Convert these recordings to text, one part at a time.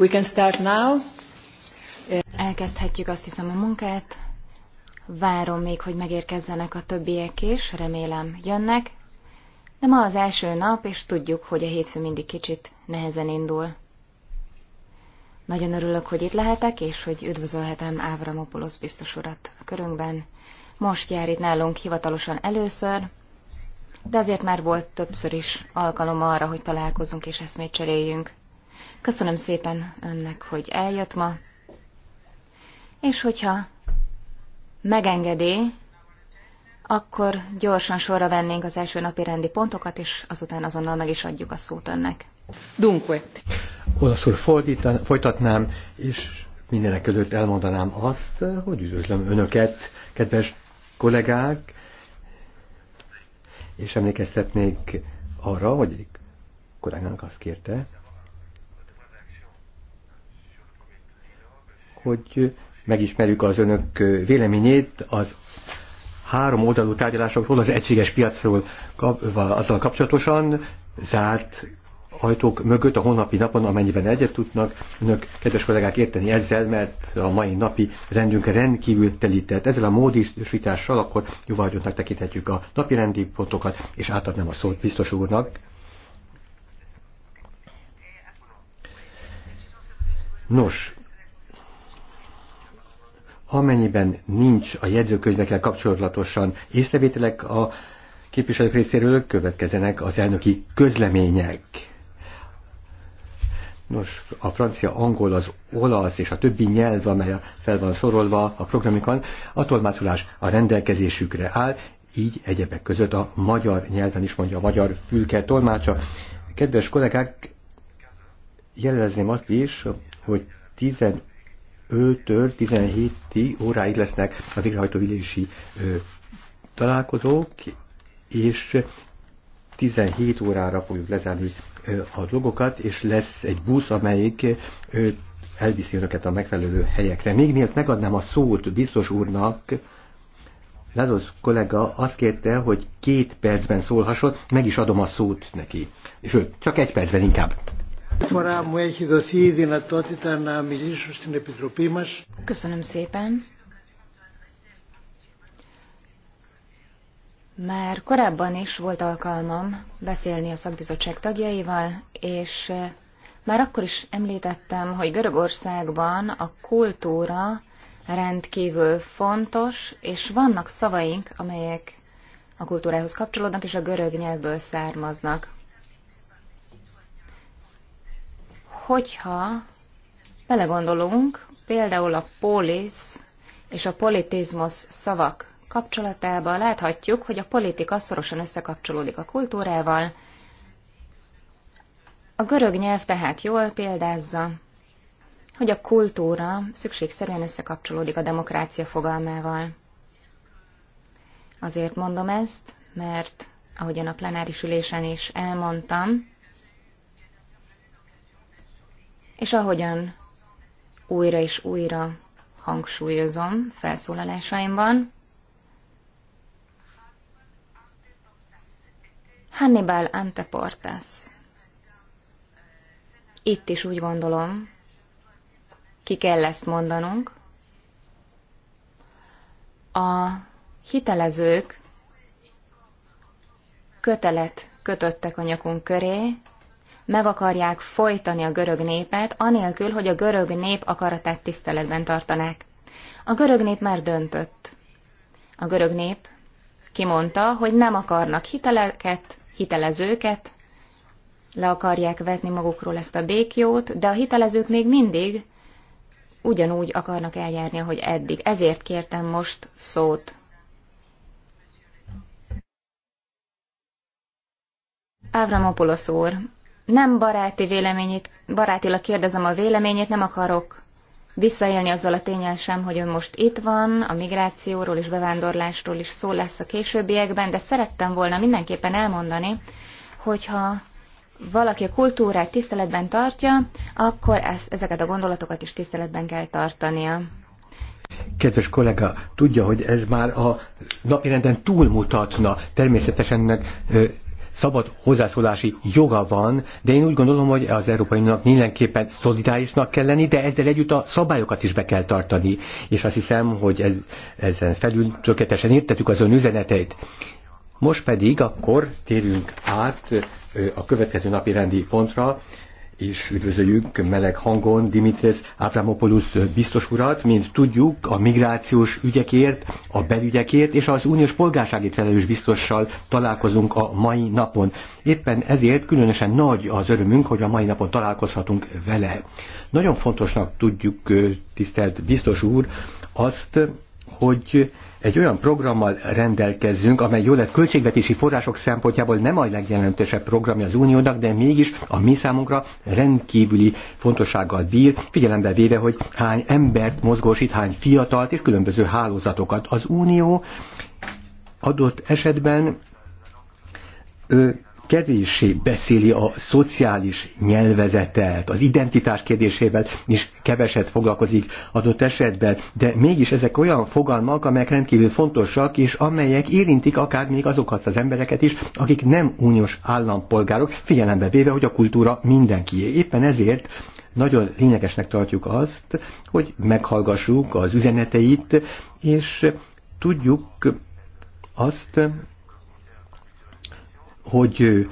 We can start now. Elkezdhetjük azt hiszem a munkát. Várom még, hogy megérkezzenek a többiek is, remélem jönnek. De ma az első nap, és tudjuk, hogy a hétfő mindig kicsit nehezen indul. Nagyon örülök, hogy itt lehetek, és hogy üdvözölhetem Ávramopoulos biztos urat a körünkben. Most jár itt nálunk hivatalosan először, de azért már volt többször is alkalom arra, hogy találkozunk és eszmét cseréljünk. Köszönöm szépen önnek, hogy eljött ma, és hogyha megengedi, akkor gyorsan sorra vennénk az első napi rendi pontokat, és azután azonnal meg is adjuk a szót önnek. Dunque. Olaszul folytatnám, és mindenek előtt elmondanám azt, hogy üdvözlöm önöket, kedves kollégák, és emlékeztetnék arra, hogy kollégának azt kérte, hogy megismerjük az önök véleményét az három oldalú tárgyalásokról, az egységes piacról azzal kapcsolatosan zárt ajtók mögött a holnapi napon, amennyiben egyet tudnak önök, kedves kollégák, érteni ezzel, mert a mai napi rendünk rendkívül telített. Ezzel a módisítással akkor jóvágyottnak tekinthetjük a napi rendi pontokat, és átadnám a szót biztos úrnak. Nos, amennyiben nincs a jegyzőkönyvekkel kapcsolatosan észrevételek a képviselők részéről, következenek az elnöki közlemények. Nos, a francia, angol, az olasz és a többi nyelv, amely fel van sorolva a programikon, a tolmácsolás a rendelkezésükre áll, így egyebek között a magyar nyelven is mondja a magyar fülke tolmácsa. Kedves kollégák, jelezném azt is, hogy 5-től 17 óráig lesznek a végrehajtó találkozók, és 17 órára fogjuk lezárni a dolgokat, és lesz egy busz, amelyik elviszi önöket a megfelelő helyekre. Még miért megadnám a szót biztos úrnak, Lázos kollega azt kérte, hogy két percben szólhasson, meg is adom a szót neki. Sőt, csak egy percben inkább φορά μου έχει δοθεί η δυνατότητα να μιλήσω στην Επιτροπή μας. Köszönöm szépen. Már korábban is volt alkalmam beszélni a szakbizottság tagjaival, és eh, már akkor is említettem, hogy Görögországban a kultúra rendkívül fontos, és vannak szavaink, amelyek a kultúrához kapcsolódnak, és a görög nyelvből származnak. Hogyha belegondolunk, például a polisz és a politizmus szavak kapcsolatába láthatjuk, hogy a politika szorosan összekapcsolódik a kultúrával. A görög nyelv tehát jól példázza, hogy a kultúra szükségszerűen összekapcsolódik a demokrácia fogalmával. Azért mondom ezt, mert ahogyan a plenáris ülésen is elmondtam, és ahogyan újra és újra hangsúlyozom felszólalásaimban, Hannibal Anteportas. Itt is úgy gondolom, ki kell ezt mondanunk. A hitelezők kötelet kötöttek a nyakunk köré, meg akarják folytani a görög népet, anélkül, hogy a görög nép akaratát tiszteletben tartanák. A görög nép már döntött. A görög nép kimondta, hogy nem akarnak hiteleket, hitelezőket, le akarják vetni magukról ezt a békjót, de a hitelezők még mindig ugyanúgy akarnak eljárni, ahogy eddig. Ezért kértem most szót. Ávramopulosz úr, nem baráti véleményét, barátilag kérdezem a véleményét, nem akarok visszaélni azzal a tényel sem, hogy ön most itt van, a migrációról és bevándorlásról is szó lesz a későbbiekben, de szerettem volna mindenképpen elmondani, hogyha valaki a kultúrát tiszteletben tartja, akkor ezt, ezeket a gondolatokat is tiszteletben kell tartania. Kedves kollega, tudja, hogy ez már a napirenden túlmutatna. Természetesen ennek szabad hozzászólási joga van, de én úgy gondolom, hogy az Európai Uniónak mindenképpen szolidárisnak kell lenni, de ezzel együtt a szabályokat is be kell tartani. És azt hiszem, hogy ez, ezen felül tökéletesen értettük az ön üzeneteit. Most pedig akkor térünk át a következő napi rendi pontra, és üdvözöljük meleg hangon Dimitris Avramopoulos biztos urat, mint tudjuk a migrációs ügyekért, a belügyekért és az uniós polgárságét felelős biztossal találkozunk a mai napon. Éppen ezért különösen nagy az örömünk, hogy a mai napon találkozhatunk vele. Nagyon fontosnak tudjuk, tisztelt biztos úr, azt, hogy egy olyan programmal rendelkezzünk, amely jó lett költségvetési források szempontjából nem a legjelentősebb programja az uniónak, de mégis a mi számunkra rendkívüli fontossággal bír, figyelembe véve, hogy hány embert mozgósít, hány fiatalt és különböző hálózatokat. Az unió adott esetben ő kevéssé beszéli a szociális nyelvezetet, az identitás kérdésével is keveset foglalkozik adott esetben, de mégis ezek olyan fogalmak, amelyek rendkívül fontosak, és amelyek érintik akár még azokat az embereket is, akik nem uniós állampolgárok, figyelembe véve, hogy a kultúra mindenkié. Éppen ezért nagyon lényegesnek tartjuk azt, hogy meghallgassuk az üzeneteit, és tudjuk azt, hogy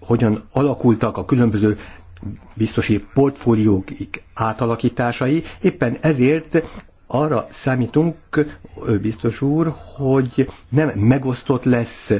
hogyan alakultak a különböző biztosi portfóliók átalakításai, éppen ezért arra számítunk, biztos úr, hogy nem megosztott lesz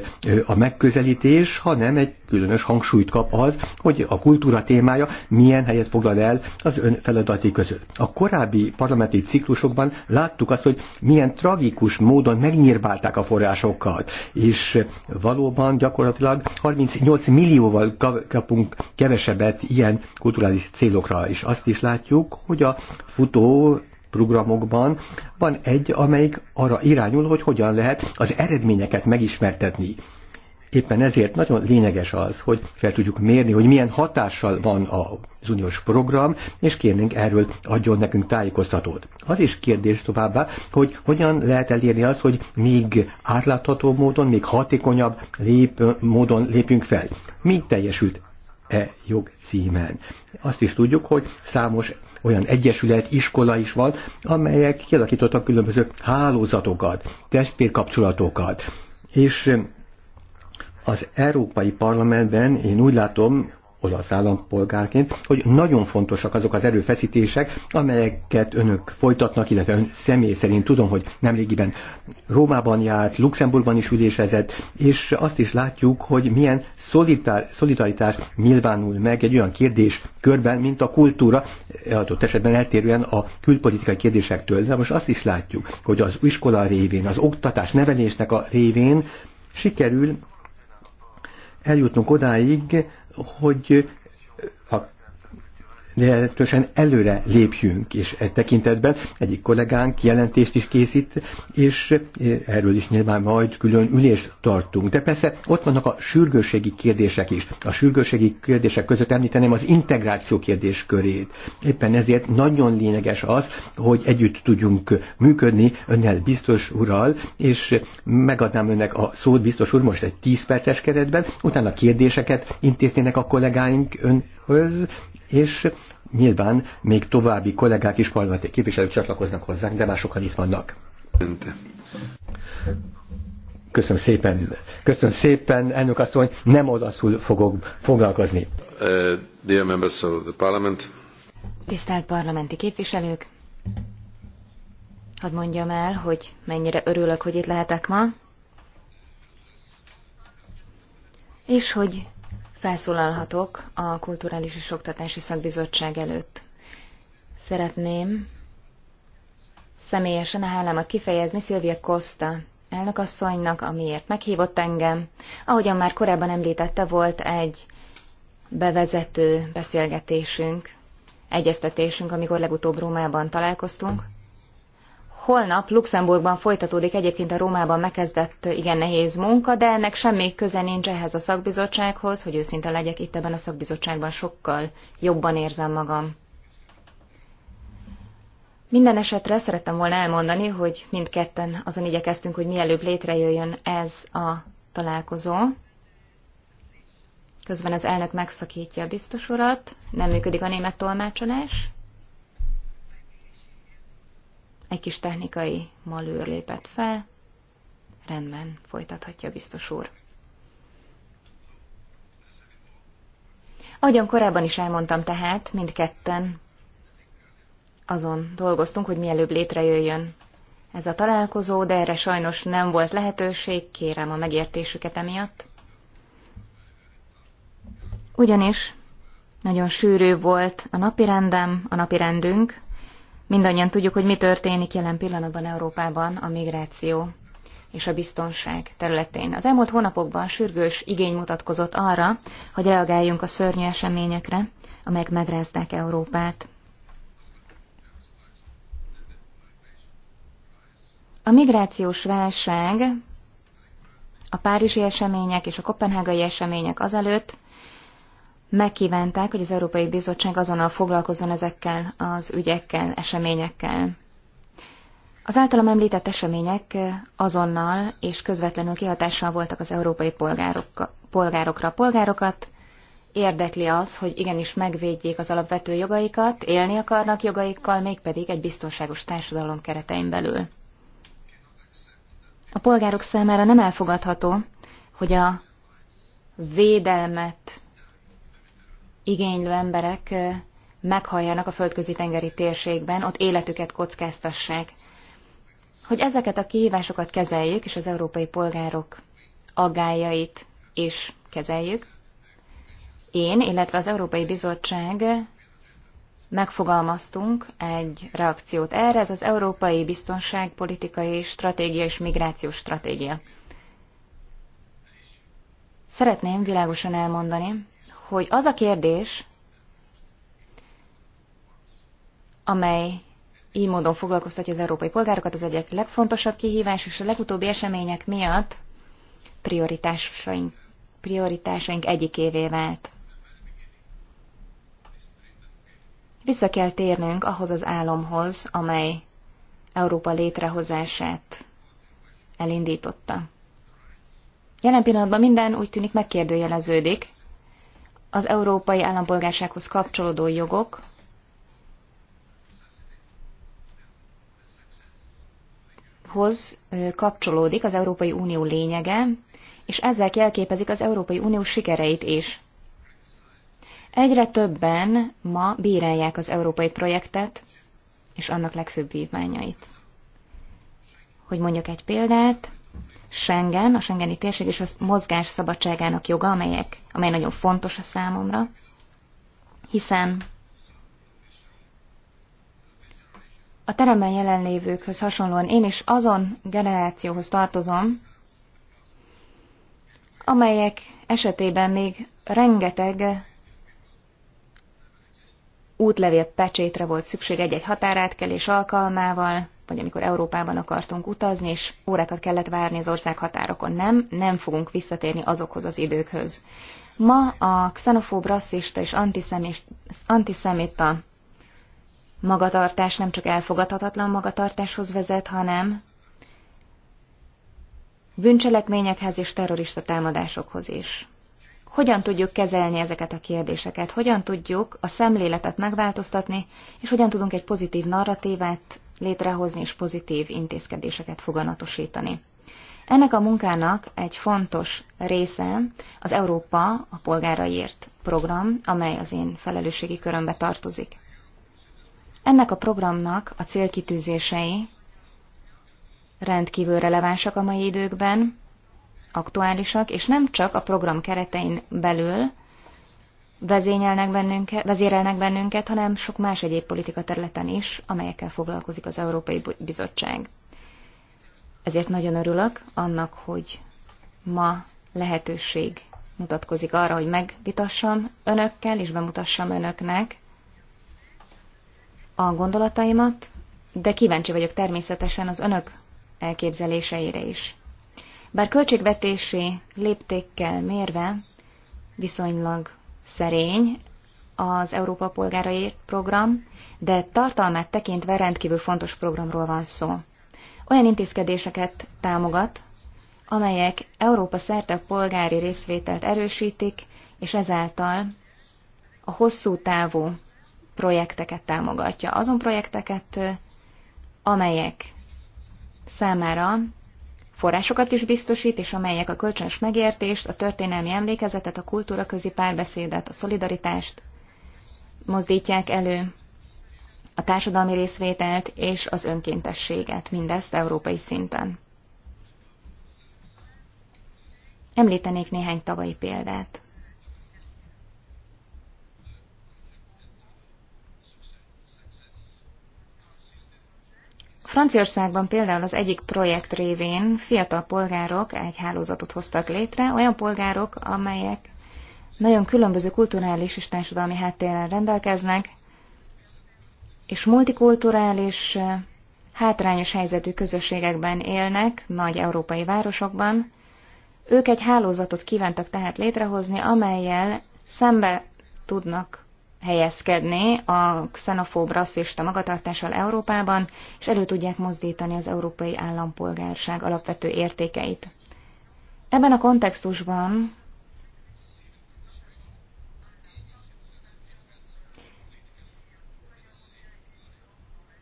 a megközelítés, hanem egy különös hangsúlyt kap az, hogy a kultúra témája milyen helyet foglal el az ön feladati között. A korábbi parlamenti ciklusokban láttuk azt, hogy milyen tragikus módon megnyírbálták a forrásokat, és valóban gyakorlatilag 38 millióval kapunk kevesebbet ilyen kulturális célokra, és azt is látjuk, hogy a futó programokban van egy, amelyik arra irányul, hogy hogyan lehet az eredményeket megismertetni. Éppen ezért nagyon lényeges az, hogy fel tudjuk mérni, hogy milyen hatással van az uniós program, és kérnénk erről adjon nekünk tájékoztatót. Az is kérdés továbbá, hogy hogyan lehet elérni azt, hogy még átlátható módon, még hatékonyabb lép, módon lépjünk fel. Mi teljesült e jogcímen? Azt is tudjuk, hogy számos olyan egyesület, iskola is van, amelyek kialakítottak különböző hálózatokat, testvérkapcsolatokat. És az Európai Parlamentben én úgy látom, olasz állampolgárként, hogy nagyon fontosak azok az erőfeszítések, amelyeket önök folytatnak, illetve ön személy szerint tudom, hogy nemrégiben Rómában járt, Luxemburgban is ülésezett, és azt is látjuk, hogy milyen szolidár, szolidaritás nyilvánul meg egy olyan kérdés körben, mint a kultúra, eh, adott esetben eltérően a külpolitikai kérdésektől. De most azt is látjuk, hogy az iskola révén, az oktatás nevelésnek a révén sikerül eljutnunk odáig, hogy eh, a lehetősen előre lépjünk, és egy tekintetben egyik kollégánk jelentést is készít, és e, erről is nyilván majd külön ülést tartunk. De persze ott vannak a sürgőségi kérdések is. A sürgőségi kérdések között említeném az integráció kérdéskörét. Éppen ezért nagyon lényeges az, hogy együtt tudjunk működni önnel biztos ural, és megadnám önnek a szót biztos úr most egy 10 perces keretben, utána kérdéseket intéznének a kollégáink önhöz, és nyilván még további kollégák is parlamenti képviselők csatlakoznak hozzánk, de már sokan itt vannak. Köszönöm szépen, köszönöm szépen, elnök asszony, nem olaszul fogok foglalkozni. Uh, dear members of the parliament. Tisztelt parlamenti képviselők, hadd mondjam el, hogy mennyire örülök, hogy itt lehetek ma, és hogy felszólalhatok a Kulturális és Oktatási Szakbizottság előtt. Szeretném személyesen a hálámat kifejezni Szilvia Costa elnökasszonynak, amiért meghívott engem. Ahogyan már korábban említette, volt egy bevezető beszélgetésünk, egyeztetésünk, amikor legutóbb Rómában találkoztunk. Holnap Luxemburgban folytatódik egyébként a Rómában megkezdett igen nehéz munka, de ennek semmi köze nincs ehhez a szakbizottsághoz, hogy őszinte legyek itt ebben a szakbizottságban sokkal jobban érzem magam. Minden esetre szerettem volna elmondani, hogy mindketten azon igyekeztünk, hogy mielőbb létrejöjjön ez a találkozó. Közben az elnök megszakítja a biztos urat, nem működik a német tolmácsolás. Egy kis technikai malőr lépett fel. Rendben, folytathatja biztos úr. Ahogyan korábban is elmondtam tehát, mindketten azon dolgoztunk, hogy mielőbb létrejöjjön ez a találkozó, de erre sajnos nem volt lehetőség, kérem a megértésüket emiatt. Ugyanis nagyon sűrű volt a napirendem, a napirendünk, Mindannyian tudjuk, hogy mi történik jelen pillanatban Európában a migráció és a biztonság területén. Az elmúlt hónapokban sürgős igény mutatkozott arra, hogy reagáljunk a szörnyű eseményekre, amelyek megrázták Európát. A migrációs válság a párizsi események és a kopenhágai események azelőtt megkívánták, hogy az Európai Bizottság azonnal foglalkozzon ezekkel az ügyekkel, eseményekkel. Az általam említett események azonnal és közvetlenül kihatással voltak az európai polgárok, polgárokra. Polgárokat érdekli az, hogy igenis megvédjék az alapvető jogaikat, élni akarnak jogaikkal, mégpedig egy biztonságos társadalom keretein belül. A polgárok számára nem elfogadható, hogy a védelmet igénylő emberek meghalljanak a földközi tengeri térségben, ott életüket kockáztassák. Hogy ezeket a kihívásokat kezeljük, és az európai polgárok aggájait is kezeljük, én, illetve az Európai Bizottság megfogalmaztunk egy reakciót erre, ez az Európai Biztonságpolitikai Stratégia és Migrációs Stratégia. Szeretném világosan elmondani, hogy az a kérdés, amely így módon foglalkoztatja az európai polgárokat, az egyik legfontosabb kihívás, és a legutóbbi események miatt prioritásaink, prioritásaink egyikévé vált. Vissza kell térnünk ahhoz az álomhoz, amely Európa létrehozását elindította. Jelen pillanatban minden úgy tűnik megkérdőjeleződik, az európai állampolgársághoz kapcsolódó jogok, hoz kapcsolódik az Európai Unió lényege, és ezzel jelképezik az Európai Unió sikereit is. Egyre többen ma bírálják az európai projektet és annak legfőbb vívmányait. Hogy mondjak egy példát, Schengen, a Schengeni térség és a mozgás szabadságának joga, amelyek, amely nagyon fontos a számomra, hiszen a teremben jelenlévőkhöz hasonlóan én is azon generációhoz tartozom, amelyek esetében még rengeteg útlevél pecsétre volt szükség egy-egy határátkelés alkalmával, vagy amikor Európában akartunk utazni, és órákat kellett várni az ország határokon. Nem, nem fogunk visszatérni azokhoz az időkhöz. Ma a xenofób, rasszista és antiszemita magatartás nem csak elfogadhatatlan magatartáshoz vezet, hanem bűncselekményekhez és terrorista támadásokhoz is. Hogyan tudjuk kezelni ezeket a kérdéseket? Hogyan tudjuk a szemléletet megváltoztatni, és hogyan tudunk egy pozitív narratívát létrehozni és pozitív intézkedéseket foganatosítani. Ennek a munkának egy fontos része az Európa a polgáraiért program, amely az én felelősségi körömbe tartozik. Ennek a programnak a célkitűzései rendkívül relevánsak a mai időkben, aktuálisak, és nem csak a program keretein belül, vezényelnek bennünket, vezérelnek bennünket, hanem sok más egyéb politika területen is, amelyekkel foglalkozik az Európai Bizottság. Ezért nagyon örülök annak, hogy ma lehetőség mutatkozik arra, hogy megvitassam önökkel, és bemutassam önöknek a gondolataimat, de kíváncsi vagyok természetesen az önök elképzeléseire is. Bár költségvetési léptékkel mérve viszonylag szerény az Európa Polgárai Program, de tartalmát tekintve rendkívül fontos programról van szó. Olyan intézkedéseket támogat, amelyek Európa szerte polgári részvételt erősítik, és ezáltal a hosszú távú projekteket támogatja. Azon projekteket, amelyek számára forrásokat is biztosít, és amelyek a kölcsönös megértést, a történelmi emlékezetet, a kultúra közi párbeszédet, a szolidaritást mozdítják elő, a társadalmi részvételt és az önkéntességet, mindezt európai szinten. Említenék néhány tavalyi példát. Franciaországban például az egyik projekt révén fiatal polgárok egy hálózatot hoztak létre, olyan polgárok, amelyek nagyon különböző kulturális és társadalmi háttérrel rendelkeznek, és multikulturális, hátrányos helyzetű közösségekben élnek, nagy európai városokban. Ők egy hálózatot kívántak tehát létrehozni, amelyel szembe tudnak helyezkedni a xenofób rasszista magatartással Európában, és elő tudják mozdítani az európai állampolgárság alapvető értékeit. Ebben a kontextusban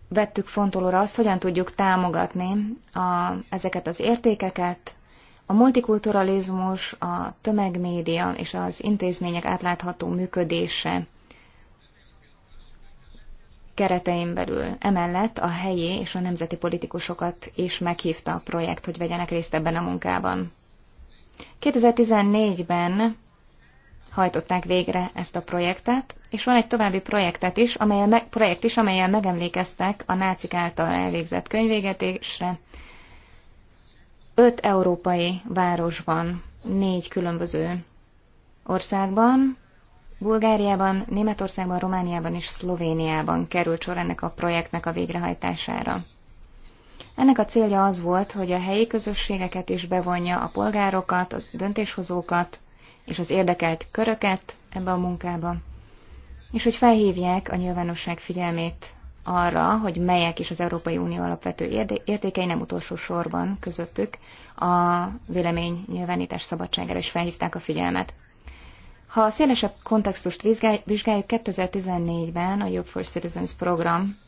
vettük fontolóra azt, hogyan tudjuk támogatni a, ezeket az értékeket, a multikulturalizmus, a tömegmédia és az intézmények átlátható működése keretein belül. Emellett a helyi és a nemzeti politikusokat is meghívta a projekt, hogy vegyenek részt ebben a munkában. 2014-ben hajtották végre ezt a projektet, és van egy további projektet is, amelyel me- projekt is, amelyel megemlékeztek a nácik által elvégzett könyvégetésre. Öt európai városban, négy különböző országban Bulgáriában, Németországban, Romániában és Szlovéniában került sor ennek a projektnek a végrehajtására. Ennek a célja az volt, hogy a helyi közösségeket is bevonja a polgárokat, a döntéshozókat és az érdekelt köröket ebbe a munkába, és hogy felhívják a nyilvánosság figyelmét arra, hogy melyek is az Európai Unió alapvető értékei nem utolsó sorban közöttük a vélemény nyilvánítás szabadságára is felhívták a figyelmet. Ha a szélesebb kontextust vizsgáljuk, 2014-ben a Europe for Citizens program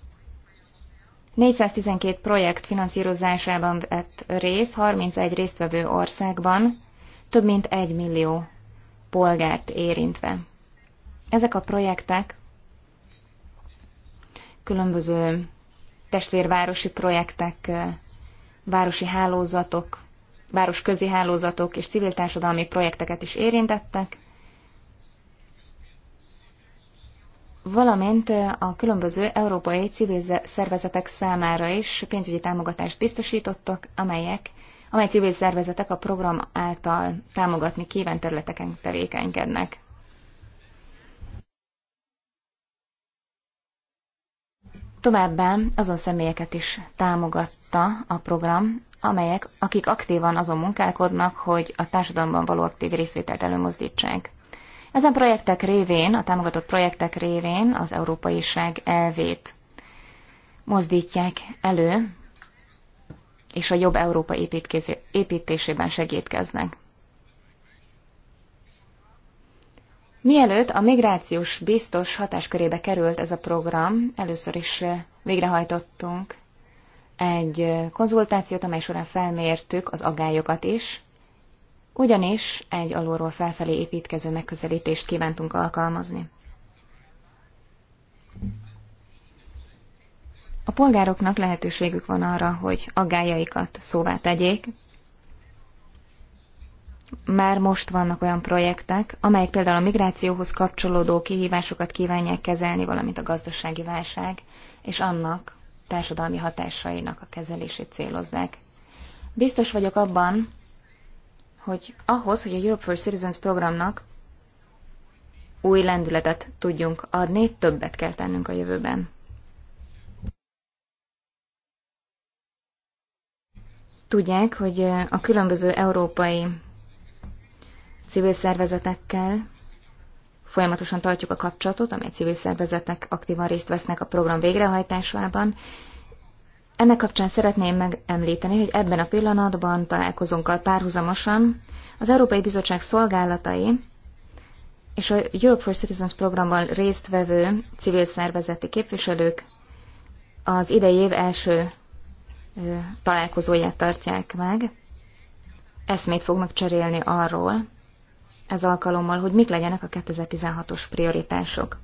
412 projekt finanszírozásában vett rész 31 résztvevő országban, több mint 1 millió polgárt érintve. Ezek a projektek különböző testvérvárosi projektek, városi hálózatok, városközi hálózatok és civil társadalmi projekteket is érintettek, valamint a különböző európai civil szervezetek számára is pénzügyi támogatást biztosítottak, amelyek, amely civil szervezetek a program által támogatni kíván területeken tevékenykednek. Továbbá azon személyeket is támogatta a program, amelyek, akik aktívan azon munkálkodnak, hogy a társadalomban való aktív részvételt előmozdítsák. Ezen projektek révén, a támogatott projektek révén az ság elvét mozdítják elő, és a jobb Európa építésében segítkeznek. Mielőtt a migrációs biztos hatáskörébe került ez a program, először is eh, végrehajtottunk egy eh, konzultációt, amely során felmértük az agályokat is, ugyanis egy alulról felfelé építkező megközelítést kívántunk alkalmazni. A polgároknak lehetőségük van arra, hogy aggájaikat szóvá tegyék. Már most vannak olyan projektek, amelyek például a migrációhoz kapcsolódó kihívásokat kívánják kezelni, valamint a gazdasági válság és annak társadalmi hatásainak a kezelését célozzák. Biztos vagyok abban, hogy ahhoz, hogy a Europe for Citizens programnak új lendületet tudjunk adni, többet kell tennünk a jövőben. Tudják, hogy a különböző európai civil szervezetekkel folyamatosan tartjuk a kapcsolatot, amely civil szervezetek aktívan részt vesznek a program végrehajtásában, ennek kapcsán szeretném megemlíteni, hogy ebben a pillanatban a párhuzamosan az Európai Bizottság szolgálatai és a Europe for Citizens programban résztvevő civil szervezeti képviselők az idei év első találkozóját tartják meg. Eszmét fognak cserélni arról, ez alkalommal, hogy mik legyenek a 2016-os prioritások.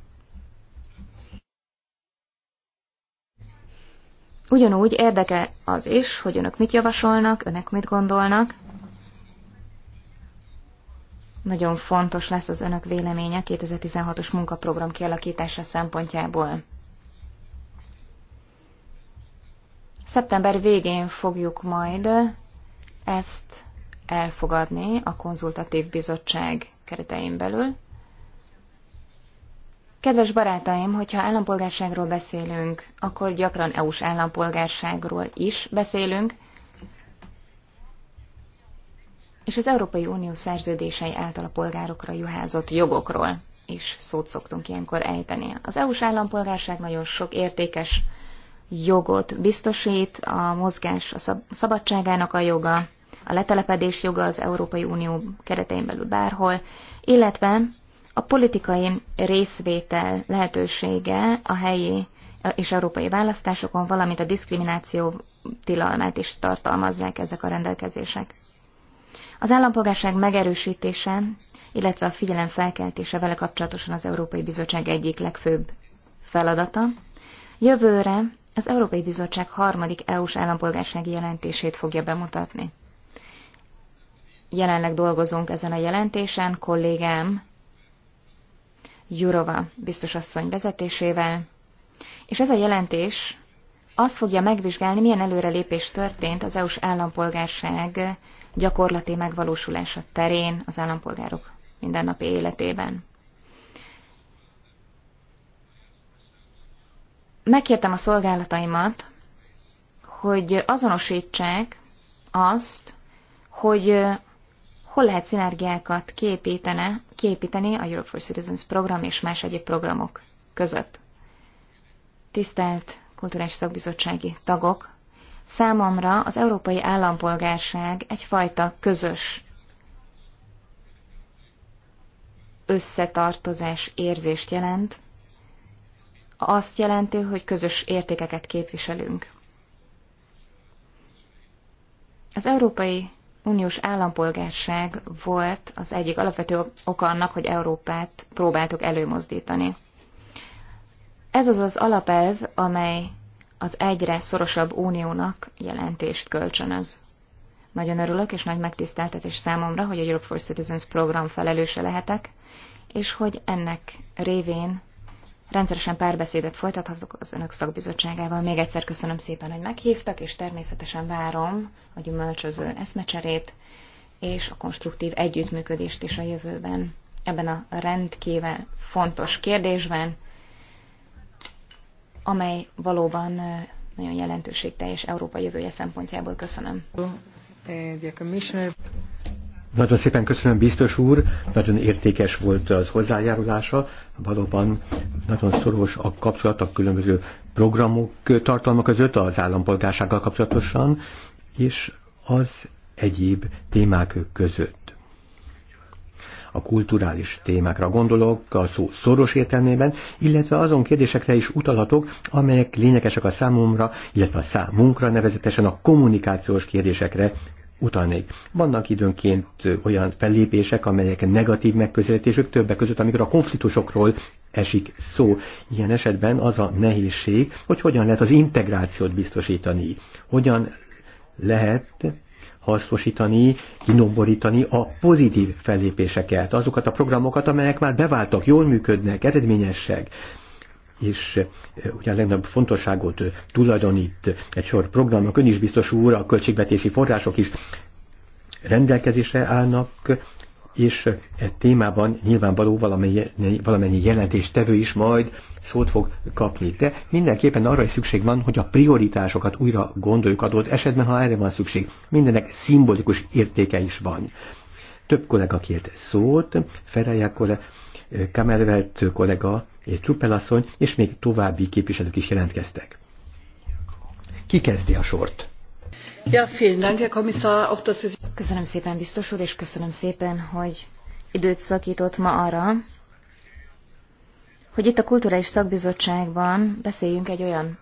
Ugyanúgy érdeke az is, hogy önök mit javasolnak, önök mit gondolnak. Nagyon fontos lesz az önök véleménye 2016-os munkaprogram kialakítása szempontjából. Szeptember végén fogjuk majd ezt elfogadni a konzultatív bizottság keretein belül. Kedves barátaim, hogyha állampolgárságról beszélünk, akkor gyakran EU-s állampolgárságról is beszélünk, és az Európai Unió szerződései által a polgárokra juházott jogokról is szót szoktunk ilyenkor ejteni. Az EU-s állampolgárság nagyon sok értékes jogot biztosít, a mozgás a szabadságának a joga, a letelepedés joga az Európai Unió keretein belül bárhol, illetve a politikai részvétel lehetősége a helyi és európai választásokon, valamint a diszkrimináció tilalmát is tartalmazzák ezek a rendelkezések. Az állampolgárság megerősítése, illetve a figyelem felkeltése vele kapcsolatosan az Európai Bizottság egyik legfőbb feladata. Jövőre az Európai Bizottság harmadik EU-s állampolgársági jelentését fogja bemutatni. Jelenleg dolgozunk ezen a jelentésen, kollégám Jurova biztos asszony vezetésével, és ez a jelentés azt fogja megvizsgálni, milyen előrelépés történt az EU-s állampolgárság gyakorlati megvalósulása terén az állampolgárok mindennapi életében. Megkértem a szolgálataimat, hogy azonosítsák azt, hogy hol lehet szinergiákat képítene, képíteni a Europe for Citizens program és más egyéb programok között. Tisztelt kulturális szakbizottsági tagok, számomra az európai állampolgárság egyfajta közös összetartozás érzést jelent, azt jelenti, hogy közös értékeket képviselünk. Az európai uniós állampolgárság volt az egyik alapvető oka annak, hogy Európát próbáltuk előmozdítani. Ez az az alapelv, amely az egyre szorosabb uniónak jelentést kölcsönöz. Nagyon örülök, és nagy megtiszteltetés számomra, hogy a Europe for Citizens program felelőse lehetek, és hogy ennek révén rendszeresen párbeszédet folytathatok az önök szakbizottságával. Még egyszer köszönöm szépen, hogy meghívtak, és természetesen várom a gyümölcsöző eszmecserét és a konstruktív együttműködést is a jövőben ebben a rendkívül fontos kérdésben, amely valóban nagyon jelentőségteljes Európa jövője szempontjából. Köszönöm. Nagyon szépen köszönöm, biztos úr, nagyon értékes volt az hozzájárulása, valóban nagyon szoros a kapcsolat a különböző programok tartalmak között az állampolgársággal kapcsolatosan, és az egyéb témák között. A kulturális témákra gondolok, a szó szoros értelmében, illetve azon kérdésekre is utalhatok, amelyek lényegesek a számomra, illetve a számunkra, nevezetesen a kommunikációs kérdésekre utalnék. Vannak időnként olyan fellépések, amelyek negatív megközelítések többek között, amikor a konfliktusokról esik szó. Ilyen esetben az a nehézség, hogy hogyan lehet az integrációt biztosítani, hogyan lehet hasznosítani, kinomborítani a pozitív fellépéseket, azokat a programokat, amelyek már beváltak, jól működnek, eredményesek és ugyan legnagyobb fontosságot tulajdonít egy sor programnak. Ön is biztos úr, a költségvetési források is rendelkezésre állnak, és e témában nyilvánvaló valamennyi, valamennyi jelentéstevő is majd szót fog kapni. De mindenképpen arra is szükség van, hogy a prioritásokat újra gondoljuk adott esetben, ha erre van szükség. Mindenek szimbolikus értéke is van. Több kollega kért szót, Fereja kollega, Kamervelt kollega egy eh, Trupelasszony, és még további képviselők is jelentkeztek. Ki kezdi a sort? Ja, vielen Dank, Herr Kommissar, auch Köszönöm szépen, biztos úr, és köszönöm szépen, hogy időt szakított ma arra, hogy itt a Kulturális Szakbizottságban beszéljünk egy olyan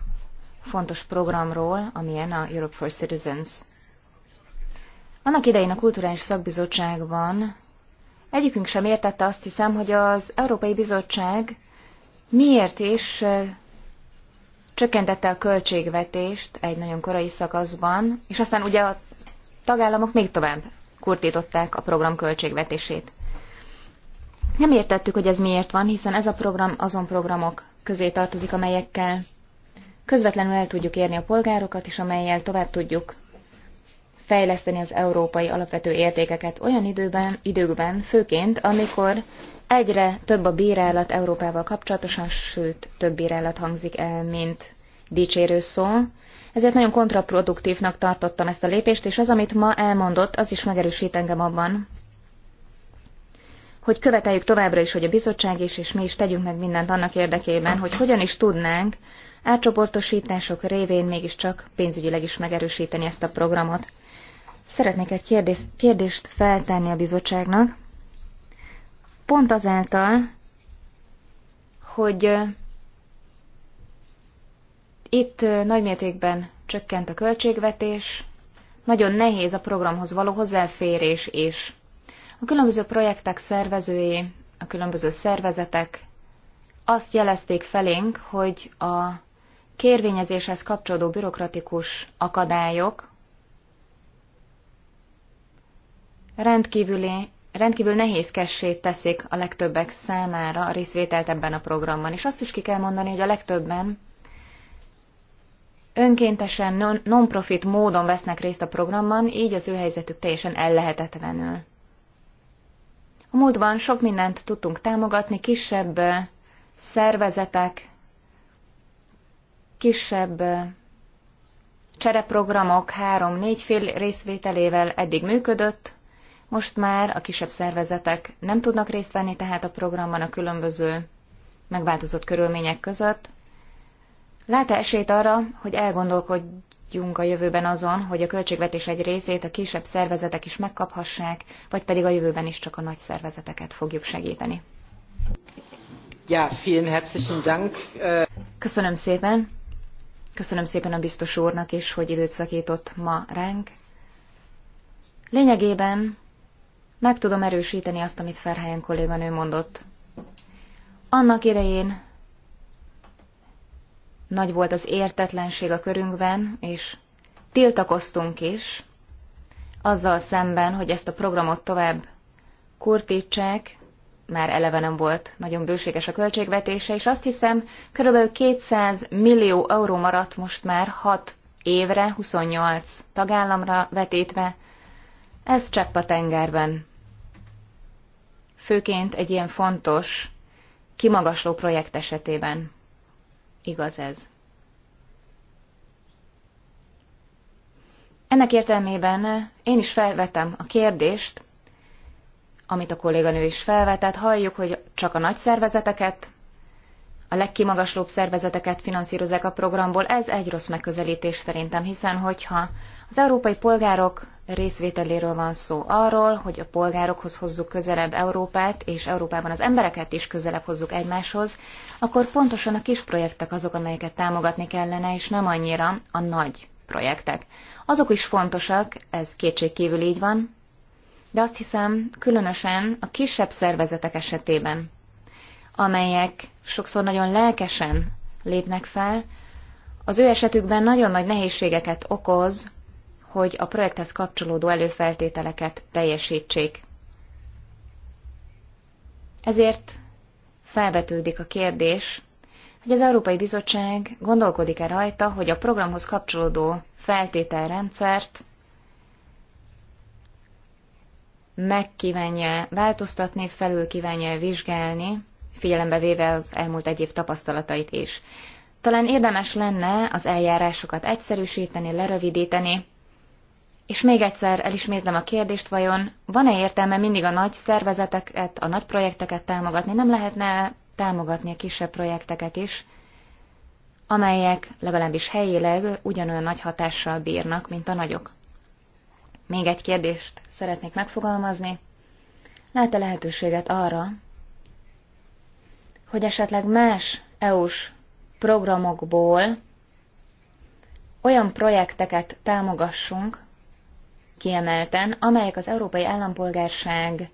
fontos programról, amilyen a Europe for Citizens. Annak idején a Kulturális Szakbizottságban egyikünk sem értette azt hiszem, hogy az Európai Bizottság miért is csökkentette a költségvetést egy nagyon korai szakaszban, és aztán ugye a tagállamok még tovább kurtították a program költségvetését. Nem értettük, hogy ez miért van, hiszen ez a program azon programok közé tartozik, amelyekkel közvetlenül el tudjuk érni a polgárokat, és amelyel tovább tudjuk fejleszteni az európai alapvető értékeket olyan időben, időben főként, amikor Egyre több a bírálat Európával kapcsolatosan, sőt, több bírálat hangzik el, mint dicsérő szó. Ezért nagyon kontraproduktívnak tartottam ezt a lépést, és az, amit ma elmondott, az is megerősít engem abban, hogy követeljük továbbra is, hogy a bizottság is, és mi is tegyünk meg mindent annak érdekében, hogy hogyan is tudnánk átcsoportosítások révén mégiscsak pénzügyileg is megerősíteni ezt a programot. Szeretnék egy kérdést, kérdést feltenni a bizottságnak pont azáltal, hogy itt nagymértékben csökkent a költségvetés, nagyon nehéz a programhoz való hozzáférés is. A különböző projektek szervezői, a különböző szervezetek azt jelezték felénk, hogy a kérvényezéshez kapcsolódó bürokratikus akadályok rendkívüli rendkívül nehézkessé teszik a legtöbbek számára a részvételt ebben a programban. És azt is ki kell mondani, hogy a legtöbben önkéntesen, non-profit módon vesznek részt a programban, így az ő helyzetük teljesen ellehetetlenül. A múltban sok mindent tudtunk támogatni, kisebb eh, szervezetek, kisebb eh, csereprogramok három-négyfél részvételével eddig működött, most már a kisebb szervezetek nem tudnak részt venni tehát a programban a különböző megváltozott körülmények között. Lát-e esélyt arra, hogy elgondolkodjunk a jövőben azon, hogy a költségvetés egy részét a kisebb szervezetek is megkaphassák, vagy pedig a jövőben is csak a nagy szervezeteket fogjuk segíteni? Ja, vielen herzlichen Dank. Köszönöm szépen. Köszönöm szépen a biztos úrnak is, hogy időt szakított ma ránk. Lényegében meg tudom erősíteni azt, amit Ferhelyen kolléganő mondott. Annak idején nagy volt az értetlenség a körünkben, és tiltakoztunk is, azzal szemben, hogy ezt a programot tovább kurtítsák, már eleve nem volt nagyon bőséges a költségvetése, és azt hiszem, körülbelül 200 millió euró maradt most már 6 évre, 28 tagállamra vetítve. Ez csepp a tengerben főként egy ilyen fontos, kimagasló projekt esetében. Igaz ez. Ennek értelmében én is felvetem a kérdést, amit a kolléganő is felvetett, halljuk, hogy csak a nagy szervezeteket, a legkimagaslóbb szervezeteket finanszírozzák a programból. Ez egy rossz megközelítés szerintem, hiszen hogyha az európai polgárok részvételéről van szó arról, hogy a polgárokhoz hozzuk közelebb Európát, és Európában az embereket is közelebb hozzuk egymáshoz, akkor pontosan a kis projektek azok, amelyeket támogatni kellene, és nem annyira a nagy projektek. Azok is fontosak, ez kétségkívül így van, de azt hiszem különösen a kisebb szervezetek esetében, amelyek sokszor nagyon lelkesen lépnek fel, az ő esetükben nagyon nagy nehézségeket okoz, hogy a projekthez kapcsolódó előfeltételeket teljesítsék. Ezért felvetődik a kérdés, hogy az Európai Bizottság gondolkodik-e rajta, hogy a programhoz kapcsolódó feltételrendszert megkívánja változtatni, felül kívánja vizsgálni, figyelembe véve az elmúlt egy év tapasztalatait is. Talán érdemes lenne az eljárásokat egyszerűsíteni, lerövidíteni, és még egyszer elismétlem a kérdést, vajon van-e értelme mindig a nagy szervezeteket, a nagy projekteket támogatni? Nem lehetne támogatni a kisebb projekteket is, amelyek legalábbis helyileg ugyanolyan nagy hatással bírnak, mint a nagyok? Még egy kérdést szeretnék megfogalmazni. Lát-e lehetőséget arra, hogy esetleg más EU-s programokból olyan projekteket támogassunk, kiemelten, amelyek az európai állampolgárság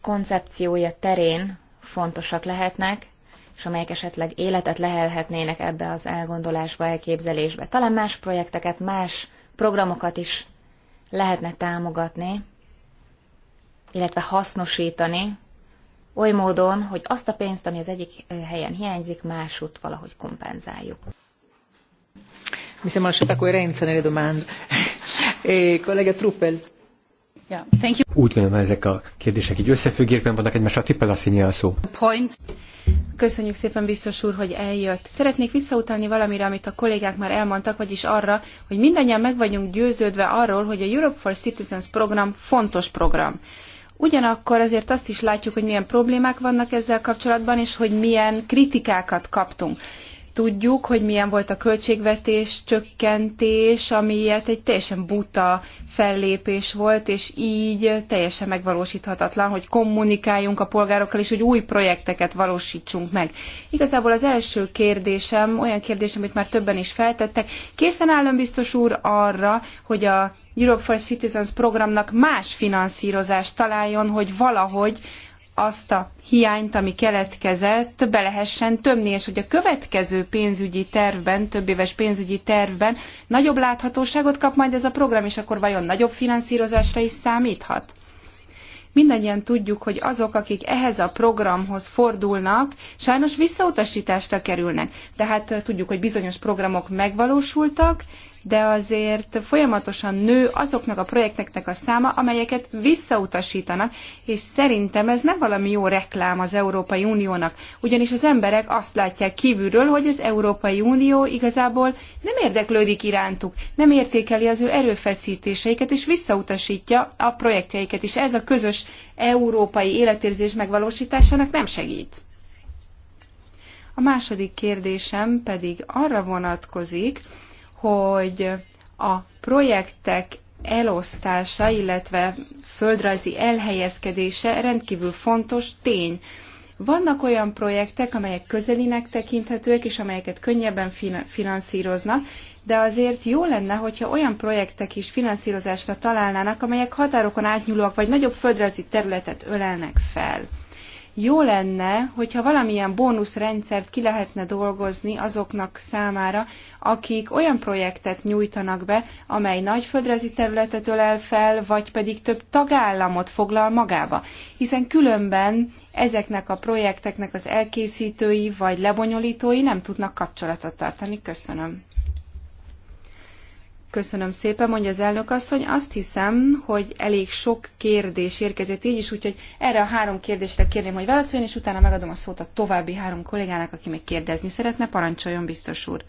koncepciója terén fontosak lehetnek, és amelyek esetleg életet lehelhetnének ebbe az elgondolásba, elképzelésbe. Talán más projekteket, más programokat is lehetne támogatni, illetve hasznosítani, oly módon, hogy azt a pénzt, ami az egyik helyen hiányzik, másút valahogy kompenzáljuk. Mi sembra a scelta coerenza nelle Eh, thank you. Úgy gondolom, ezek a kérdések így összefüggésben vannak egymással. Tippel a a szó. Köszönjük szépen, biztos úr, hogy eljött. Szeretnék visszautalni valamire, amit a kollégák már elmondtak, vagyis arra, hogy mindannyian meg vagyunk győződve arról, hogy a Europe for Citizens program fontos program. Ugyanakkor azért azt is látjuk, hogy milyen problémák vannak ezzel kapcsolatban, és hogy milyen kritikákat kaptunk tudjuk, hogy milyen volt a költségvetés csökkentés, amiért egy teljesen buta fellépés volt, és így teljesen megvalósíthatatlan, hogy kommunikáljunk a polgárokkal, és hogy új projekteket valósítsunk meg. Igazából az első kérdésem, olyan kérdés, amit már többen is feltettek, készen állom biztos úr arra, hogy a Europe for Citizens programnak más finanszírozást találjon, hogy valahogy azt a hiányt, ami keletkezett, be lehessen tömni, és hogy a következő pénzügyi tervben, több éves pénzügyi tervben nagyobb láthatóságot kap majd ez a program, és akkor vajon nagyobb finanszírozásra is számíthat? mindannyian tudjuk, hogy azok, akik ehhez a programhoz fordulnak, sajnos visszautasításra kerülnek. Tehát tudjuk, hogy bizonyos programok megvalósultak, de azért folyamatosan nő azoknak a projekteknek a száma, amelyeket visszautasítanak, és szerintem ez nem valami jó reklám az Európai Uniónak, ugyanis az emberek azt látják kívülről, hogy az Európai Unió igazából nem érdeklődik irántuk, nem értékeli az ő erőfeszítéseiket, és visszautasítja a projektjeiket, és ez a közös európai életérzés megvalósításának nem segít. A második kérdésem pedig arra vonatkozik, hogy a projektek elosztása, illetve földrajzi elhelyezkedése rendkívül fontos tény. Vannak olyan projektek, amelyek közelinek tekinthetőek, és amelyeket könnyebben finanszíroznak, de azért jó lenne, hogyha olyan projektek is finanszírozásra találnának, amelyek határokon átnyúlóak, vagy nagyobb földrajzi területet ölelnek fel jó lenne, hogyha valamilyen bónuszrendszert ki lehetne dolgozni azoknak számára, akik olyan projektet nyújtanak be, amely nagy földrajzi területet ölel fel, vagy pedig több tagállamot foglal magába. Hiszen különben ezeknek a projekteknek az elkészítői vagy lebonyolítói nem tudnak kapcsolatot tartani. Köszönöm. Köszönöm szépen, mondja az elnök asszony. Azt hiszem, hogy elég sok kérdés érkezett így is, úgyhogy erre a három kérdésre kérném, hogy válaszoljon, és utána megadom a szót a további három kollégának, aki még kérdezni szeretne. Parancsoljon, biztos úr.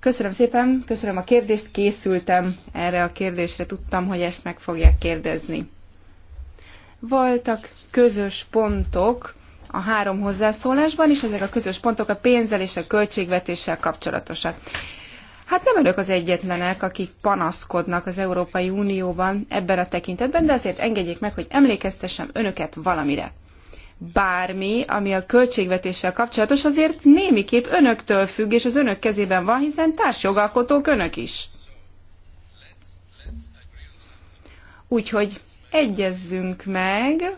Köszönöm szépen, köszönöm a kérdést, készültem erre a kérdésre, tudtam, hogy ezt meg fogják kérdezni. Voltak közös pontok a három hozzászólásban, és ezek a közös pontok a pénzzel és a költségvetéssel kapcsolatosak. Hát nem önök az egyetlenek, akik panaszkodnak az Európai Unióban ebben a tekintetben, de azért engedjék meg, hogy emlékeztessem önöket valamire. Bármi, ami a költségvetéssel kapcsolatos, azért némiképp önöktől függ, és az önök kezében van, hiszen társjogalkotók önök is. Úgyhogy egyezzünk meg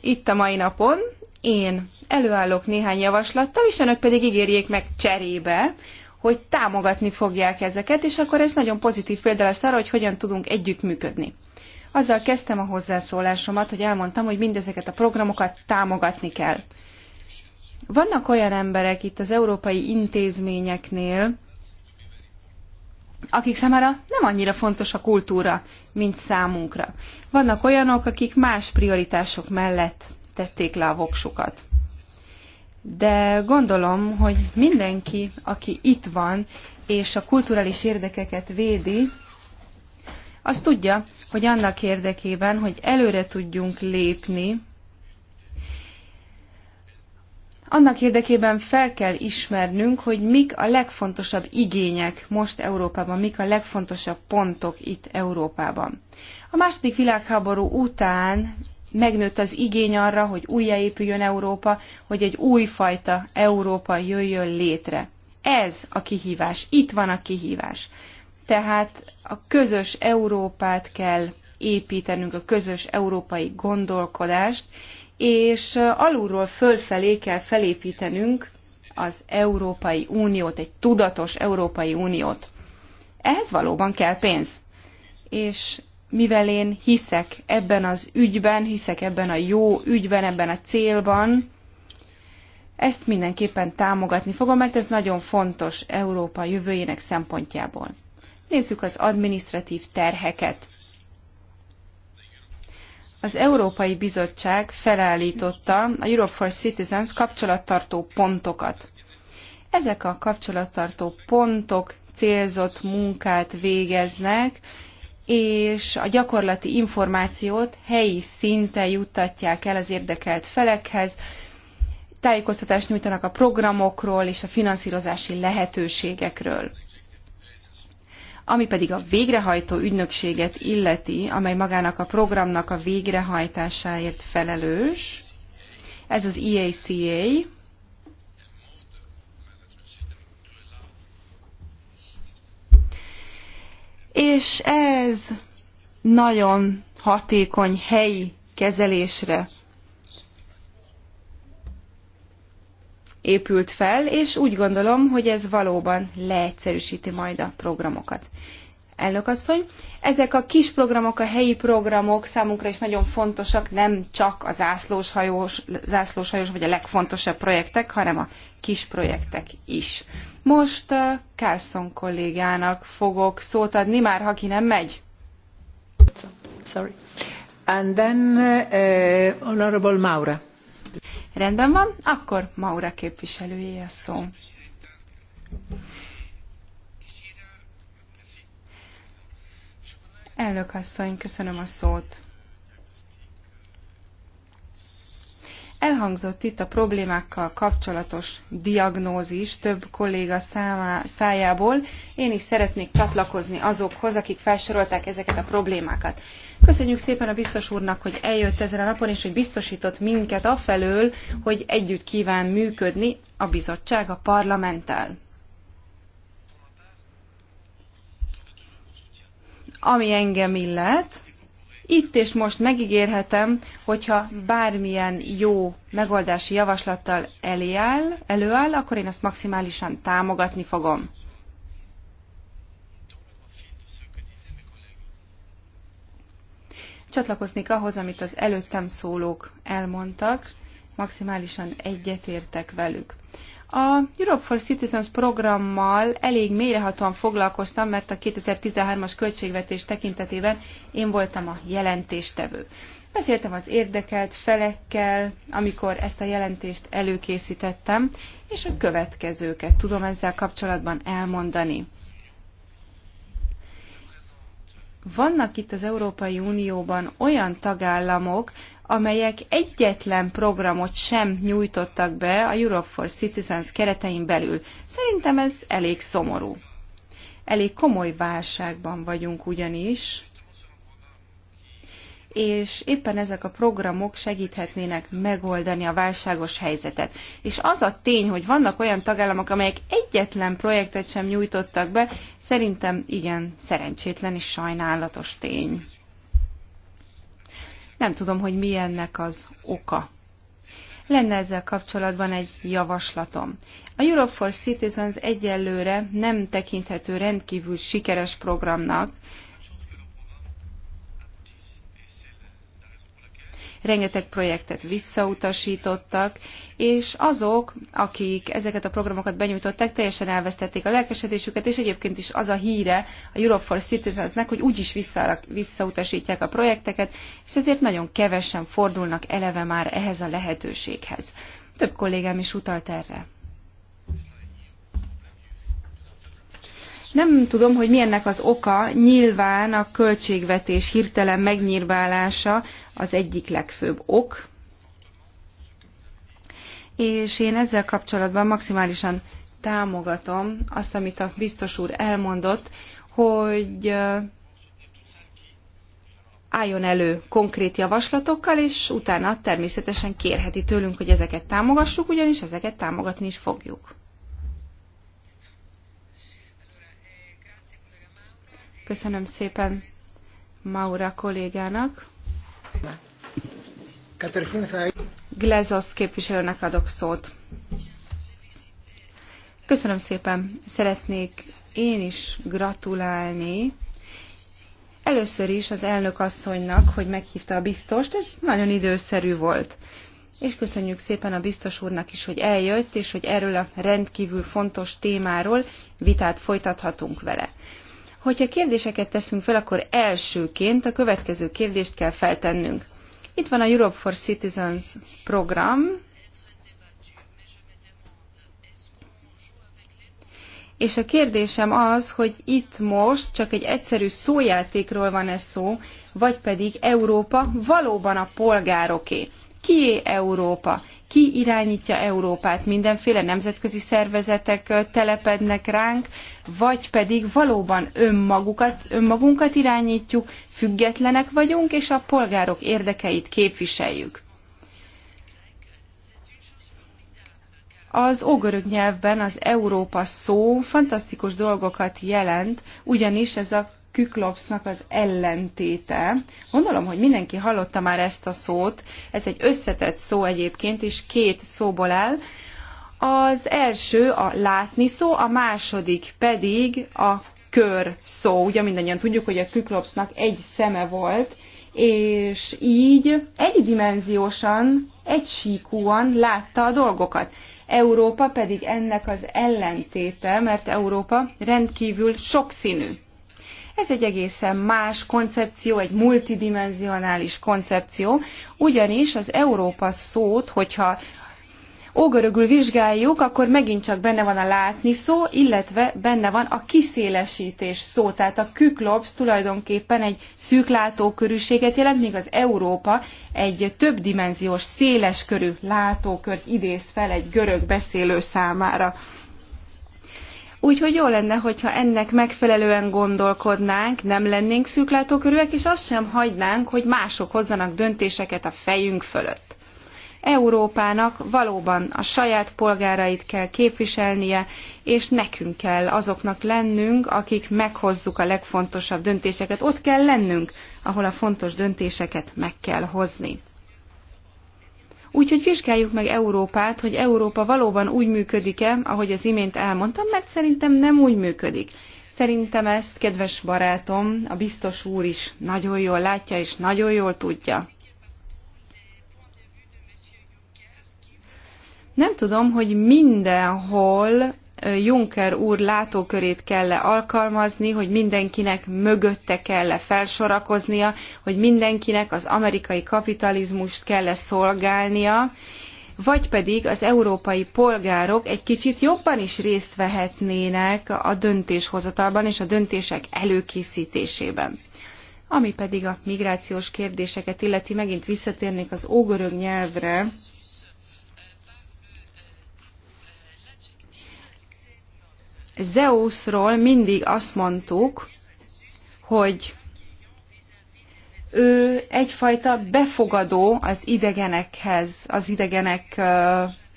itt a mai napon, én előállok néhány javaslattal, és önök pedig ígérjék meg cserébe, hogy támogatni fogják ezeket, és akkor ez nagyon pozitív példa lesz arra, hogy hogyan tudunk együttműködni. Azzal kezdtem a hozzászólásomat, hogy elmondtam, hogy mindezeket a programokat támogatni kell. Vannak olyan emberek itt az európai intézményeknél, akik számára nem annyira fontos a kultúra, mint számunkra. Vannak olyanok, akik más prioritások mellett tették le a voksukat de gondolom, hogy mindenki, aki itt van, és a kulturális érdekeket védi, az tudja, hogy annak érdekében, hogy előre tudjunk lépni, annak érdekében fel kell ismernünk, hogy mik a legfontosabb igények most Európában, mik a legfontosabb pontok itt Európában. A második világháború után megnőtt az igény arra, hogy újjáépüljön Európa, hogy egy újfajta Európa jöjjön létre. Ez a kihívás, itt van a kihívás. Tehát a közös Európát kell építenünk, a közös európai gondolkodást, és alulról fölfelé kell felépítenünk az Európai Uniót, egy tudatos Európai Uniót. Ehhez valóban kell pénz. És mivel én hiszek ebben az ügyben, hiszek ebben a jó ügyben, ebben a célban, ezt mindenképpen támogatni fogom, mert ez nagyon fontos Európa jövőjének szempontjából. Nézzük az administratív terheket. Az Európai Bizottság felállította a Europe for Citizens kapcsolattartó pontokat. Ezek a kapcsolattartó pontok célzott munkát végeznek, és a gyakorlati információt helyi szinten juttatják el az érdekelt felekhez, tájékoztatást nyújtanak a programokról és a finanszírozási lehetőségekről. Ami pedig a végrehajtó ügynökséget illeti, amely magának a programnak a végrehajtásáért felelős, ez az EACA, és ez nagyon hatékony helyi kezelésre épült fel, és úgy gondolom, hogy ez valóban leegyszerűsíti majd a programokat elnökasszony. ezek a kis programok, a helyi programok számunkra is nagyon fontosak, nem csak a zászlóshajós, zászlóshajós vagy a legfontosabb projektek, hanem a kis projektek is. Most eh, Carson kollégának fogok szót adni, már ha ki nem megy. Sorry. And then uh, Honorable Maura. Rendben van, akkor Maura képviselője a szó. Elnök asszony, köszönöm a szót. Elhangzott itt a problémákkal kapcsolatos diagnózis több kolléga számá, szájából. Én is szeretnék csatlakozni azokhoz, akik felsorolták ezeket a problémákat. Köszönjük szépen a biztos úrnak, hogy eljött ezen a napon, és hogy biztosított minket afelől, hogy együtt kíván működni a bizottság a parlamenttel. Ami engem illet, itt és most megígérhetem, hogyha bármilyen jó megoldási javaslattal eléáll, előáll, akkor én azt maximálisan támogatni fogom. Csatlakoznék ahhoz, amit az előttem szólók elmondtak, maximálisan egyetértek velük. A Europe for Citizens programmal elég mélyrehatóan foglalkoztam, mert a 2013-as költségvetés tekintetében én voltam a jelentéstevő. Beszéltem az érdekelt felekkel, amikor ezt a jelentést előkészítettem, és a következőket tudom ezzel kapcsolatban elmondani. Vannak itt az Európai Unióban olyan tagállamok, amelyek egyetlen programot sem nyújtottak be a Europe for Citizens keretein belül. Szerintem ez elég szomorú. Elég komoly válságban vagyunk ugyanis, és éppen ezek a programok segíthetnének megoldani a válságos helyzetet. És az a tény, hogy vannak olyan tagállamok, amelyek egyetlen projektet sem nyújtottak be, szerintem igen szerencsétlen és sajnálatos tény. Nem tudom, hogy mi ennek az oka. Lenne ezzel kapcsolatban egy javaslatom. A Europe for Citizens egyelőre nem tekinthető rendkívül sikeres programnak, rengeteg projektet visszautasítottak, és azok, akik ezeket a programokat benyújtották, teljesen elvesztették a lelkesedésüket, és egyébként is az a híre a Europe for Citizensnek, hogy úgyis vissza, visszautasítják a projekteket, és ezért nagyon kevesen fordulnak eleve már ehhez a lehetőséghez. Több kollégám is utalt erre. Nem tudom, hogy milyennek az oka, nyilván a költségvetés hirtelen megnyírválása az egyik legfőbb ok, és én ezzel kapcsolatban maximálisan támogatom azt, amit a biztos úr elmondott, hogy álljon elő konkrét javaslatokkal, és utána természetesen kérheti tőlünk, hogy ezeket támogassuk, ugyanis ezeket támogatni is fogjuk. Köszönöm szépen Maura kollégának. Glezos képviselőnek adok szót. Köszönöm szépen. Szeretnék én is gratulálni először is az elnök asszonynak, hogy meghívta a biztost, ez nagyon időszerű volt. És köszönjük szépen a biztos úrnak is, hogy eljött, és hogy erről a rendkívül fontos témáról vitát folytathatunk vele. Hogyha kérdéseket teszünk fel, akkor elsőként a következő kérdést kell feltennünk. Itt van a Europe for Citizens program, És a kérdésem az, hogy itt most csak egy egyszerű szójátékról van ez szó, vagy pedig Európa valóban a polgároké. Kié Európa? Ki irányítja Európát? Mindenféle nemzetközi szervezetek telepednek ránk, vagy pedig valóban önmagukat, önmagunkat irányítjuk, függetlenek vagyunk, és a polgárok érdekeit képviseljük. Az ógörög nyelvben az Európa szó fantasztikus dolgokat jelent, ugyanis ez a küklopsznak az ellentéte. Gondolom, hogy mindenki hallotta már ezt a szót. Ez egy összetett szó egyébként, és két szóból áll. Az első a látni szó, a második pedig a kör szó. Ugye mindannyian tudjuk, hogy a küklopsznak egy szeme volt, és így egydimenziósan, egysíkúan látta a dolgokat. Európa pedig ennek az ellentéte, mert Európa rendkívül sokszínű. Ez egy egészen más koncepció, egy multidimensionális koncepció, ugyanis az Európa szót, hogyha ógörögül vizsgáljuk, akkor megint csak benne van a látni szó, illetve benne van a kiszélesítés szó. Tehát a küklopsz tulajdonképpen egy szűk látókörűséget jelent, míg az Európa egy többdimenziós, széleskörű látókört idéz fel egy görög beszélő számára. Úgyhogy jó lenne, hogyha ennek megfelelően gondolkodnánk, nem lennénk szűklátókörűek, és azt sem hagynánk, hogy mások hozzanak döntéseket a fejünk fölött. Európának valóban a saját polgárait kell képviselnie, és nekünk kell azoknak lennünk, akik meghozzuk a legfontosabb döntéseket. Ott kell lennünk, ahol a fontos döntéseket meg kell hozni. Úgyhogy vizsgáljuk meg Európát, hogy Európa valóban úgy működik-e, ahogy az imént elmondtam, mert szerintem nem úgy működik. Szerintem ezt kedves barátom, a biztos úr is nagyon jól látja és nagyon jól tudja. Nem tudom, hogy mindenhol Juncker úr látókörét kell -e alkalmazni, hogy mindenkinek mögötte kell -e felsorakoznia, hogy mindenkinek az amerikai kapitalizmust kell -e szolgálnia, vagy pedig az európai polgárok egy kicsit jobban is részt vehetnének a döntéshozatalban és a döntések előkészítésében. Ami pedig a migrációs kérdéseket illeti, megint visszatérnék az ógörög nyelvre, Zeusról mindig azt mondtuk, hogy ő egyfajta befogadó az idegenekhez, az idegenek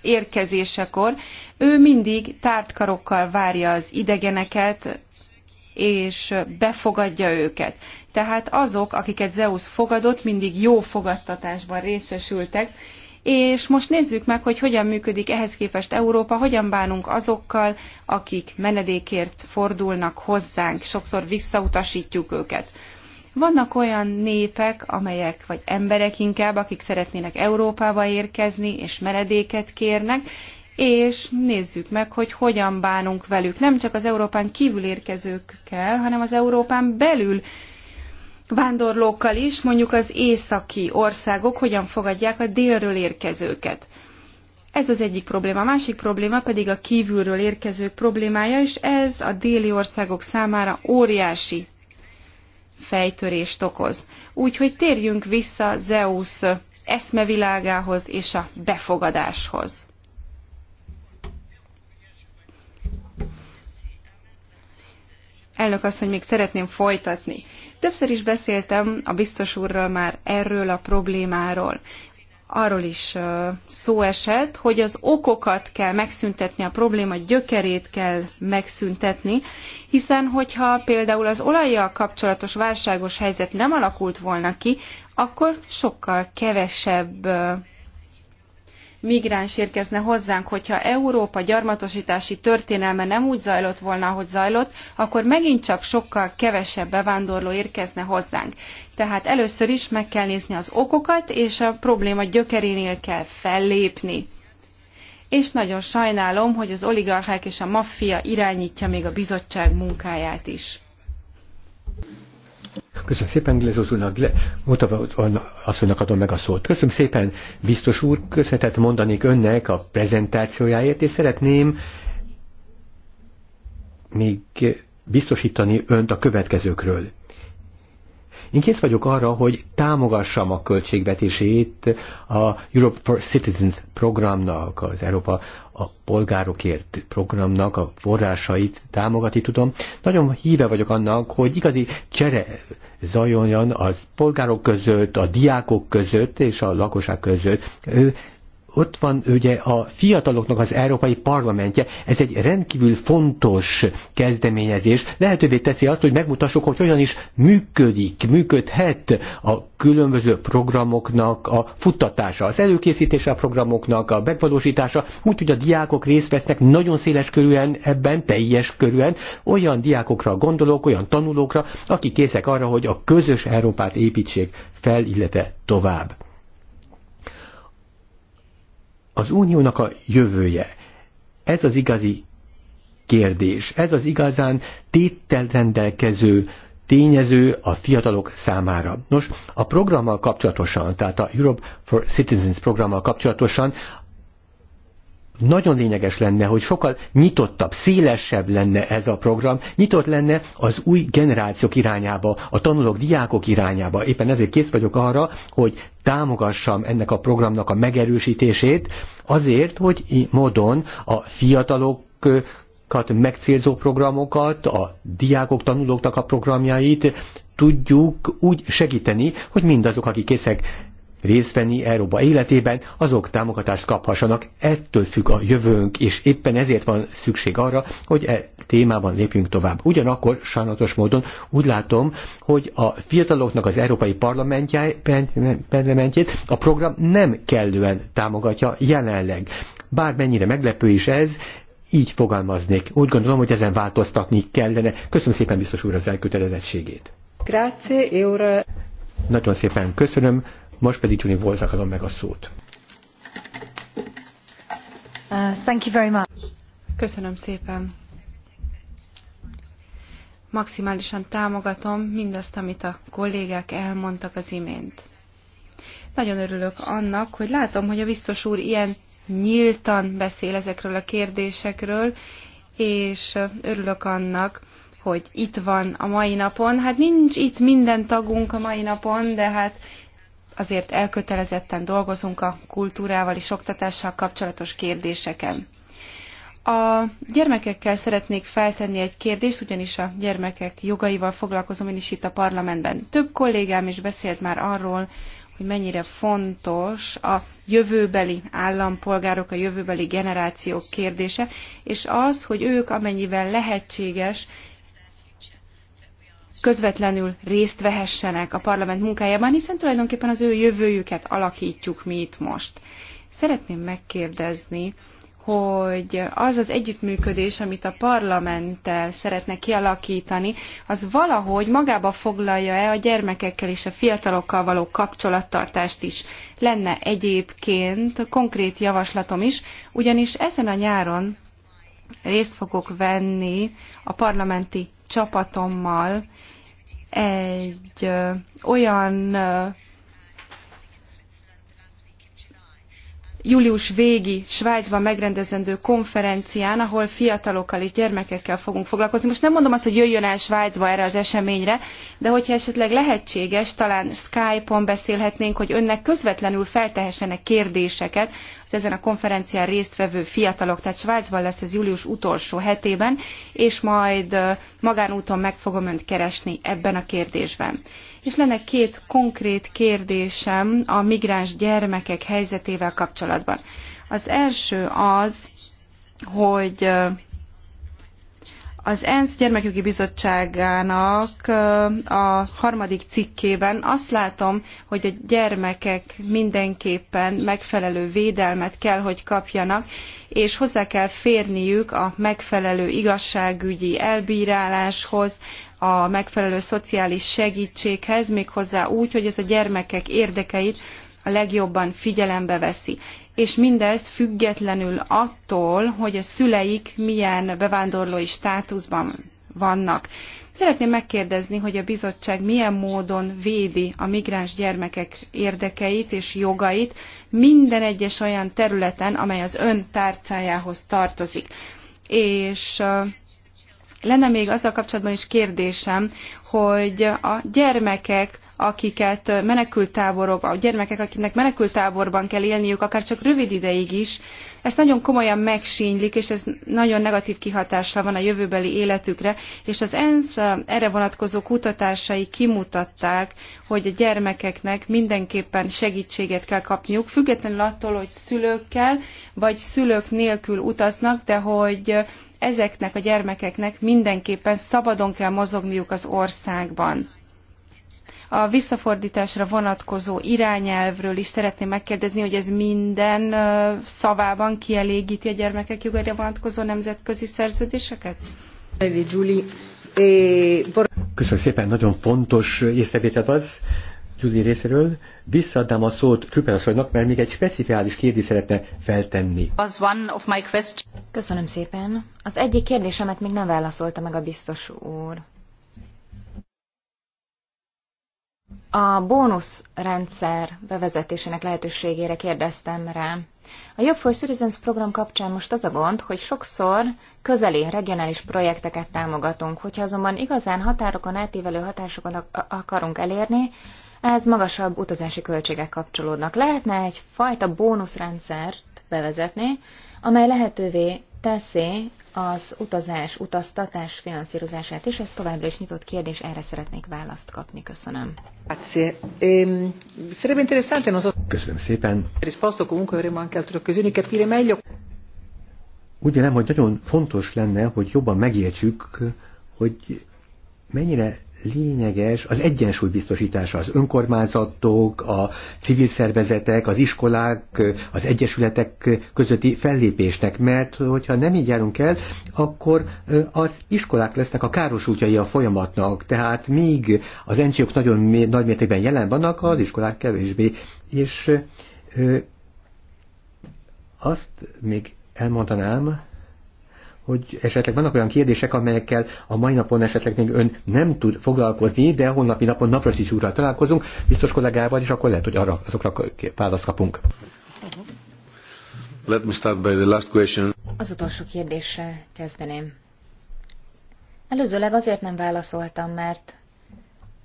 érkezésekor. Ő mindig tártkarokkal várja az idegeneket, és befogadja őket. Tehát azok, akiket Zeus fogadott, mindig jó fogadtatásban részesültek, és most nézzük meg, hogy hogyan működik ehhez képest Európa, hogyan bánunk azokkal, akik menedékért fordulnak hozzánk, sokszor visszautasítjuk őket. Vannak olyan népek, amelyek, vagy emberek inkább, akik szeretnének Európába érkezni, és menedéket kérnek, és nézzük meg, hogy hogyan bánunk velük. Nem csak az Európán kívül érkezőkkel, hanem az Európán belül vándorlókkal is, mondjuk az északi országok hogyan fogadják a délről érkezőket. Ez az egyik probléma. A másik probléma pedig a kívülről érkezők problémája, és ez a déli országok számára óriási fejtörést okoz. Úgyhogy térjünk vissza Zeus eszmevilágához és a befogadáshoz. Elnök azt, hogy még szeretném folytatni. Többször is beszéltem a biztos úrral már erről a problémáról. Arról is szó esett, hogy az okokat kell megszüntetni, a probléma gyökerét kell megszüntetni, hiszen hogyha például az olajjal kapcsolatos válságos helyzet nem alakult volna ki, akkor sokkal kevesebb migráns érkezne hozzánk, hogyha Európa gyarmatosítási történelme nem úgy zajlott volna, ahogy zajlott, akkor megint csak sokkal kevesebb bevándorló érkezne hozzánk. Tehát először is meg kell nézni az okokat, és a probléma gyökerénél kell fellépni. És nagyon sajnálom, hogy az oligarchák és a maffia irányítja még a bizottság munkáját is. Köszönöm szépen, Glezos úrnak, Mutava asszonynak adom meg a szót. Köszönöm szépen, biztos úr, köszönetet mondanék önnek a prezentációjáért, és szeretném még biztosítani önt a következőkről. Én kész vagyok arra, hogy támogassam a költségvetését a Europe for Citizens programnak, az Európa a polgárokért programnak a forrásait támogatni tudom. Nagyon híve vagyok annak, hogy igazi csere zajoljon az polgárok között, a diákok között és a lakosság között ott van ugye a fiataloknak az Európai Parlamentje, ez egy rendkívül fontos kezdeményezés, lehetővé teszi azt, hogy megmutassuk, hogy hogyan is működik, működhet a különböző programoknak a futtatása, az előkészítése a programoknak a megvalósítása, úgyhogy a diákok részt vesznek nagyon széles körülön ebben, teljes körülön, olyan diákokra gondolok, olyan tanulókra, akik készek arra, hogy a közös Európát építsék fel, illetve tovább az uniónak a jövője. Ez az igazi kérdés. Ez az igazán téttel rendelkező tényező a fiatalok számára. Nos, a programmal kapcsolatosan, tehát a Europe for Citizens programmal kapcsolatosan nagyon lényeges lenne, hogy sokkal nyitottabb, szélesebb lenne ez a program, nyitott lenne az új generációk irányába, a tanulók, diákok irányába. Éppen ezért kész vagyok arra, hogy támogassam ennek a programnak a megerősítését, azért, hogy így módon a fiatalok megcélzó programokat, a diákok, tanulóknak a programjait tudjuk úgy segíteni, hogy mindazok, akik készek részt venni Európa életében, azok támogatást kaphassanak, ettől függ a jövőnk, és éppen ezért van szükség arra, hogy e témában lépjünk tovább. Ugyanakkor sajnálatos módon úgy látom, hogy a fiataloknak az Európai Parlamentjét a program nem kellően támogatja jelenleg. Bármennyire meglepő is ez, így fogalmaznék. Úgy gondolom, hogy ezen változtatni kellene. Köszönöm szépen biztos úr az elkötelezettségét. Grazie, e Nagyon szépen köszönöm. Most pedig Juni voltak adom meg a szót. Uh, thank you very much. Köszönöm szépen. Maximálisan támogatom mindazt, amit a kollégák elmondtak az imént. Nagyon örülök annak, hogy látom, hogy a biztos úr ilyen nyíltan beszél ezekről a kérdésekről, és örülök annak, hogy itt van a mai napon. Hát nincs itt minden tagunk a mai napon, de hát azért elkötelezetten dolgozunk a kultúrával és oktatással kapcsolatos kérdéseken. A gyermekekkel szeretnék feltenni egy kérdést, ugyanis a gyermekek jogaival foglalkozom én is itt a parlamentben. Több kollégám is beszélt már arról, hogy mennyire fontos a jövőbeli állampolgárok, a jövőbeli generációk kérdése, és az, hogy ők amennyiben lehetséges, közvetlenül részt vehessenek a parlament munkájában, hiszen tulajdonképpen az ő jövőjüket alakítjuk mi itt most. Szeretném megkérdezni, hogy az az együttműködés, amit a parlamenttel szeretne kialakítani, az valahogy magába foglalja-e a gyermekekkel és a fiatalokkal való kapcsolattartást is. Lenne egyébként konkrét javaslatom is, ugyanis ezen a nyáron részt fogok venni a parlamenti csapatommal egy olyan július végi Svájcban megrendezendő konferencián, ahol fiatalokkal és gyermekekkel fogunk foglalkozni. Most nem mondom azt, hogy jöjjön el Svájcba erre az eseményre, de hogyha esetleg lehetséges, talán Skype-on beszélhetnénk, hogy önnek közvetlenül feltehessenek kérdéseket az ezen a konferencián résztvevő fiatalok, tehát Svájcban lesz ez július utolsó hetében, és majd magánúton meg fogom önt keresni ebben a kérdésben. És lenne két konkrét kérdésem a migráns gyermekek helyzetével kapcsolatban. Az első az, hogy az ENSZ gyermekjogi bizottságának a harmadik cikkében azt látom, hogy a gyermekek mindenképpen megfelelő védelmet kell, hogy kapjanak, és hozzá kell férniük a megfelelő igazságügyi elbíráláshoz, a megfelelő szociális segítséghez, méghozzá úgy, hogy ez a gyermekek érdekeit a legjobban figyelembe veszi és mindezt függetlenül attól, hogy a szüleik milyen bevándorlói státuszban vannak. Szeretném megkérdezni, hogy a bizottság milyen módon védi a migráns gyermekek érdekeit és jogait minden egyes olyan területen, amely az ön tárcájához tartozik. És lenne még azzal kapcsolatban is kérdésem, hogy a gyermekek akiket menekültáborokban, a gyermekek, akiknek menekültáborban kell élniük, akár csak rövid ideig is, ezt nagyon komolyan megsínylik, és ez nagyon negatív kihatással van a jövőbeli életükre, és az ENSZ erre vonatkozó kutatásai kimutatták, hogy a gyermekeknek mindenképpen segítséget kell kapniuk, függetlenül attól, hogy szülőkkel vagy szülők nélkül utaznak, de hogy ezeknek a gyermekeknek mindenképpen szabadon kell mozogniuk az országban. A visszafordításra vonatkozó irányelvről is szeretném megkérdezni, hogy ez minden szavában kielégíti a gyermekek jogaira vonatkozó nemzetközi szerződéseket? Eh, Köszönöm szépen, nagyon fontos észrevételt az, Julie részéről. Visszaadnám a szót Krüpelasszonynak, mert még egy speciális kérdést szeretne feltenni. Az one of my Köszönöm szépen. Az egyik kérdésemet még nem válaszolta meg a biztos úr. A rendszer bevezetésének lehetőségére kérdeztem rá. A Job for Citizens program kapcsán most az a gond, hogy sokszor közeli, regionális projekteket támogatunk. Hogyha azonban igazán határokon átívelő hatásokat akarunk elérni, ez magasabb utazási költségek kapcsolódnak. Lehetne egy fajta bónuszrendszert bevezetni, amely lehetővé teszi az utazás, utaztatás finanszírozását is. Ez továbbra is nyitott kérdés, erre szeretnék választ kapni. Köszönöm. Ehm, Köszönöm szépen. anche capire meglio. Úgy vélem, hogy nagyon fontos lenne, hogy jobban megértsük, hogy mennyire lényeges az egyensúly biztosítása az önkormányzatok, a civil szervezetek, az iskolák, az egyesületek közötti fellépésnek, mert hogyha nem így járunk el, akkor az iskolák lesznek a károsultjai a folyamatnak, tehát míg az NGO-k nagyon nagy mértékben jelen vannak, az iskolák kevésbé, és azt még elmondanám, hogy esetleg vannak olyan kérdések, amelyekkel a mai napon esetleg még ön nem tud foglalkozni, de holnapi napon is úrral találkozunk, biztos kollégával, és akkor lehet, hogy arra azokra választ kapunk. Let me start by the last question. Az utolsó kérdéssel kezdeném. Előzőleg azért nem válaszoltam, mert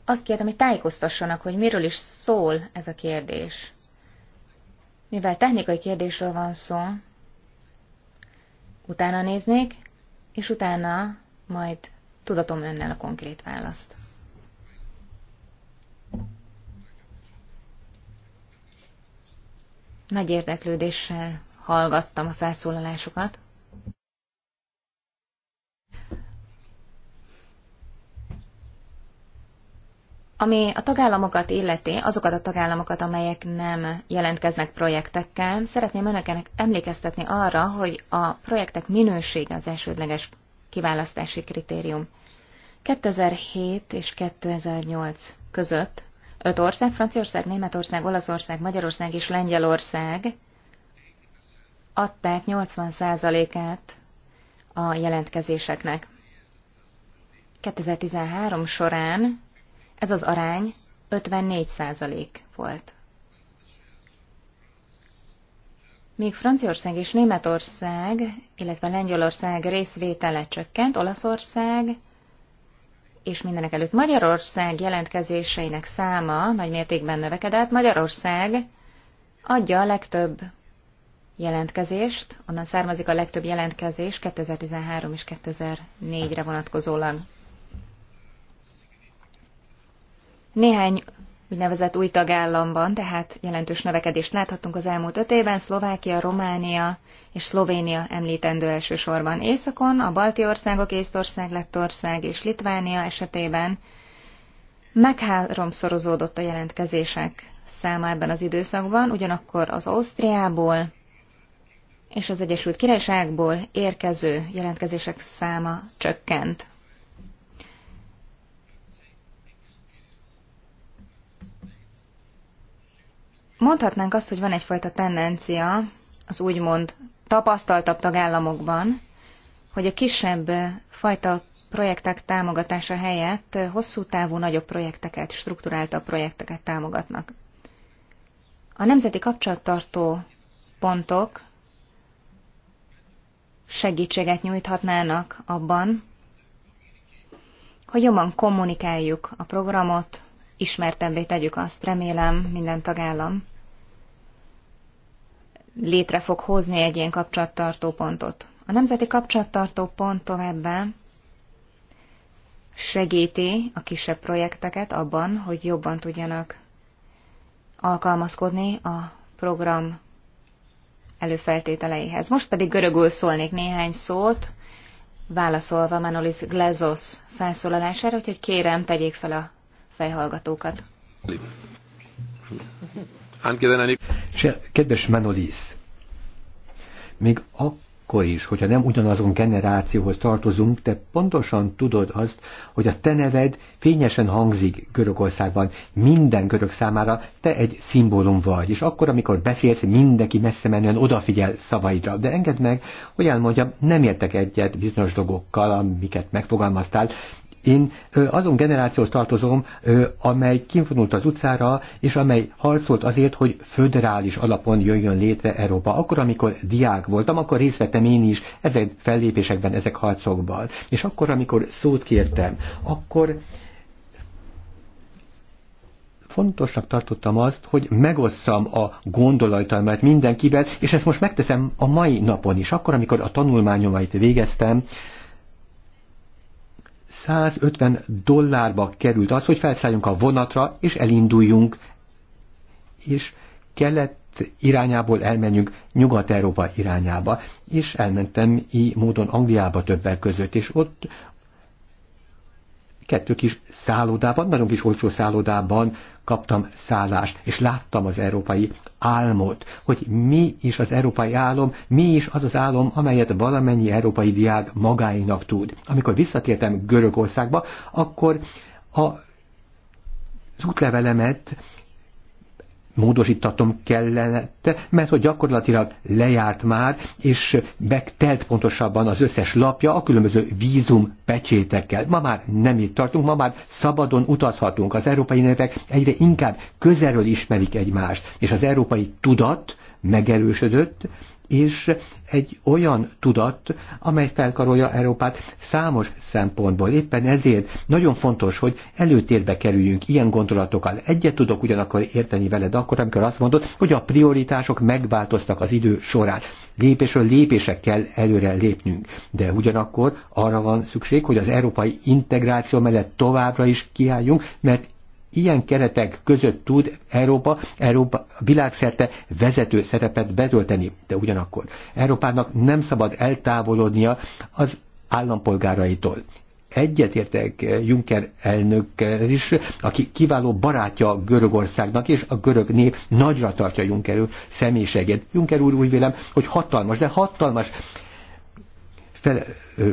azt kértem, hogy tájékoztassanak, hogy miről is szól ez a kérdés. Mivel technikai kérdésről van szó, utána néznék, és utána majd tudatom önnel a konkrét választ. Nagy érdeklődéssel hallgattam a felszólalásokat. Ami a tagállamokat illeti, azokat a tagállamokat, amelyek nem jelentkeznek projektekkel, szeretném önöknek emlékeztetni arra, hogy a projektek minősége az elsődleges kiválasztási kritérium. 2007 és 2008 között öt ország, Franciaország, Németország, Olaszország, Magyarország és Lengyelország adták 80%-át a jelentkezéseknek. 2013 során ez az arány 54 százalék volt. Míg Franciaország és Németország, illetve Lengyelország részvétele csökkent, Olaszország és mindenek előtt Magyarország jelentkezéseinek száma nagymértékben növekedett. Magyarország adja a legtöbb jelentkezést, onnan származik a legtöbb jelentkezés 2013 és 2004-re vonatkozólag. Néhány úgynevezett új tagállamban, tehát jelentős növekedést láthattunk az elmúlt öt évben, Szlovákia, Románia és Szlovénia említendő elsősorban. Északon a balti országok, Észtország, Lettország és Litvánia esetében megháromszorozódott a jelentkezések száma ebben az időszakban, ugyanakkor az Ausztriából és az Egyesült Királyságból érkező jelentkezések száma csökkent. Mondhatnánk azt, hogy van egyfajta tendencia az úgymond tapasztaltabb tagállamokban, hogy a kisebb fajta projektek támogatása helyett hosszú távú nagyobb projekteket, strukturáltabb projekteket támogatnak. A nemzeti kapcsolattartó pontok segítséget nyújthatnának abban, hogy jobban kommunikáljuk a programot, ismertebbé tegyük azt, remélem minden tagállam létre fog hozni egy ilyen kapcsolattartó pontot. A nemzeti kapcsolattartó pont továbbá segíti a kisebb projekteket abban, hogy jobban tudjanak alkalmazkodni a program előfeltételeihez. Most pedig görögül szólnék néhány szót, válaszolva Manolis Glezos felszólalására, hogy kérem, tegyék fel a fejhallgatókat. Kedves Manolis, még akkor is, hogyha nem ugyanazon generációhoz tartozunk, te pontosan tudod azt, hogy a te neved fényesen hangzik Görögországban. Minden görög számára te egy szimbólum vagy, és akkor, amikor beszélsz, mindenki messze menően odafigyel szavaidra. De engedd meg, hogy elmondjam, nem értek egyet bizonyos dolgokkal, amiket megfogalmaztál, én azon generációhoz tartozom, amely kinfonult az utcára, és amely harcolt azért, hogy föderális alapon jöjjön létre Európa. Akkor, amikor diák voltam, akkor részt vettem én is ezek fellépésekben, ezek harcokban. És akkor, amikor szót kértem, akkor fontosnak tartottam azt, hogy megosszam a gondolataimat mindenkivel, és ezt most megteszem a mai napon is. Akkor, amikor a tanulmányomait végeztem, 150 dollárba került az, hogy felszálljunk a vonatra, és elinduljunk, és kelet irányából elmenjünk Nyugat-Európa irányába, és elmentem így módon Angliába többek között, és ott kettő kis szállodában, nagyon kis olcsó szállodában kaptam szállást, és láttam az európai álmot, hogy mi is az európai álom, mi is az az álom, amelyet valamennyi európai diák magáinak tud. Amikor visszatértem Görögországba, akkor a az útlevelemet módosítatom kellene, mert hogy gyakorlatilag lejárt már, és megtelt pontosabban az összes lapja a különböző vízum pecsétekkel. Ma már nem itt tartunk, ma már szabadon utazhatunk. Az európai népek egyre inkább közelről ismerik egymást, és az európai tudat megerősödött, és egy olyan tudat, amely felkarolja Európát számos szempontból. Éppen ezért nagyon fontos, hogy előtérbe kerüljünk ilyen gondolatokkal. Egyet tudok ugyanakkor érteni veled akkor, amikor azt mondod, hogy a prioritások megváltoztak az idő során. Lépésről lépésre kell előre lépnünk. De ugyanakkor arra van szükség, hogy az európai integráció mellett továbbra is kiálljunk, mert ilyen keretek között tud Európa, Európa világszerte vezető szerepet betölteni. De ugyanakkor Európának nem szabad eltávolodnia az állampolgáraitól egyetértek Juncker elnök, is, aki kiváló barátja Görögországnak, és a görög nép nagyra tartja Juncker úr személyiségét. Juncker úr úgy vélem, hogy hatalmas, de hatalmas fel, ö,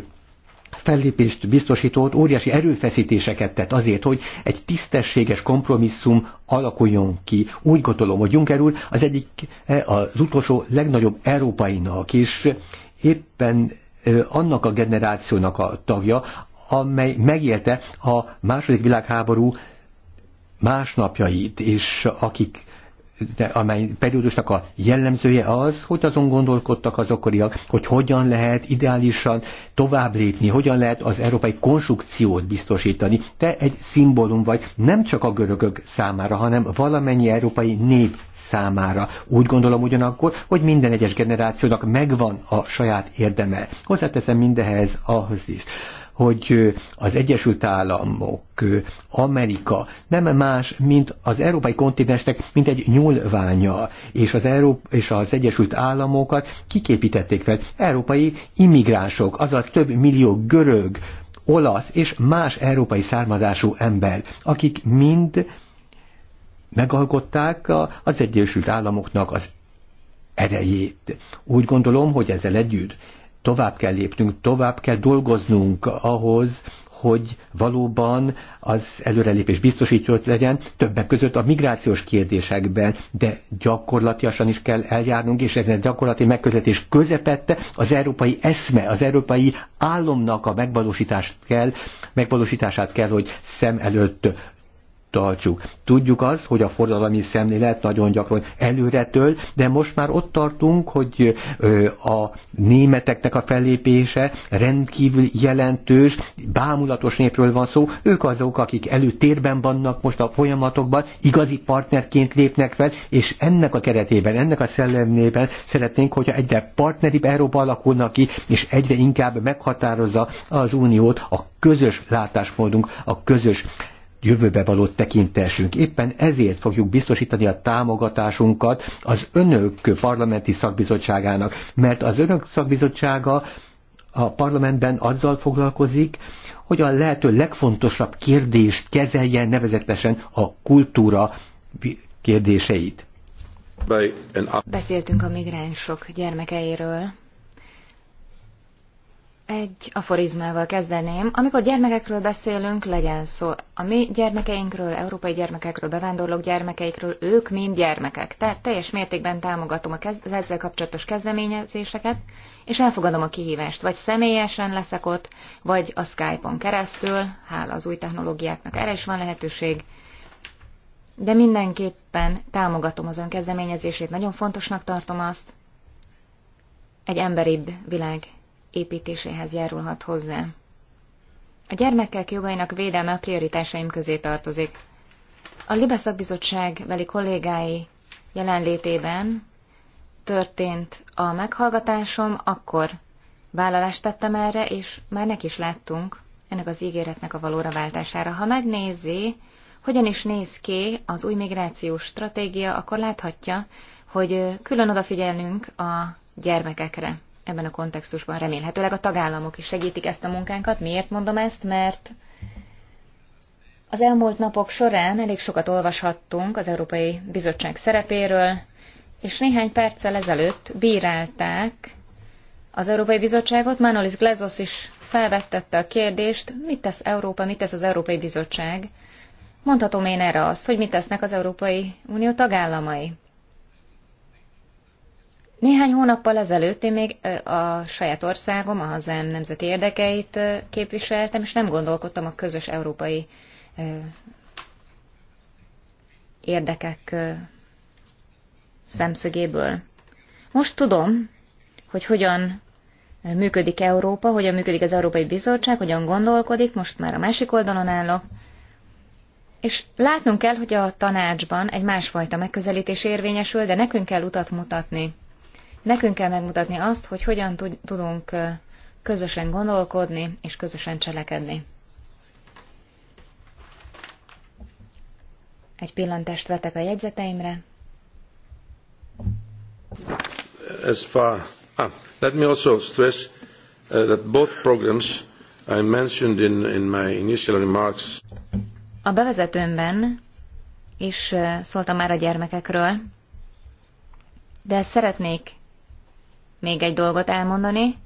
fellépést biztosított, óriási erőfeszítéseket tett azért, hogy egy tisztességes kompromisszum alakuljon ki. Úgy gondolom, hogy Juncker úr az egyik, eh, az utolsó legnagyobb európainak is éppen eh, annak a generációnak a tagja, amely megélte a második világháború másnapjait, és akik de amely periódusnak a jellemzője az, hogy azon gondolkodtak az akkoriak, hogy hogyan lehet ideálisan tovább lépni, hogyan lehet az európai konstrukciót biztosítani. Te egy szimbólum vagy nem csak a görögök számára, hanem valamennyi európai nép számára. Úgy gondolom ugyanakkor, hogy minden egyes generációnak megvan a saját érdeme. Hozzáteszem mindehez ahhoz is, hogy az Egyesült Államok, Amerika nem más, mint az európai kontinensnek, mint egy nyúlványa, és az, Európa, és az Egyesült Államokat kiképítették fel európai immigránsok, azaz több millió görög, olasz és más európai származású ember, akik mind megalkották az Egyesült Államoknak az erejét. Úgy gondolom, hogy ezzel együtt tovább kell lépnünk, tovább kell dolgoznunk ahhoz, hogy valóban az előrelépés biztosított legyen, többek között a migrációs kérdésekben, de gyakorlatilag is kell eljárnunk, és a gyakorlati megközelítés közepette az európai eszme, az európai álomnak a megvalósítást kell, megvalósítását kell, hogy szem előtt tartsuk. Tudjuk azt, hogy a forradalmi szemlélet nagyon gyakran előretől, de most már ott tartunk, hogy a németeknek a fellépése rendkívül jelentős, bámulatos népről van szó. Ők azok, akik előtérben vannak most a folyamatokban, igazi partnerként lépnek fel, és ennek a keretében, ennek a szellemében szeretnénk, hogyha egyre partneribb Európa alakulna ki, és egyre inkább meghatározza az uniót a közös látásmódunk, a közös jövőbe való tekintésünk. Éppen ezért fogjuk biztosítani a támogatásunkat az önök parlamenti szakbizottságának, mert az önök szakbizottsága a parlamentben azzal foglalkozik, hogy a lehető legfontosabb kérdést kezelje nevezetesen a kultúra kérdéseit. Beszéltünk a migránsok gyermekeiről, egy aforizmával kezdeném. Amikor gyermekekről beszélünk, legyen szó a mi gyermekeinkről, európai gyermekekről, bevándorlók gyermekeikről, ők mind gyermekek. Tehát teljes mértékben támogatom a kez- ezzel kapcsolatos kezdeményezéseket, és elfogadom a kihívást. Vagy személyesen leszek ott, vagy a Skype-on keresztül, hála az új technológiáknak erre is van lehetőség, de mindenképpen támogatom az kezdeményezését, nagyon fontosnak tartom azt, egy emberibb világ építéséhez járulhat hozzá. A gyermekek jogainak védelme a prioritásaim közé tartozik. A Libe szakbizottság veli kollégái jelenlétében történt a meghallgatásom, akkor vállalást tettem erre, és már neki is láttunk ennek az ígéretnek a valóra váltására. Ha megnézi, hogyan is néz ki az új migrációs stratégia, akkor láthatja, hogy külön odafigyelünk a gyermekekre ebben a kontextusban remélhetőleg a tagállamok is segítik ezt a munkánkat. Miért mondom ezt? Mert az elmúlt napok során elég sokat olvashattunk az Európai Bizottság szerepéről, és néhány perccel ezelőtt bírálták az Európai Bizottságot. Manolis Glezos is felvettette a kérdést, mit tesz Európa, mit tesz az Európai Bizottság. Mondhatom én erre azt, hogy mit tesznek az Európai Unió tagállamai. Néhány hónappal ezelőtt én még a saját országom, a hazám nemzeti érdekeit képviseltem, és nem gondolkodtam a közös európai érdekek szemszögéből. Most tudom, hogy hogyan működik Európa, hogyan működik az Európai Bizottság, hogyan gondolkodik, most már a másik oldalon állok, és látnunk kell, hogy a tanácsban egy másfajta megközelítés érvényesül, de nekünk kell utat mutatni. Nekünk kell megmutatni azt, hogy hogyan tudunk közösen gondolkodni és közösen cselekedni. Egy pillantást vetek a jegyzeteimre. As far, ah, let me also stress uh, that both programs I mentioned in, in my initial remarks. A bevezetőmben is szóltam már a gyermekekről, de szeretnék még egy dolgot elmondani.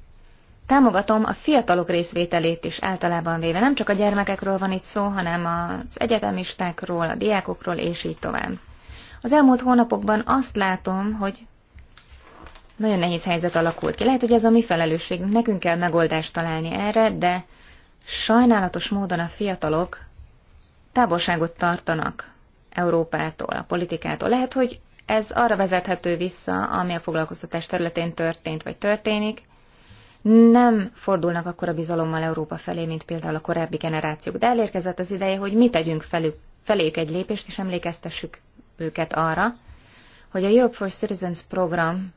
Támogatom a fiatalok részvételét is általában véve. Nem csak a gyermekekről van itt szó, hanem az egyetemistákról, a diákokról, és így tovább. Az elmúlt hónapokban azt látom, hogy nagyon nehéz helyzet alakult ki. Lehet, hogy ez a mi felelősségünk, nekünk kell megoldást találni erre, de sajnálatos módon a fiatalok távolságot tartanak Európától, a politikától. Lehet, hogy ez arra vezethető vissza, ami a foglalkoztatás területén történt vagy történik. Nem fordulnak akkor a bizalommal Európa felé, mint például a korábbi generációk, de elérkezett az ideje, hogy mi tegyünk felük, feléjük egy lépést, és emlékeztessük őket arra, hogy a Europe for Citizens program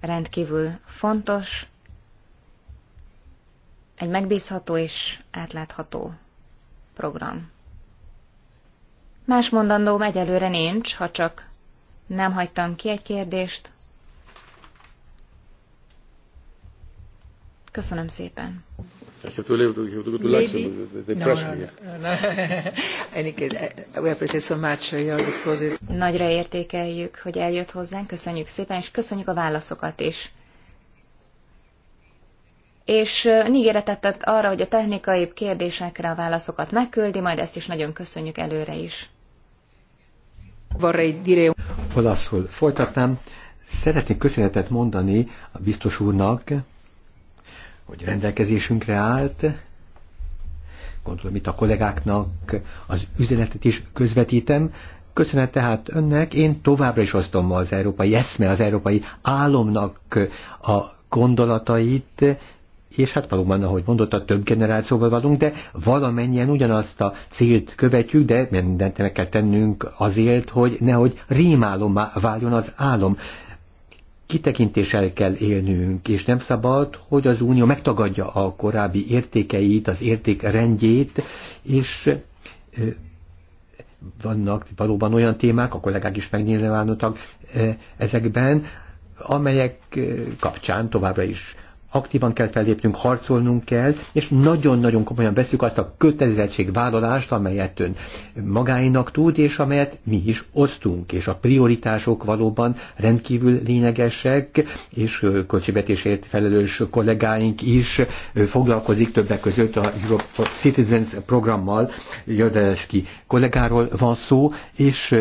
rendkívül fontos, egy megbízható és átlátható program. Más mondandóm egyelőre nincs, ha csak nem hagytam ki egy kérdést. Köszönöm szépen. Nagyra értékeljük, hogy eljött hozzánk, köszönjük szépen, és köszönjük a válaszokat is. És ígéretet uh, tett arra, hogy a technikai kérdésekre a válaszokat megküldi, majd ezt is nagyon köszönjük előre is. Olaszul folytatnám. Szeretnék köszönetet mondani a biztos úrnak, hogy rendelkezésünkre állt, gondolom itt a kollégáknak az üzenetet is közvetítem. Köszönet tehát önnek, én továbbra is osztom az európai eszme, az európai álomnak a gondolatait, és hát valóban, ahogy mondotta, több generációval vagyunk, de valamennyien ugyanazt a célt követjük, de mindent meg kell tennünk azért, hogy nehogy rémálommá váljon az álom kitekintéssel kell élnünk, és nem szabad, hogy az Unió megtagadja a korábbi értékeit, az értékrendjét, és vannak valóban olyan témák, a kollégák is megnyilvánultak ezekben, amelyek kapcsán továbbra is aktívan kell fellépnünk, harcolnunk kell, és nagyon-nagyon komolyan veszük azt a kötelezettségvállalást, amelyet ön magáinak tud, és amelyet mi is osztunk, és a prioritások valóban rendkívül lényegesek, és költségvetésért felelős kollégáink is foglalkozik többek között a Europe for Citizens programmal, Jodelski kollégáról van szó, és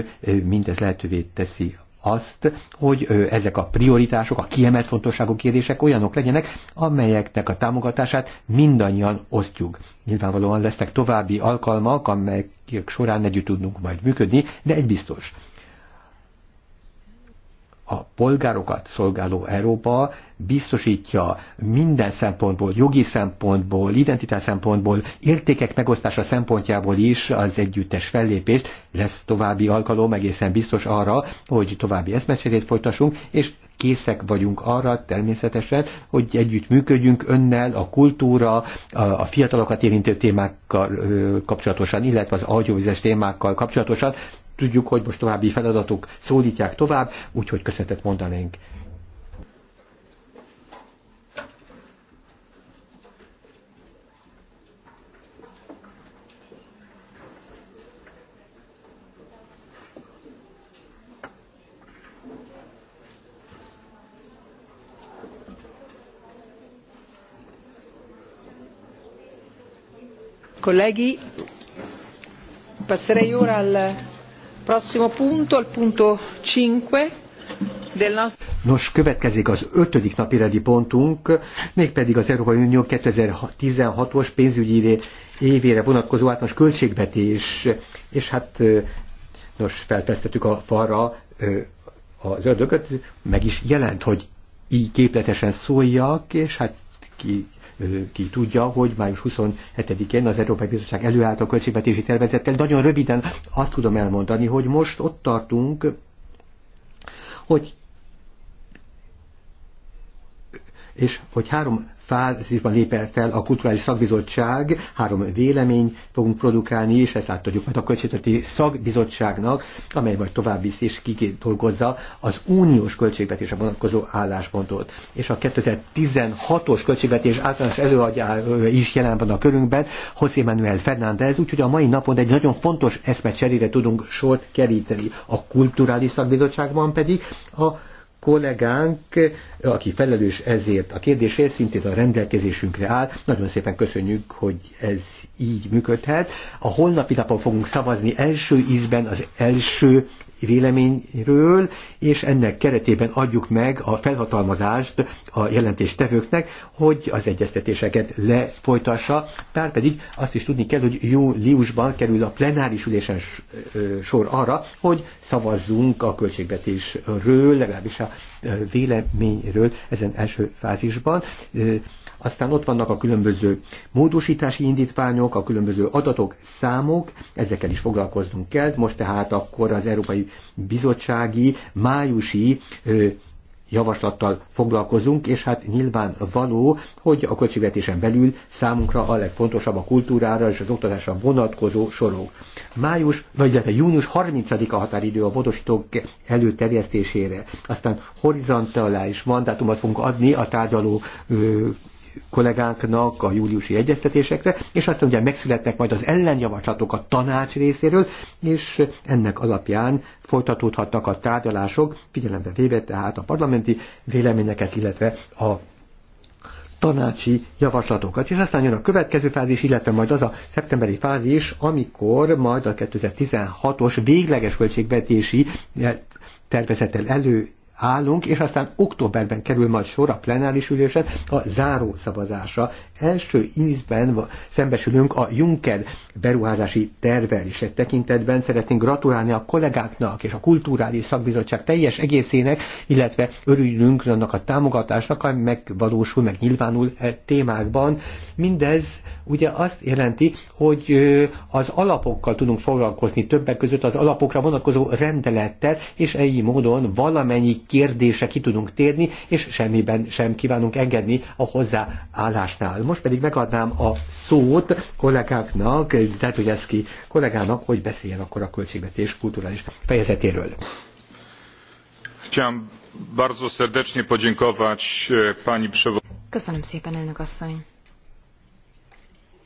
mindez lehetővé teszi azt, hogy ezek a prioritások, a kiemelt fontosságú kérdések olyanok legyenek, amelyeknek a támogatását mindannyian osztjuk. Nyilvánvalóan lesznek további alkalmak, amelyek során együtt tudunk majd működni, de egy biztos, a polgárokat szolgáló Európa biztosítja minden szempontból, jogi szempontból, identitás szempontból, értékek megosztása szempontjából is az együttes fellépést. Lesz további alkalom egészen biztos arra, hogy további eszmecserét folytassunk, és készek vagyunk arra természetesen, hogy együtt működjünk önnel a kultúra, a fiatalokat érintő témákkal kapcsolatosan, illetve az agyóvizes témákkal kapcsolatosan, tudjuk, hogy most további feladatok szólítják tovább, úgyhogy köszönetet mondanénk. colleghi passerei ora al Prossimo punto, il punto 5 Nos, következik az ötödik napirendi pontunk, mégpedig az Európai Unió 2016-os pénzügyi évére vonatkozó általános költségvetés, és hát nos, feltesztettük a falra az ördögöt, meg is jelent, hogy így képletesen szóljak, és hát ki ki tudja, hogy május 27-én az Európai Bizottság előállt a költségvetési tervezettel. Nagyon röviden azt tudom elmondani, hogy most ott tartunk, hogy és hogy három fázisban lépett el a Kulturális Szakbizottság, három vélemény fogunk produkálni, és ezt átadjuk majd a Költségvetési Szakbizottságnak, amely majd tovább visz és dolgozza az uniós költségvetésre vonatkozó álláspontot. És a 2016-os költségvetés általános előadja is jelen van a körünkben, José Manuel Fernández, úgyhogy a mai napon egy nagyon fontos eszmecserére tudunk sort keríteni. A Kulturális Szakbizottságban pedig a kollégánk, aki felelős ezért a kérdésért, szintén a rendelkezésünkre áll. Nagyon szépen köszönjük, hogy ez így működhet. A holnapi napon fogunk szavazni első ízben az első véleményről, és ennek keretében adjuk meg a felhatalmazást a jelentéstevőknek, hogy az egyeztetéseket lefolytassa, pár pedig azt is tudni kell, hogy júliusban kerül a plenáris ülésen sor arra, hogy szavazzunk a költségvetésről, legalábbis a véleményről ezen első fázisban. Aztán ott vannak a különböző módosítási indítványok, a különböző adatok, számok, ezekkel is foglalkoznunk kell. Most tehát akkor az Európai Bizottsági májusi javaslattal foglalkozunk, és hát nyilván való, hogy a költségvetésen belül számunkra a legfontosabb a kultúrára és az oktatásra vonatkozó sorok. Május, vagy illetve június 30-a határidő a módosítók előterjesztésére. Aztán horizontális mandátumot fogunk adni a tárgyaló kollégánknak a júliusi egyeztetésekre, és aztán ugye megszületnek majd az ellenjavaslatok a tanács részéről, és ennek alapján folytatódhatnak a tárgyalások, figyelembe véve tehát a parlamenti véleményeket, illetve a tanácsi javaslatokat. És aztán jön a következő fázis, illetve majd az a szeptemberi fázis, amikor majd a 2016-os végleges költségvetési tervezettel elő állunk, és aztán októberben kerül majd sor a plenáris ülésen a záró szavazásra. Első ízben szembesülünk a Juncker beruházási tervel, is egy tekintetben szeretnénk gratulálni a kollégáknak és a kulturális szakbizottság teljes egészének, illetve örülünk annak a támogatásnak, ami megvalósul, meg nyilvánul e témákban. Mindez ugye azt jelenti, hogy az alapokkal tudunk foglalkozni, többek között az alapokra vonatkozó rendelettel, és így módon valamennyi kérdésre ki tudunk térni, és semmiben sem kívánunk engedni a hozzáállásnál. Most pedig megadnám a szót kollégáknak, tehát hogy ki kollégának, hogy beszéljen akkor a költségvetés kulturális fejezetéről. E, Köszönöm szépen, elnök asszony.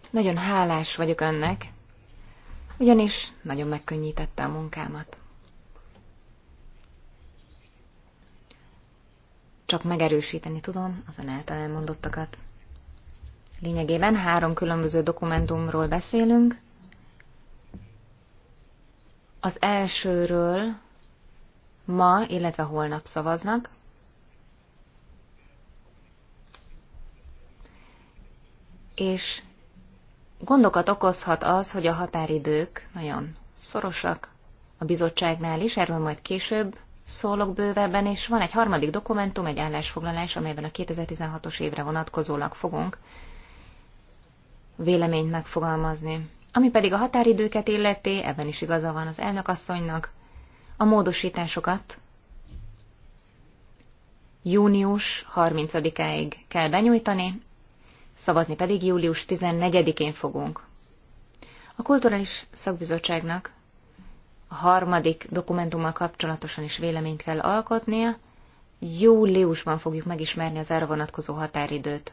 Nagyon hálás vagyok önnek, ugyanis nagyon megkönnyítette a munkámat. Csak megerősíteni tudom az ön által elmondottakat. Lényegében három különböző dokumentumról beszélünk. Az elsőről ma, illetve holnap szavaznak. És Gondokat okozhat az, hogy a határidők nagyon szorosak a bizottságnál is, erről majd később szólok bővebben, és van egy harmadik dokumentum, egy állásfoglalás, amelyben a 2016-os évre vonatkozólag fogunk véleményt megfogalmazni. Ami pedig a határidőket illeti, ebben is igaza van az elnökasszonynak, a módosításokat június 30-áig kell benyújtani, szavazni pedig július 14-én fogunk. A Kulturális Szakbizottságnak a harmadik dokumentummal kapcsolatosan is véleményt kell alkotnia, júliusban fogjuk megismerni az erre vonatkozó határidőt.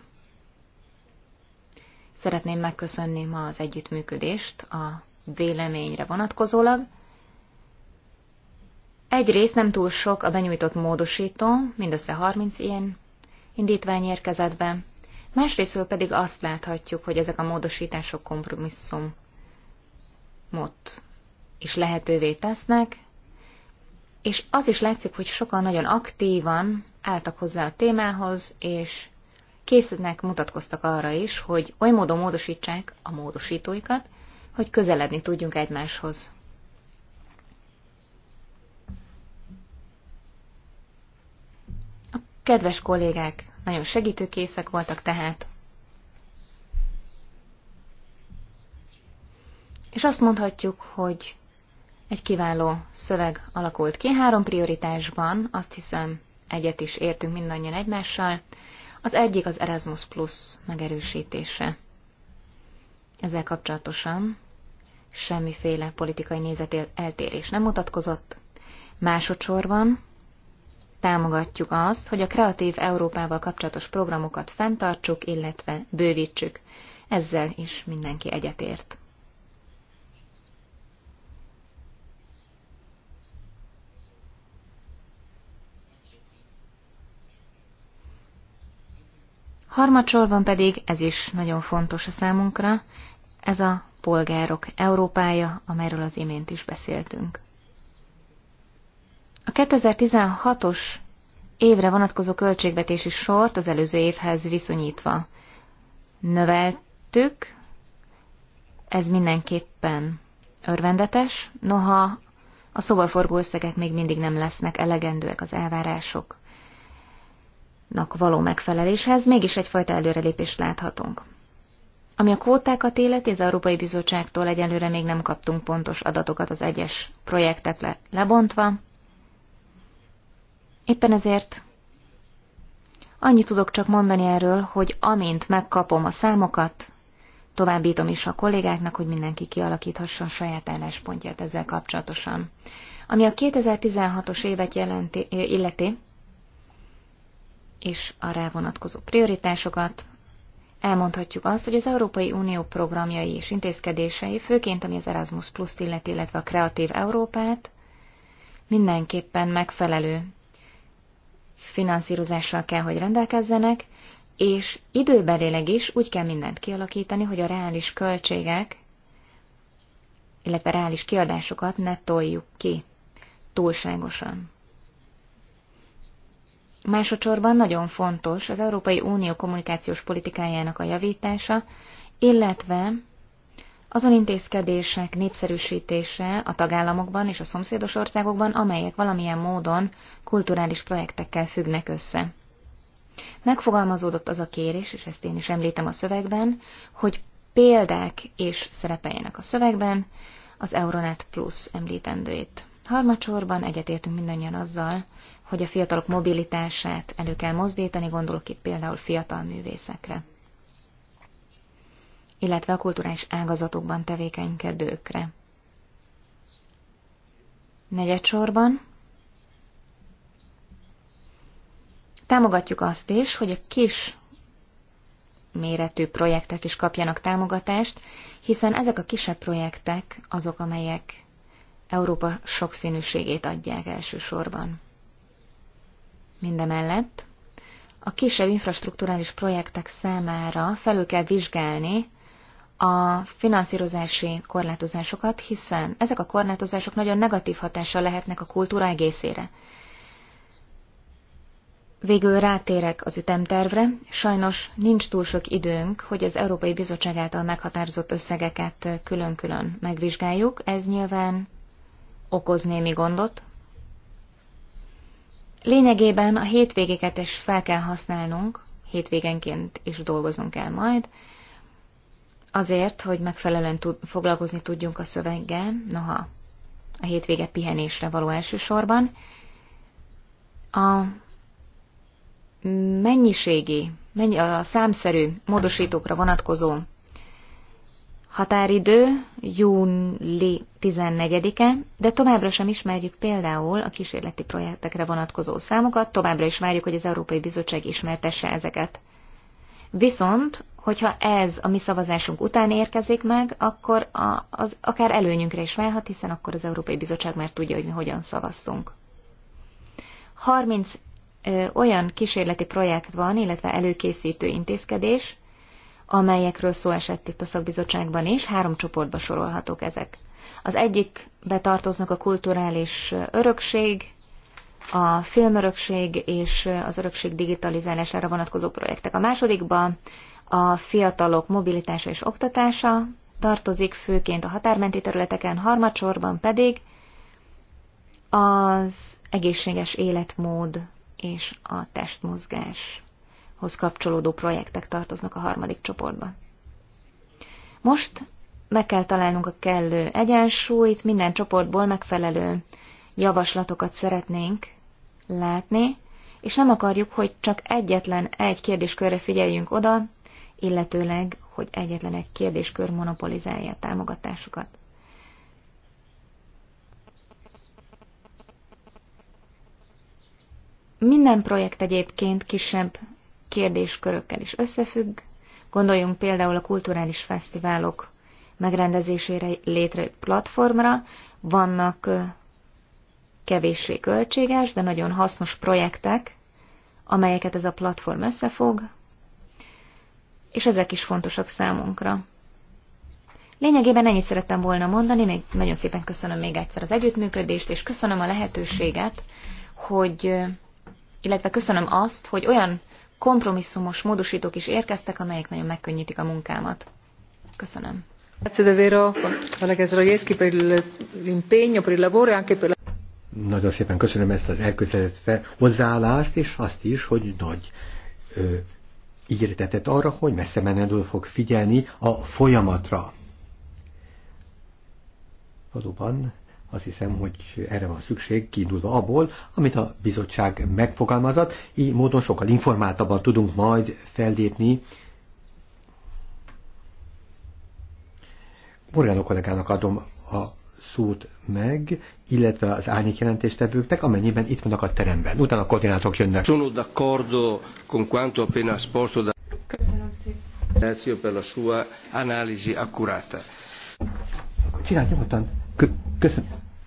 Szeretném megköszönni ma az együttműködést a véleményre vonatkozólag. Egyrészt nem túl sok a benyújtott módosító, mindössze 30 ilyen indítvány érkezett be, Másrésztről pedig azt láthatjuk, hogy ezek a módosítások kompromisszumot is lehetővé tesznek, és az is látszik, hogy sokan nagyon aktívan álltak hozzá a témához, és késznek mutatkoztak arra is, hogy oly módon módosítsák a módosítóikat, hogy közeledni tudjunk egymáshoz. A kedves kollégák nagyon segítőkészek voltak tehát. És azt mondhatjuk, hogy egy kiváló szöveg alakult ki három prioritásban, azt hiszem egyet is értünk mindannyian egymással. Az egyik az Erasmus Plus megerősítése. Ezzel kapcsolatosan semmiféle politikai nézetél eltérés nem mutatkozott. Másodszorban támogatjuk azt, hogy a Kreatív Európával kapcsolatos programokat fenntartsuk, illetve bővítsük. Ezzel is mindenki egyetért. Harmadsorban pedig, ez is nagyon fontos a számunkra, ez a polgárok Európája, amelyről az imént is beszéltünk. A 2016-os évre vonatkozó költségvetési sort az előző évhez viszonyítva növeltük, ez mindenképpen örvendetes, noha a forgó összegek még mindig nem lesznek elegendőek az elvárásoknak való megfeleléshez, mégis egyfajta előrelépést láthatunk. Ami a kvótákat illeti, az Európai Bizottságtól egyelőre még nem kaptunk pontos adatokat az egyes projektek le lebontva, Éppen ezért annyit tudok csak mondani erről, hogy amint megkapom a számokat, továbbítom is a kollégáknak, hogy mindenki kialakíthasson saját álláspontját ezzel kapcsolatosan. Ami a 2016-os évet jelenti, illeti, és a rá vonatkozó prioritásokat, elmondhatjuk azt, hogy az Európai Unió programjai és intézkedései, főként ami az Erasmus Plus-t illeti, illetve a Kreatív Európát, mindenképpen megfelelő finanszírozással kell, hogy rendelkezzenek, és időbelileg is úgy kell mindent kialakítani, hogy a reális költségek, illetve reális kiadásokat ne toljuk ki túlságosan. Másodszorban nagyon fontos az Európai Unió kommunikációs politikájának a javítása, illetve azon intézkedések népszerűsítése a tagállamokban és a szomszédos országokban, amelyek valamilyen módon kulturális projektekkel függnek össze. Megfogalmazódott az a kérés, és ezt én is említem a szövegben, hogy példák és szerepeljenek a szövegben, az Euronet Plus említendőjét. Harmadsorban egyetértünk mindannyian azzal, hogy a fiatalok mobilitását elő kell mozdítani, gondolok itt például fiatal művészekre illetve a kulturális ágazatokban tevékenykedőkre. Negyedsorban támogatjuk azt is, hogy a kis méretű projektek is kapjanak támogatást, hiszen ezek a kisebb projektek azok, amelyek Európa sokszínűségét adják elsősorban. Mindemellett a kisebb infrastruktúrális projektek számára felül kell vizsgálni a finanszírozási korlátozásokat, hiszen ezek a korlátozások nagyon negatív hatással lehetnek a kultúra egészére. Végül rátérek az ütemtervre. Sajnos nincs túl sok időnk, hogy az Európai Bizottság által meghatározott összegeket külön-külön megvizsgáljuk. Ez nyilván okoz némi gondot. Lényegében a hétvégéket is fel kell használnunk, hétvégenként is dolgozunk el majd, azért, hogy megfelelően tud, foglalkozni tudjunk a szöveggel, noha a hétvége pihenésre való elsősorban. A mennyiségi, mennyi, a számszerű módosítókra vonatkozó határidő júli 14-e, de továbbra sem ismerjük például a kísérleti projektekre vonatkozó számokat, továbbra is várjuk, hogy az Európai Bizottság ismertesse ezeket. Viszont Hogyha ez a mi szavazásunk után érkezik meg, akkor a, az akár előnyünkre is válhat, hiszen akkor az Európai Bizottság már tudja, hogy mi hogyan szavaztunk. 30 ö, olyan kísérleti projekt van, illetve előkészítő intézkedés, amelyekről szó esett itt a szakbizottságban is, három csoportba sorolhatók ezek. Az egyikbe tartoznak a kulturális örökség, a filmörökség és az örökség digitalizálására vonatkozó projektek. A másodikba a fiatalok mobilitása és oktatása tartozik, főként a határmenti területeken, harmadsorban pedig az egészséges életmód és a testmozgáshoz kapcsolódó projektek tartoznak a harmadik csoportba. Most meg kell találnunk a kellő egyensúlyt, minden csoportból megfelelő javaslatokat szeretnénk látni, és nem akarjuk, hogy csak egyetlen egy kérdéskörre figyeljünk oda, illetőleg, hogy egyetlen egy kérdéskör monopolizálja a támogatásukat. Minden projekt egyébként kisebb kérdéskörökkel is összefügg, gondoljunk például a kulturális fesztiválok megrendezésére létrejött platformra, vannak kevéssé költséges, de nagyon hasznos projektek, amelyeket ez a platform összefog, és ezek is fontosak számunkra. Lényegében ennyit szerettem volna mondani, még nagyon szépen köszönöm még egyszer az együttműködést, és köszönöm a lehetőséget, hogy, illetve köszönöm azt, hogy olyan kompromisszumos módosítók is érkeztek, amelyek nagyon megkönnyítik a munkámat. Köszönöm. Nagyon szépen köszönöm ezt az elközelezett hozzáállást, és azt is, hogy nagy ígéretet arra, hogy messze menedül fog figyelni a folyamatra. Valóban azt hiszem, hogy erre van szükség, kiindulva abból, amit a bizottság megfogalmazott, így módon sokkal informáltabban tudunk majd fellépni. Morgánó kollégának adom a szót meg, illetve az árnyék jelentéstevőknek, amennyiben itt vannak a teremben. Utána a koordinátok jönnek. Sono d'accordo con quanto appena esposto da... Köszönöm szépen. Grazie per la sua analisi accurata. Csinálj nyugodtan.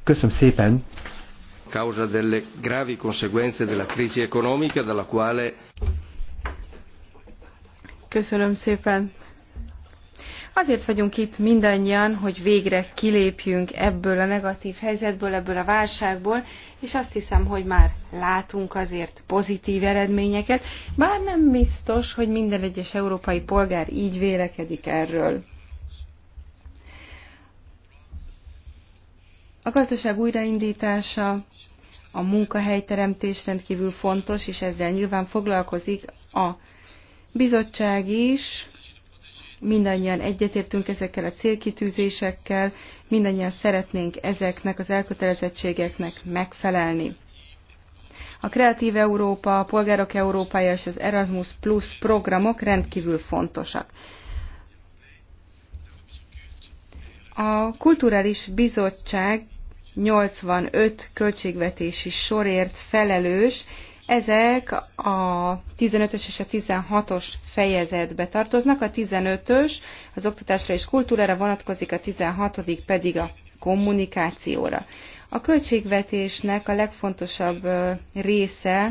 Köszönöm szépen. Causa delle gravi conseguenze della crisi economica dalla quale... Köszönöm szépen. Azért vagyunk itt mindannyian, hogy végre kilépjünk ebből a negatív helyzetből, ebből a válságból, és azt hiszem, hogy már látunk azért pozitív eredményeket, bár nem biztos, hogy minden egyes európai polgár így vélekedik erről. A gazdaság újraindítása, a munkahelyteremtés rendkívül fontos, és ezzel nyilván foglalkozik a bizottság is, mindannyian egyetértünk ezekkel a célkitűzésekkel, mindannyian szeretnénk ezeknek az elkötelezettségeknek megfelelni. A Kreatív Európa, a Polgárok Európája és az Erasmus Plus programok rendkívül fontosak. A Kulturális Bizottság 85 költségvetési sorért felelős, ezek a 15-ös és a 16-os fejezetbe tartoznak, a 15-ös az oktatásra és kultúrára vonatkozik, a 16 pedig a kommunikációra. A költségvetésnek a legfontosabb része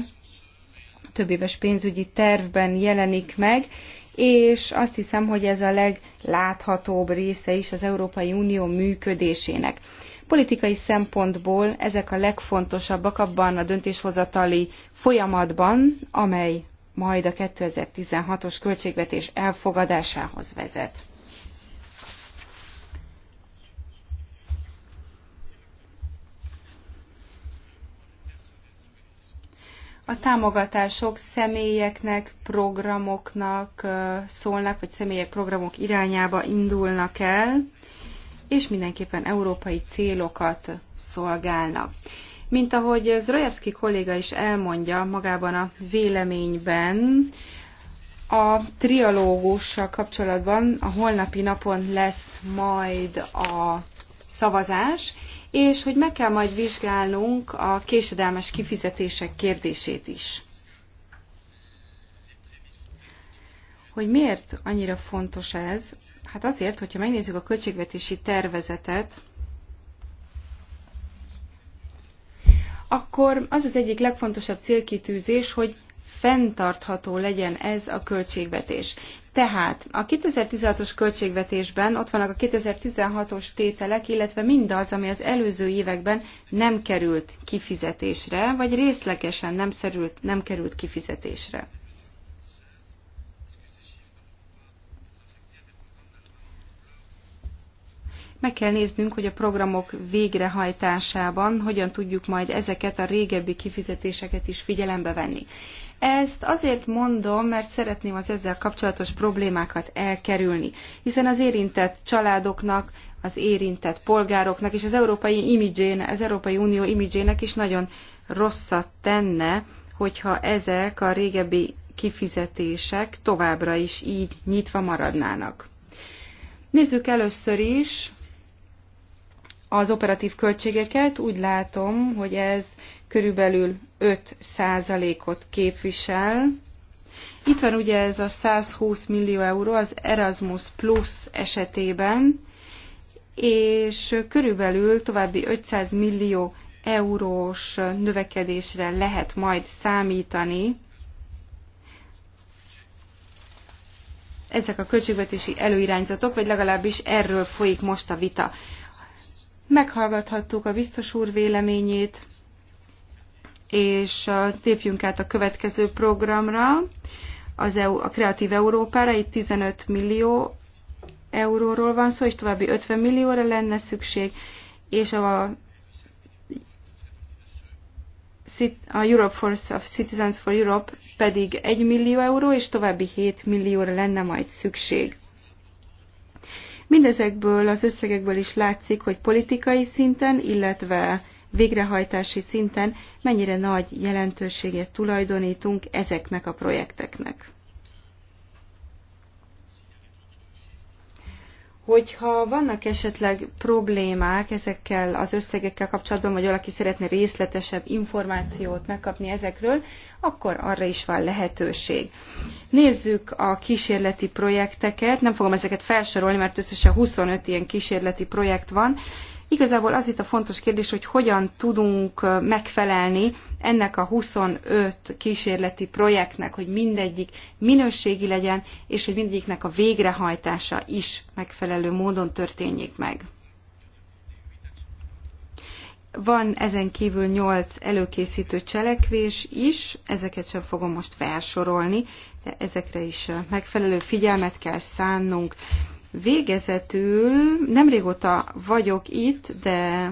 éves pénzügyi tervben jelenik meg, és azt hiszem, hogy ez a legláthatóbb része is az Európai Unió működésének. Politikai szempontból ezek a legfontosabbak abban a döntéshozatali folyamatban, amely majd a 2016-os költségvetés elfogadásához vezet. a támogatások személyeknek, programoknak szólnak, vagy személyek programok irányába indulnak el és mindenképpen európai célokat szolgálnak. Mint ahogy Zrojevski kolléga is elmondja magában a véleményben, a trialógussal kapcsolatban a holnapi napon lesz majd a szavazás, és hogy meg kell majd vizsgálnunk a késedelmes kifizetések kérdését is. Hogy miért annyira fontos ez, Hát azért, hogyha megnézzük a költségvetési tervezetet, akkor az az egyik legfontosabb célkitűzés, hogy fenntartható legyen ez a költségvetés. Tehát a 2016-os költségvetésben ott vannak a 2016-os tételek, illetve mindaz, ami az előző években nem került kifizetésre, vagy részlegesen nem, szerült, nem került kifizetésre. Meg kell néznünk, hogy a programok végrehajtásában hogyan tudjuk majd ezeket a régebbi kifizetéseket is figyelembe venni. Ezt azért mondom, mert szeretném az ezzel kapcsolatos problémákat elkerülni, hiszen az érintett családoknak, az érintett polgároknak és az európai imidzsén, az Európai Unió imidzsének is nagyon rosszat tenne, hogyha ezek a régebbi kifizetések továbbra is így nyitva maradnának. Nézzük először is az operatív költségeket, úgy látom, hogy ez körülbelül 5%-ot képvisel. Itt van ugye ez a 120 millió euró az Erasmus Plus esetében, és körülbelül további 500 millió eurós növekedésre lehet majd számítani. Ezek a költségvetési előirányzatok, vagy legalábbis erről folyik most a vita. Meghallgathattuk a biztos úr véleményét, és uh, tépjünk át a következő programra, az EU, a Kreatív Európára, itt 15 millió euróról van szó, és további 50 millióra lenne szükség, és a, a Europe for Citizens for Europe pedig 1 millió euró, és további 7 millióra lenne majd szükség. Mindezekből az összegekből is látszik, hogy politikai szinten, illetve végrehajtási szinten mennyire nagy jelentőséget tulajdonítunk ezeknek a projekteknek. Hogyha vannak esetleg problémák ezekkel az összegekkel kapcsolatban, vagy valaki szeretne részletesebb információt megkapni ezekről, akkor arra is van lehetőség. Nézzük a kísérleti projekteket. Nem fogom ezeket felsorolni, mert összesen 25 ilyen kísérleti projekt van, Igazából az itt a fontos kérdés, hogy hogyan tudunk megfelelni ennek a 25 kísérleti projektnek, hogy mindegyik minőségi legyen, és hogy mindegyiknek a végrehajtása is megfelelő módon történjék meg. Van ezen kívül 8 előkészítő cselekvés is, ezeket sem fogom most felsorolni, de ezekre is megfelelő figyelmet kell szánnunk. Végezetül nem régóta vagyok itt, de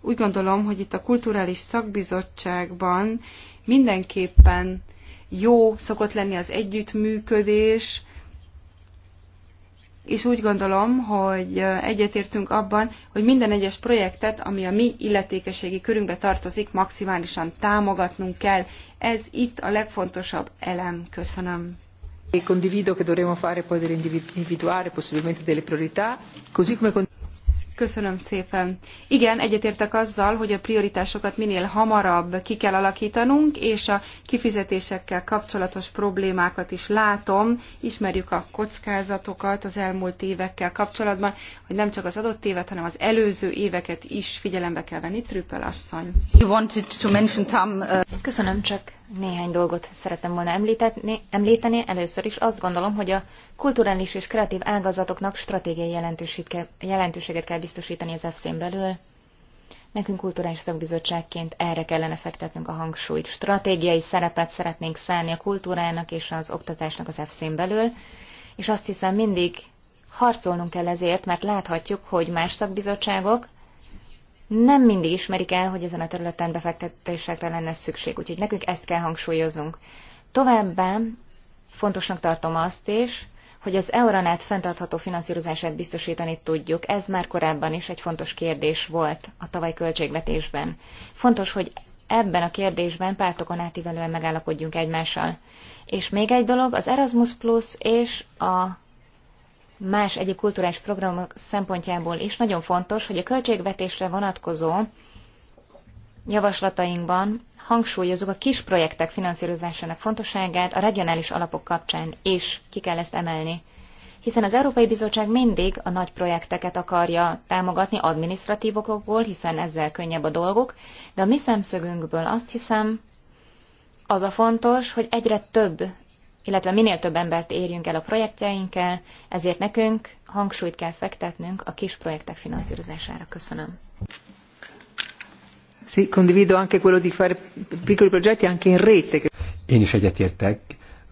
úgy gondolom, hogy itt a Kulturális Szakbizottságban mindenképpen jó szokott lenni az együttműködés, és úgy gondolom, hogy egyetértünk abban, hogy minden egyes projektet, ami a mi illetékeségi körünkbe tartozik, maximálisan támogatnunk kell. Ez itt a legfontosabb elem. Köszönöm. E condivido che dovremo fare poi dell'individuare possibilmente delle priorità, così come Köszönöm szépen. Igen, egyetértek azzal, hogy a prioritásokat minél hamarabb ki kell alakítanunk, és a kifizetésekkel kapcsolatos problémákat is látom. Ismerjük a kockázatokat az elmúlt évekkel kapcsolatban, hogy nem csak az adott évet, hanem az előző éveket is figyelembe kell venni. Trüppel asszony. Uh, Köszönöm, csak néhány dolgot szerettem volna említeni. említeni. Először is azt gondolom, hogy a kulturális és kreatív ágazatoknak stratégiai jelentőséget kell biztosítani az EFSZ-n belül. Nekünk kulturális szakbizottságként erre kellene fektetnünk a hangsúlyt. Stratégiai szerepet szeretnénk szállni a kultúrának és az oktatásnak az EFSZ-n belül, és azt hiszem mindig harcolnunk kell ezért, mert láthatjuk, hogy más szakbizottságok nem mindig ismerik el, hogy ezen a területen befektetésekre lenne szükség, úgyhogy nekünk ezt kell hangsúlyoznunk. Továbbá fontosnak tartom azt is, hogy az Euronet fenntartható finanszírozását biztosítani tudjuk. Ez már korábban is egy fontos kérdés volt a tavaly költségvetésben. Fontos, hogy ebben a kérdésben pártokon átívelően megállapodjunk egymással. És még egy dolog, az Erasmus Plus és a más egyéb kulturális programok szempontjából is nagyon fontos, hogy a költségvetésre vonatkozó javaslatainkban hangsúlyozunk a kis projektek finanszírozásának fontosságát a regionális alapok kapcsán, és ki kell ezt emelni. Hiszen az Európai Bizottság mindig a nagy projekteket akarja támogatni adminisztratív okokból, hiszen ezzel könnyebb a dolgok, de a mi szemszögünkből azt hiszem, az a fontos, hogy egyre több, illetve minél több embert érjünk el a projektjeinkkel, ezért nekünk hangsúlyt kell fektetnünk a kis projektek finanszírozására. Köszönöm. Sì, condivido anche quello di fare piccoli progetti anche in rete. Én is egyetértek.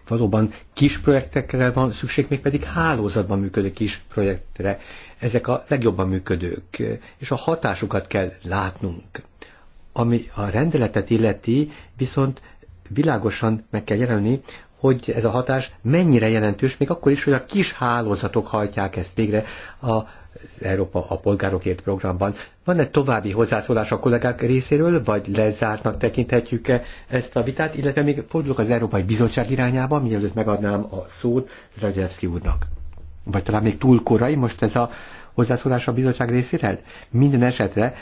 Valóban kis projektekre van szükség, mégpedig hálózatban működő kis projektre. Ezek a legjobban működők, és a hatásukat kell látnunk. Ami a rendeletet illeti, viszont világosan meg kell jelenni, hogy ez a hatás mennyire jelentős, még akkor is, hogy a kis hálózatok hajtják ezt végre. A Európa a polgárokért programban. Van-e további hozzászólás a kollégák részéről, vagy lezártnak tekinthetjük-e ezt a vitát, illetve még fordulok az Európai Bizottság irányába, mielőtt megadnám a szót Zragyevszki úrnak. Vagy talán még túl korai most ez a hozzászólása a bizottság részéről? Minden esetre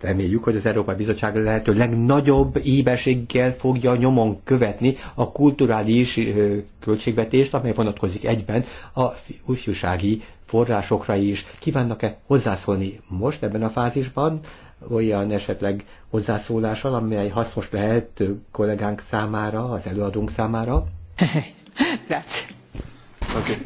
reméljük, hogy az Európai Bizottság lehető legnagyobb íbességgel fogja nyomon követni a kulturális költségvetést, amely vonatkozik egyben a ifjúsági forrásokra is. Kívánnak-e hozzászólni most ebben a fázisban, olyan esetleg hozzászólással, amely hasznos lehet kollégánk számára, az előadónk számára? Grazie. Okay.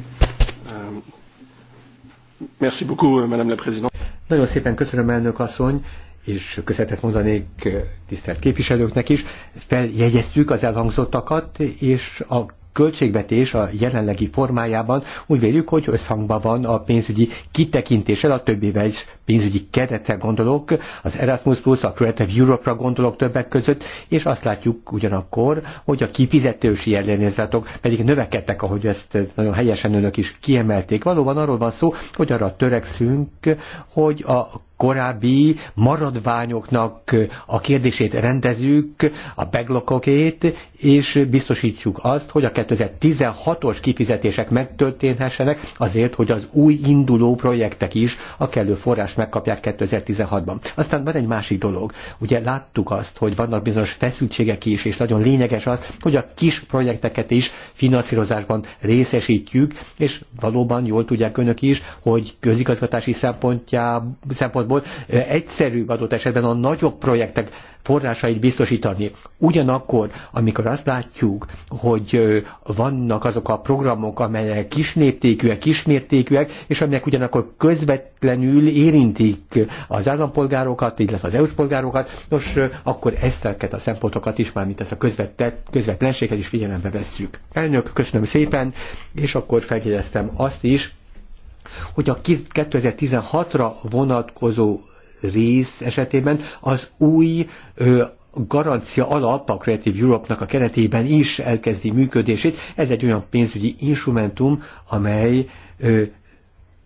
Merci beaucoup, Madame la Présidente. Nagyon szépen köszönöm, elnök asszony, és köszönetet mondanék tisztelt képviselőknek is. Feljegyeztük az elhangzottakat, és a költségvetés a jelenlegi formájában úgy véljük, hogy összhangban van a pénzügyi kitekintéssel, a többivel is pénzügyi keretre gondolok, az Erasmus Plus, a Creative Europe-ra gondolok többek között, és azt látjuk ugyanakkor, hogy a kifizetősi ellenőrzatok pedig növekedtek, ahogy ezt nagyon helyesen önök is kiemelték. Valóban arról van szó, hogy arra törekszünk, hogy a korábbi maradványoknak a kérdését rendezzük a backlogokét, és biztosítjuk azt, hogy a 2016-os kifizetések megtörténhessenek azért, hogy az új induló projektek is a kellő forrás megkapják 2016-ban. Aztán van egy másik dolog. Ugye láttuk azt, hogy vannak bizonyos feszültségek is, és nagyon lényeges az, hogy a kis projekteket is finanszírozásban részesítjük, és valóban jól tudják önök is, hogy közigazgatási szempontjából szempontból egyszerűbb adott esetben a nagyobb projektek forrásait biztosítani. Ugyanakkor, amikor azt látjuk, hogy vannak azok a programok, amelyek kisnéptékűek, kismértékűek, és amelyek ugyanakkor közvetlenül érintik az állampolgárokat, illetve az EU-s polgárokat, nos, akkor ezt a szempontokat is, mármint ezt a közvetett, közvetlenséget is figyelembe vesszük. Elnök, köszönöm szépen, és akkor feljegyeztem azt is, hogy a 2016-ra vonatkozó rész esetében az új ö, garancia alap a Creative Europe-nak a keretében is elkezdi működését. Ez egy olyan pénzügyi instrumentum, amely ö,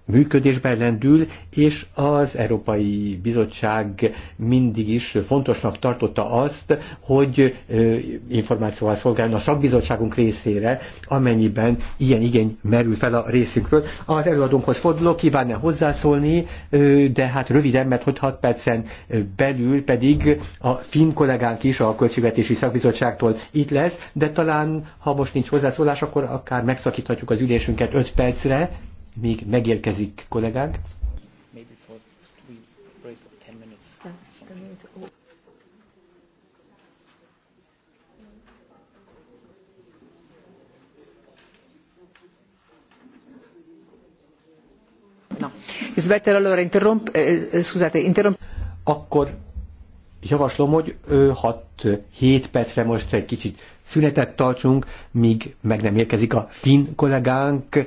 működésben lendül, és az Európai Bizottság mindig is fontosnak tartotta azt, hogy információval szolgáljon a szakbizottságunk részére, amennyiben ilyen igény merül fel a részünkről. Az előadónkhoz fordulok, kívánne hozzászólni, de hát röviden, mert hogy 6 percen belül pedig a finn kollégánk is a Költségvetési Szakbizottságtól itt lesz, de talán, ha most nincs hozzászólás, akkor akár megszakíthatjuk az ülésünket 5 percre, még megérkezik kollégánk. Eh, eh, Akkor javaslom, hogy 6-7 percre most egy kicsit szünetet tartsunk, míg meg nem érkezik a finn kollégánk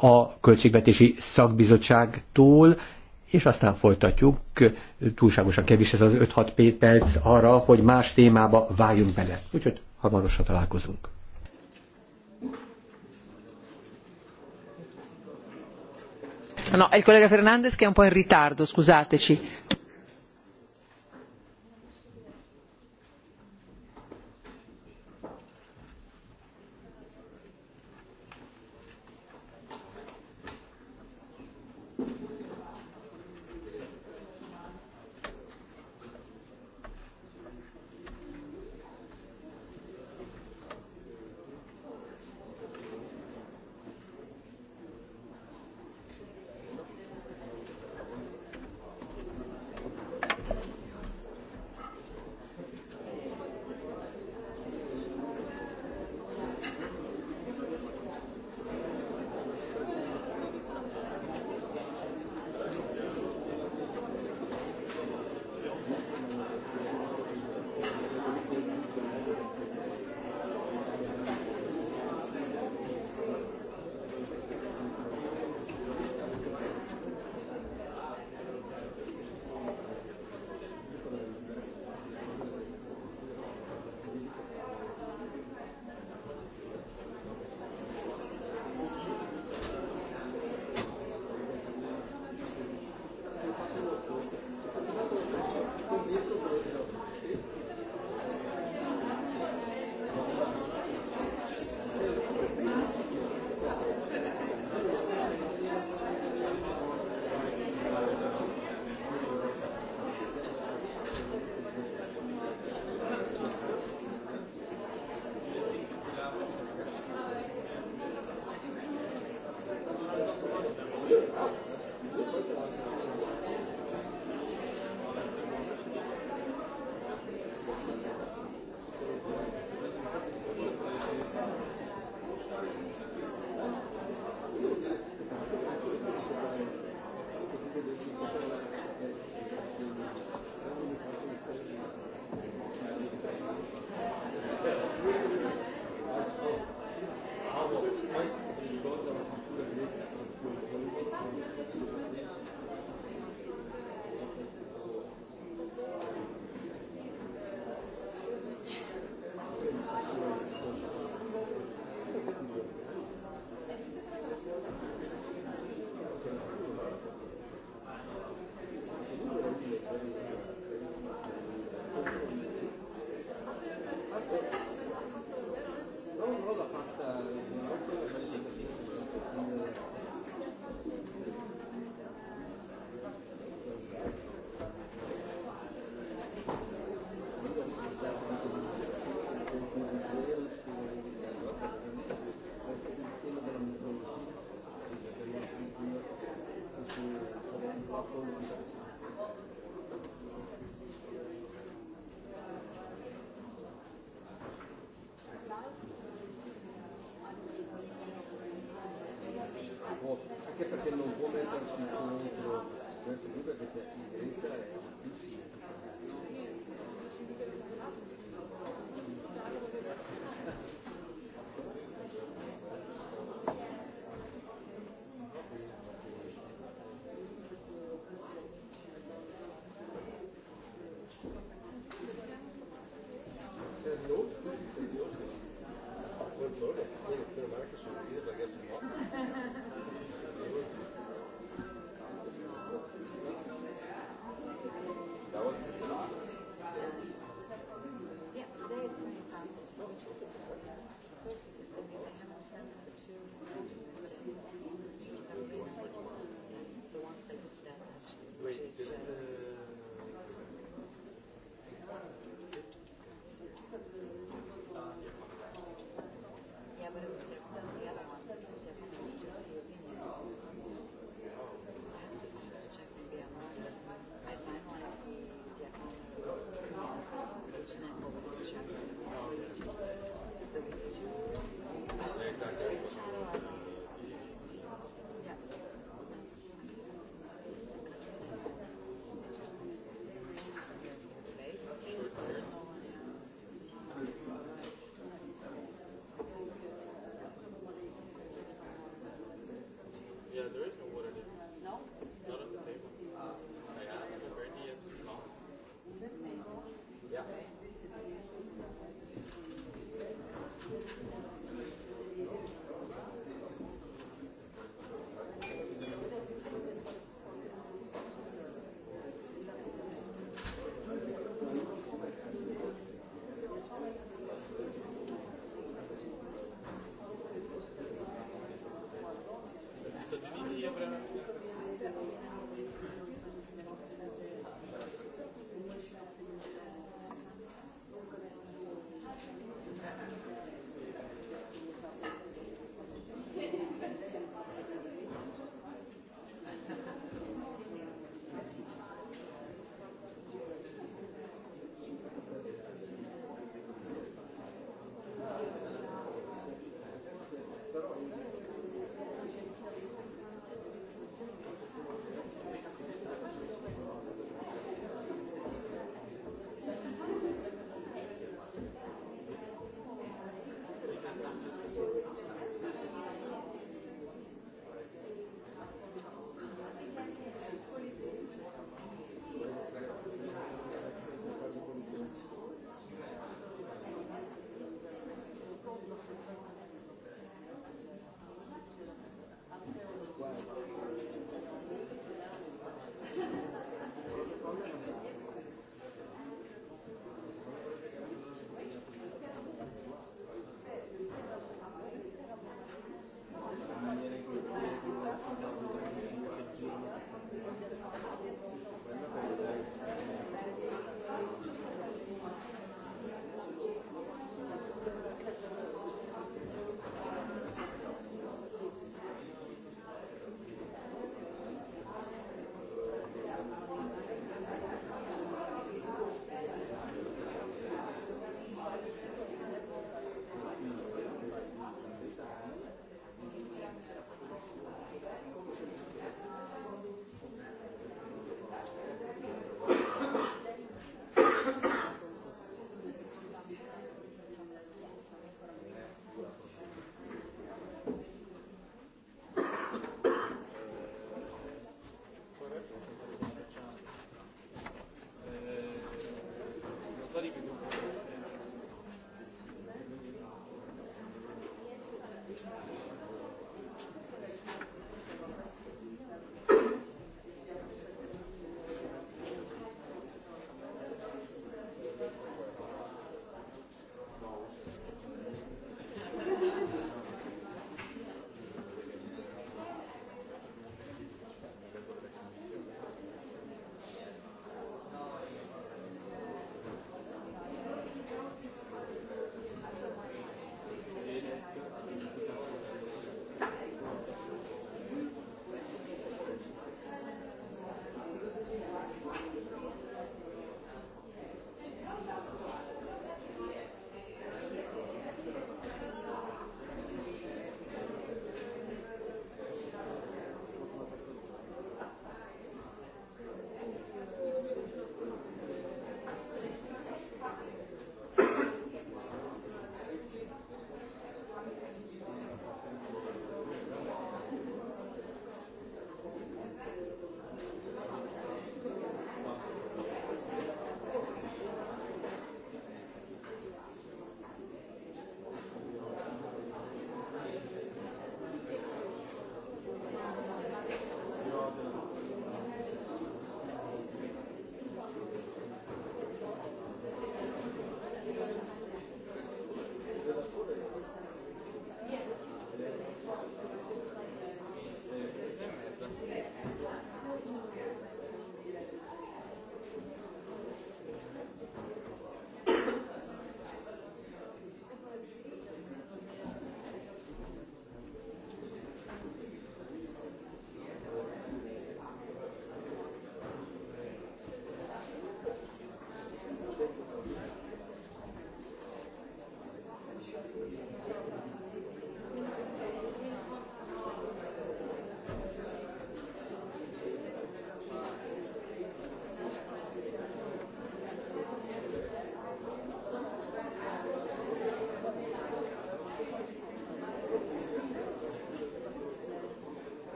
a Költségvetési Szakbizottságtól, és aztán folytatjuk, túlságosan kevés ez az 5-6 perc arra, hogy más témába váljunk bele. Úgyhogy hamarosan találkozunk. No, il collega Fernandez che è un po' in ritardo, scusateci.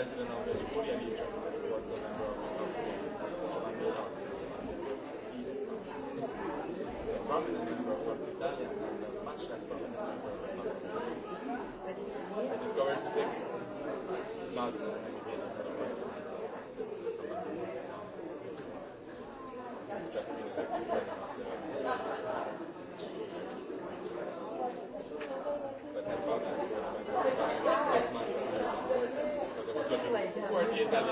ezeren a prijavitelj volt za prominent member of Forza Italia and a much less prominent member of Forza I discovered six not Or do you tell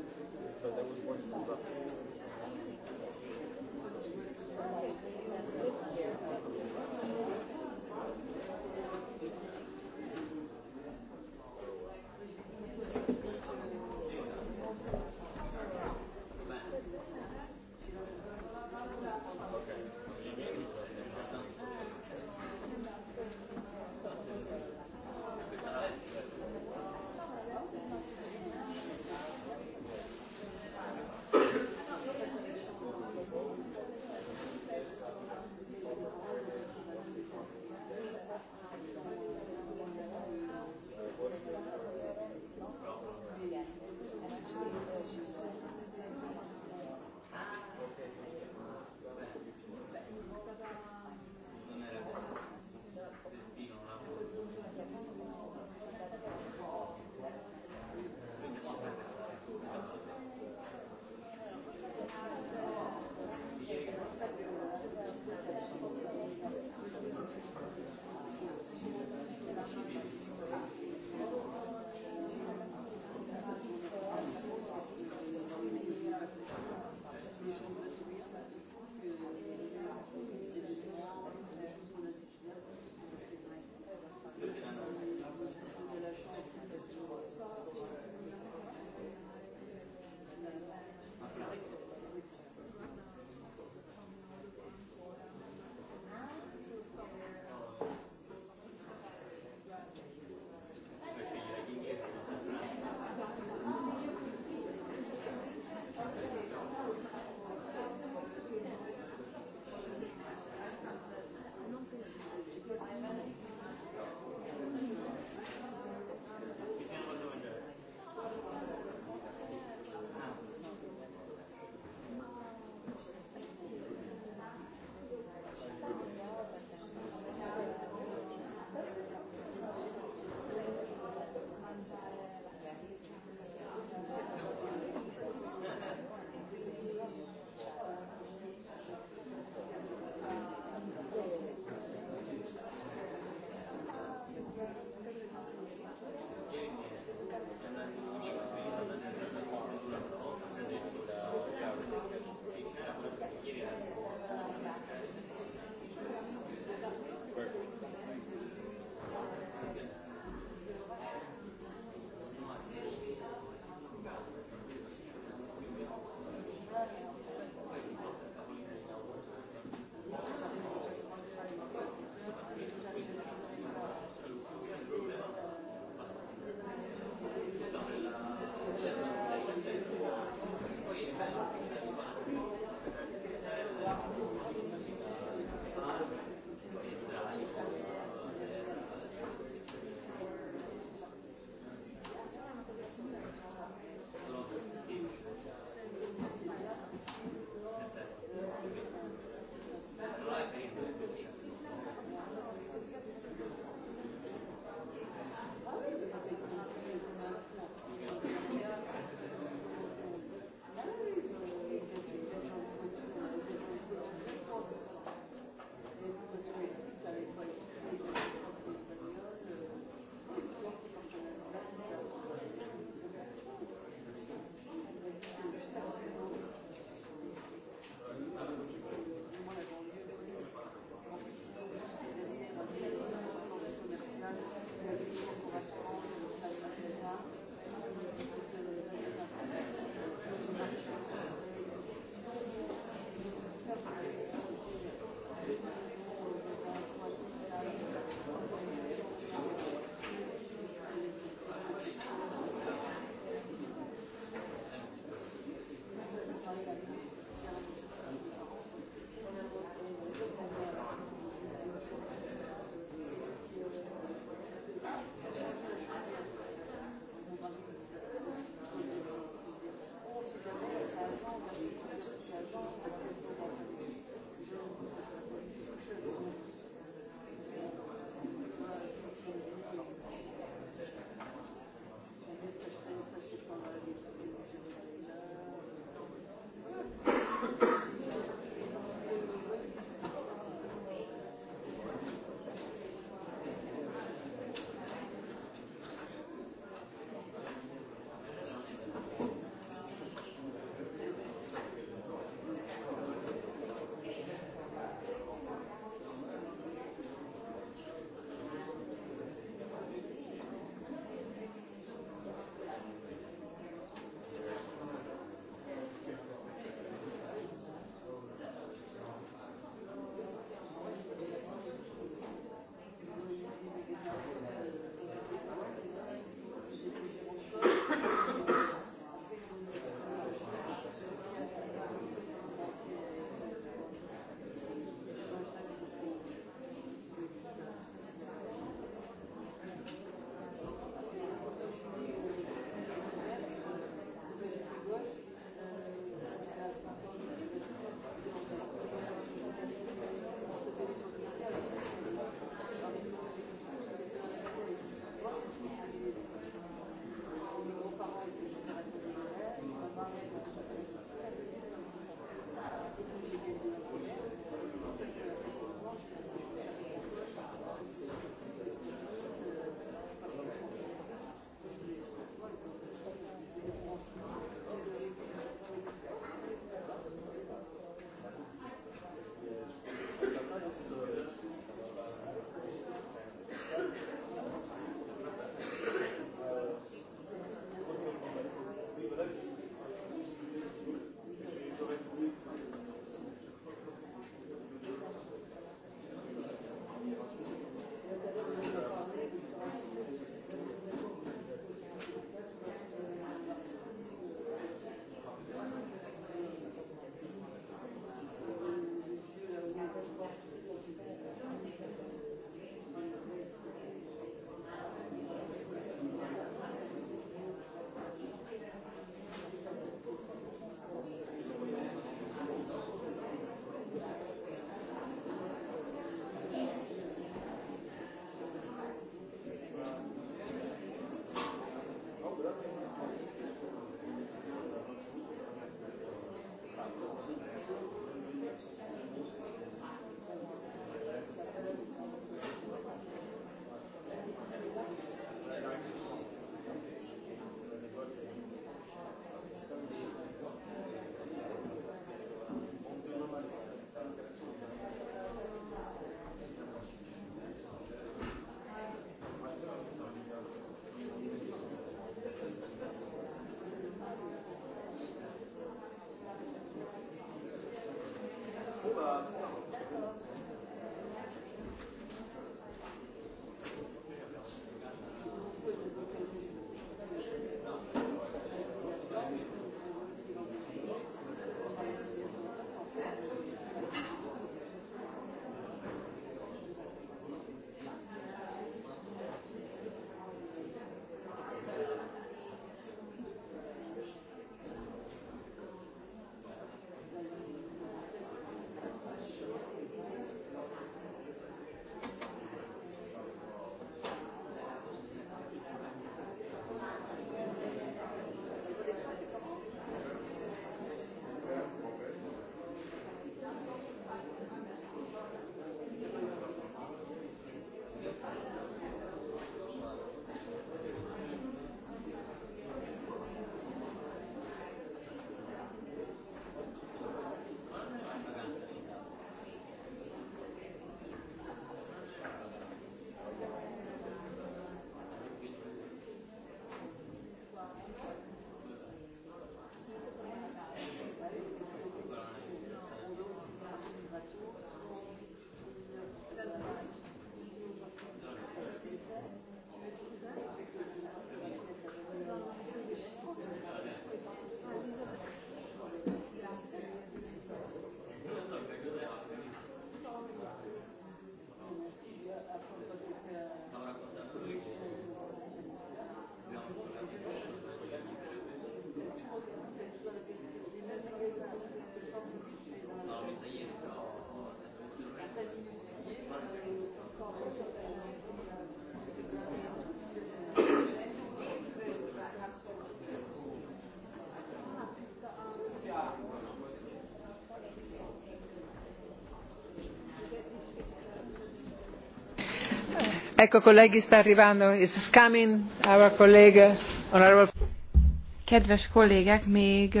Kedves kollégák még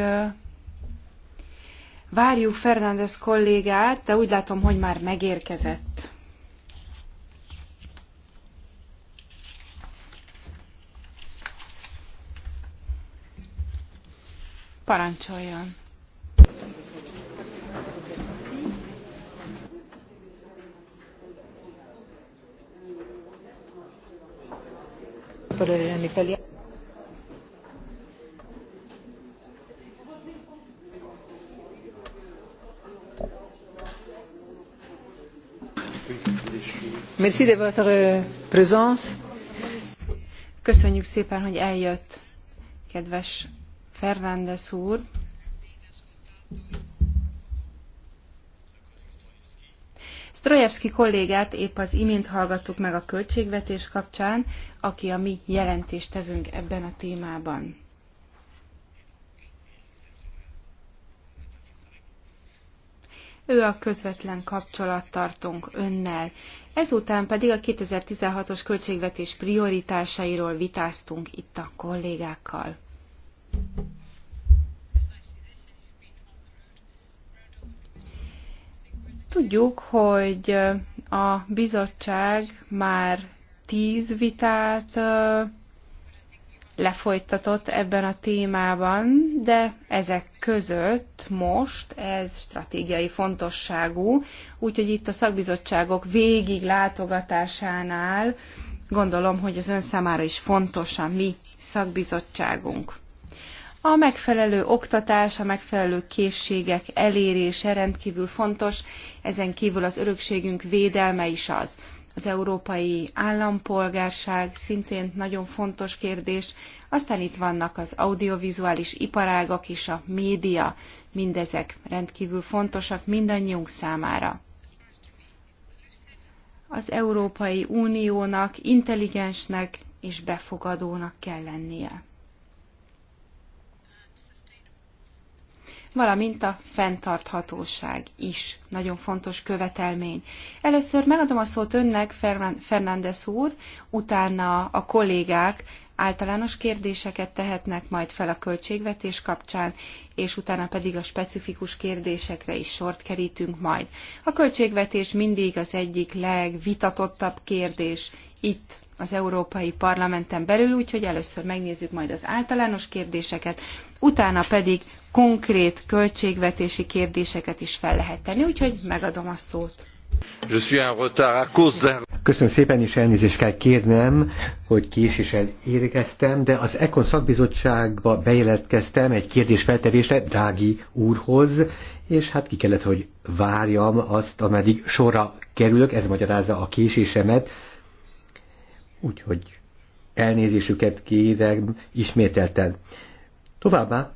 várjuk Fernandes kollégát, de úgy látom, hogy már megérkezett. Parancsoljon! Merci de votre présence. Köszönjük szépen, hogy eljött, kedves Fernández úr. Krajewski kollégát épp az imént hallgattuk meg a költségvetés kapcsán, aki a mi jelentéstevünk ebben a témában. Ő a közvetlen kapcsolattartónk önnel. Ezután pedig a 2016-os költségvetés prioritásairól vitáztunk itt a kollégákkal. Tudjuk, hogy a bizottság már tíz vitát lefolytatott ebben a témában, de ezek között most ez stratégiai fontosságú, úgyhogy itt a szakbizottságok végig látogatásánál gondolom, hogy az ön számára is fontos a mi szakbizottságunk. A megfelelő oktatás, a megfelelő készségek elérése rendkívül fontos, ezen kívül az örökségünk védelme is az. Az európai állampolgárság szintén nagyon fontos kérdés, aztán itt vannak az audiovizuális iparágak és a média, mindezek rendkívül fontosak mindannyiunk számára az Európai Uniónak intelligensnek és befogadónak kell lennie. valamint a fenntarthatóság is nagyon fontos követelmény. Először megadom a szót önnek, Fernández úr, utána a kollégák általános kérdéseket tehetnek majd fel a költségvetés kapcsán, és utána pedig a specifikus kérdésekre is sort kerítünk majd. A költségvetés mindig az egyik legvitatottabb kérdés itt az Európai Parlamenten belül, úgyhogy először megnézzük majd az általános kérdéseket, utána pedig konkrét költségvetési kérdéseket is fel lehet tenni, úgyhogy megadom a szót. Köszönöm szépen, és elnézést kell kérnem, hogy késéssel érkeztem, de az Ekon szakbizottságba bejelentkeztem egy kérdés feltevésre Drági úrhoz, és hát ki kellett, hogy várjam azt, ameddig sorra kerülök, ez magyarázza a késésemet, úgyhogy elnézésüket kérem ismételten. Továbbá,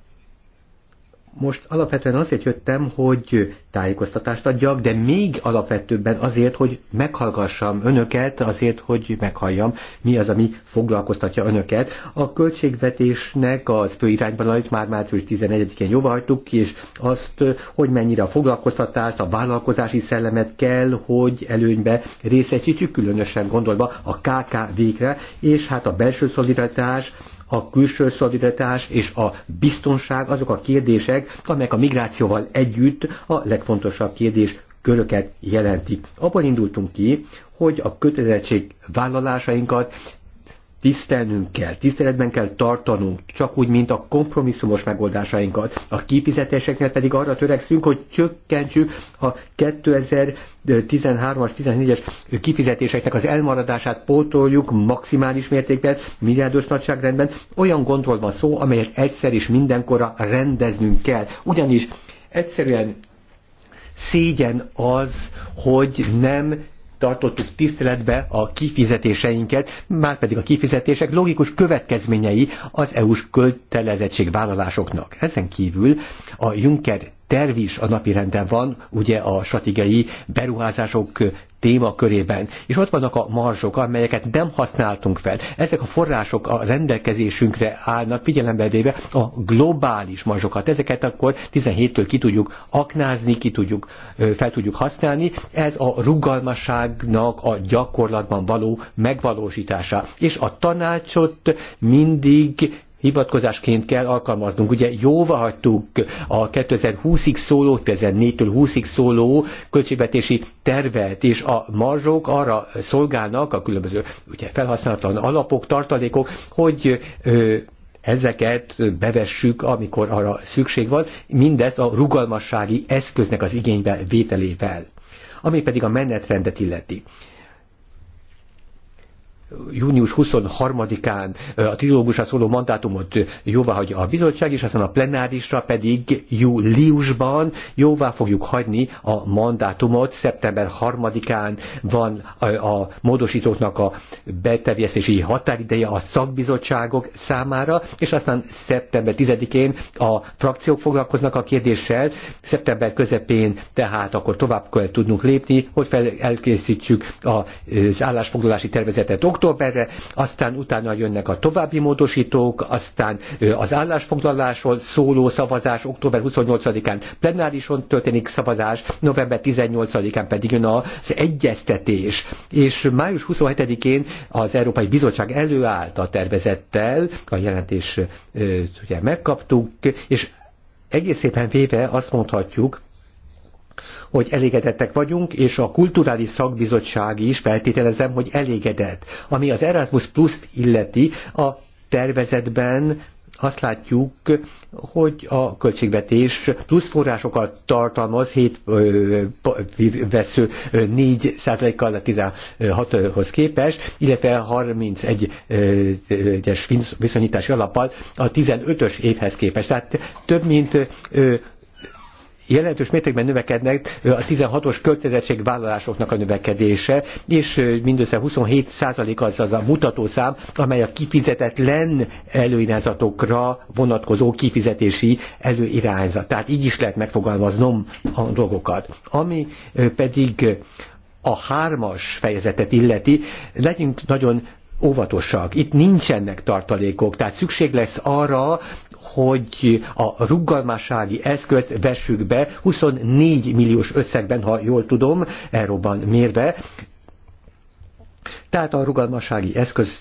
most alapvetően azért jöttem, hogy tájékoztatást adjak, de még alapvetőbben azért, hogy meghallgassam önöket, azért, hogy meghalljam, mi az, ami foglalkoztatja önöket. A költségvetésnek az fő irányban, amit már március 11-én jóvajtuk ki, és azt, hogy mennyire a foglalkoztatást, a vállalkozási szellemet kell, hogy előnybe részesítjük, különösen gondolva a KKV-kre, és hát a belső szolidaritás, a külső szolidaritás és a biztonság azok a kérdések, amelyek a migrációval együtt a legfontosabb kérdés köröket jelentik. Abban indultunk ki, hogy a kötelezettség vállalásainkat tisztelnünk kell, tiszteletben kell tartanunk, csak úgy, mint a kompromisszumos megoldásainkat. A kifizetéseknél pedig arra törekszünk, hogy csökkentsük a 2013-as, 14-es kifizetéseknek az elmaradását pótoljuk maximális mértékben, milliárdos nagyságrendben. Olyan gondról van szó, amelyet egyszer is mindenkorra rendeznünk kell. Ugyanis egyszerűen szégyen az, hogy nem tartottuk tiszteletbe a kifizetéseinket, márpedig a kifizetések logikus következményei az EU-s kötelezettségvállalásoknak. Ezen kívül a Juncker terv is a napi renden van, ugye a stratégiai beruházások témakörében. És ott vannak a marzsok, amelyeket nem használtunk fel. Ezek a források a rendelkezésünkre állnak, figyelembe véve a globális marzsokat. Ezeket akkor 17-től ki tudjuk aknázni, ki tudjuk, fel tudjuk használni. Ez a rugalmasságnak a gyakorlatban való megvalósítása. És a tanácsot mindig hivatkozásként kell alkalmaznunk. Ugye jóva hagytuk a 2020-ig szóló, 2004-től 20-ig szóló költségvetési tervet, és a marzsok arra szolgálnak, a különböző ugye felhasználatlan alapok, tartalékok, hogy ö, ezeket bevessük, amikor arra szükség van, mindezt a rugalmassági eszköznek az igénybe vételével ami pedig a menetrendet illeti június 23-án a trilógusra szóló mandátumot jóvá hagyja a bizottság, és aztán a plenárisra pedig júliusban jóvá fogjuk hagyni a mandátumot. Szeptember 3-án van a, a módosítóknak a beterjesztési határideje a szakbizottságok számára, és aztán szeptember 10-én a frakciók foglalkoznak a kérdéssel, szeptember közepén tehát akkor tovább kell tudnunk lépni, hogy fel elkészítsük az állásfoglalási tervezetet októberre, aztán utána jönnek a további módosítók, aztán az állásfoglalásról szóló szavazás október 28-án plenárison történik szavazás, november 18-án pedig jön az egyeztetés. És május 27-én az Európai Bizottság előállt a tervezettel, a jelentés ugye megkaptuk, és egész szépen véve azt mondhatjuk, hogy elégedettek vagyunk, és a kulturális szakbizottság is feltételezem, hogy elégedett. Ami az Erasmus plus illeti, a tervezetben azt látjuk, hogy a költségvetés plusz forrásokat tartalmaz, 7 vesző 4 százalékkal a 16-hoz képest, illetve 31-es viszonyítási alappal a 15-ös évhez képest. Tehát több mint jelentős mértékben növekednek a 16-os kötelezettségvállalásoknak a növekedése, és mindössze 27 az az a mutatószám, amely a kifizetetlen előirányzatokra vonatkozó kifizetési előirányzat. Tehát így is lehet megfogalmaznom a dolgokat. Ami pedig a hármas fejezetet illeti, legyünk nagyon óvatosak. Itt nincsenek tartalékok, tehát szükség lesz arra, hogy a rugalmassági eszközt vessük be 24 milliós összegben, ha jól tudom, euróban mérve. Tehát a rugalmassági eszközt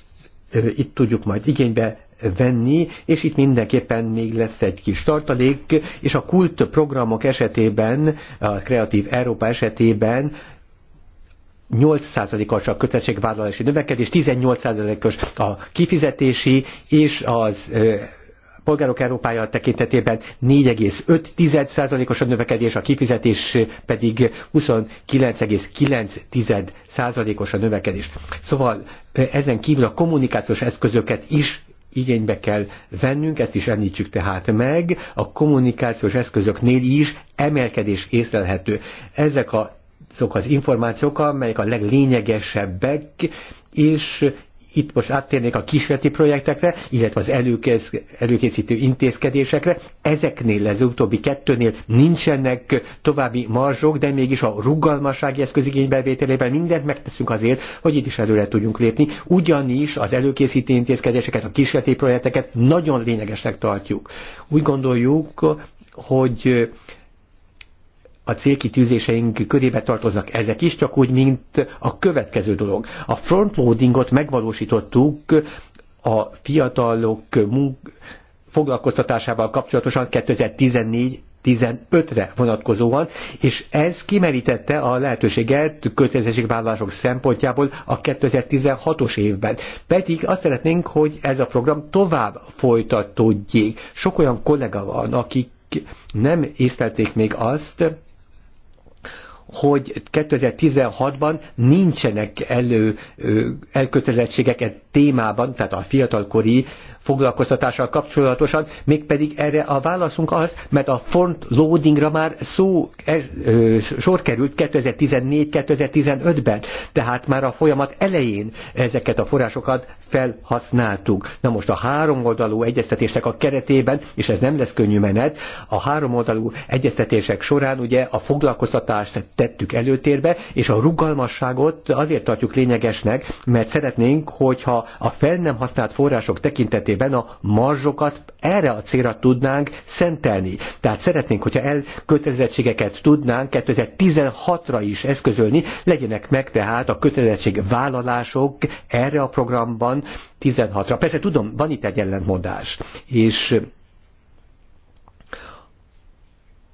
itt tudjuk majd igénybe venni, és itt mindenképpen még lesz egy kis tartalék, és a kult programok esetében, a Kreatív Európa esetében 8%-os a kötelezettségvállalási növekedés, 18%-os a kifizetési, és az polgárok Európája tekintetében 4,5%-os a növekedés, a kifizetés pedig 29,9%-os a növekedés. Szóval ezen kívül a kommunikációs eszközöket is igénybe kell vennünk, ezt is említjük tehát meg, a kommunikációs eszközöknél is emelkedés észlelhető. Ezek a azok az információk, amelyek a leglényegesebbek, és itt most áttérnék a kísérleti projektekre, illetve az előkész, előkészítő intézkedésekre. Ezeknél, az utóbbi kettőnél nincsenek további marzsok, de mégis a rugalmassági eszközigénybevételében mindent megteszünk azért, hogy itt is előre tudjunk lépni. Ugyanis az előkészítő intézkedéseket, a kísérleti projekteket nagyon lényegesnek tartjuk. Úgy gondoljuk, hogy a célkitűzéseink körébe tartoznak ezek is, csak úgy, mint a következő dolog. A frontloadingot megvalósítottuk a fiatalok munk foglalkoztatásával kapcsolatosan 2014 15-re vonatkozóan, és ez kimerítette a lehetőséget kötelezettségvállalások szempontjából a 2016-os évben. Pedig azt szeretnénk, hogy ez a program tovább folytatódjék. Sok olyan kollega van, akik nem észlelték még azt, hogy 2016-ban nincsenek elő elkötelezettségek egy témában, tehát a fiatalkori foglalkoztatással kapcsolatosan, mégpedig erre a válaszunk az, mert a front loadingra már szó er, ö, sor került 2014-2015-ben, tehát már a folyamat elején ezeket a forrásokat felhasználtuk. Na most a háromoldalú egyeztetések a keretében, és ez nem lesz könnyű menet, a háromoldalú egyeztetések során ugye a foglalkoztatást tettük előtérbe, és a rugalmasságot azért tartjuk lényegesnek, mert szeretnénk, hogyha a fel nem használt források tekintetében a marzsokat erre a célra tudnánk szentelni. Tehát szeretnénk, hogyha elkötelezettségeket tudnánk 2016-ra is eszközölni, legyenek meg tehát a kötelezettség vállalások erre a programban 16-ra. Persze tudom, van itt egy ellentmondás, és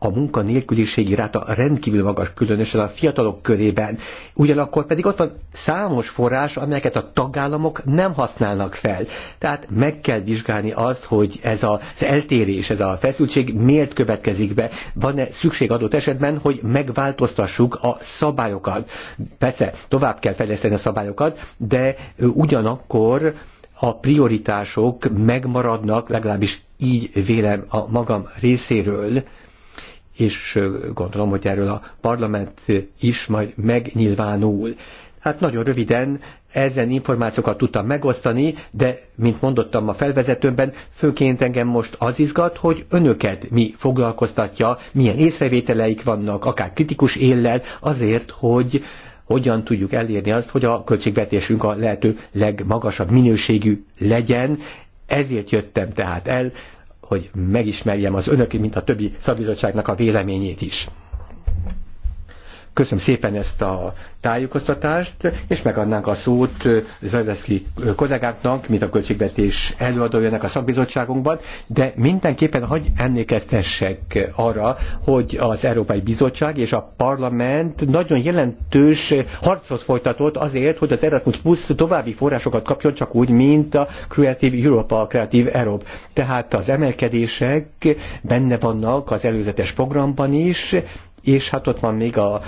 a munkanélküliségi ráta rendkívül magas, különösen a fiatalok körében. Ugyanakkor pedig ott van számos forrás, amelyeket a tagállamok nem használnak fel. Tehát meg kell vizsgálni azt, hogy ez az eltérés, ez a feszültség miért következik be. Van-e szükség adott esetben, hogy megváltoztassuk a szabályokat. Persze, tovább kell fejleszteni a szabályokat, de ugyanakkor a prioritások megmaradnak, legalábbis így vélem a magam részéről és gondolom, hogy erről a parlament is majd megnyilvánul. Hát nagyon röviden ezen információkat tudtam megosztani, de, mint mondottam a felvezetőmben, főként engem most az izgat, hogy önöket mi foglalkoztatja, milyen észrevételeik vannak, akár kritikus éllel, azért, hogy hogyan tudjuk elérni azt, hogy a költségvetésünk a lehető legmagasabb minőségű legyen. Ezért jöttem tehát el, hogy megismerjem az önök, mint a többi szakbizottságnak a véleményét is. Köszönöm szépen ezt a tájékoztatást, és megadnánk a szót Zajdeszki kollégáknak, mint a költségvetés előadójának a szakbizottságunkban, de mindenképpen hagy emlékeztessek arra, hogy az Európai Bizottság és a Parlament nagyon jelentős harcot folytatott azért, hogy az Erasmus Plus további forrásokat kapjon, csak úgy, mint a Creative Europe, a Creative Europe. Tehát az emelkedések benne vannak az előzetes programban is, és hát ott van még a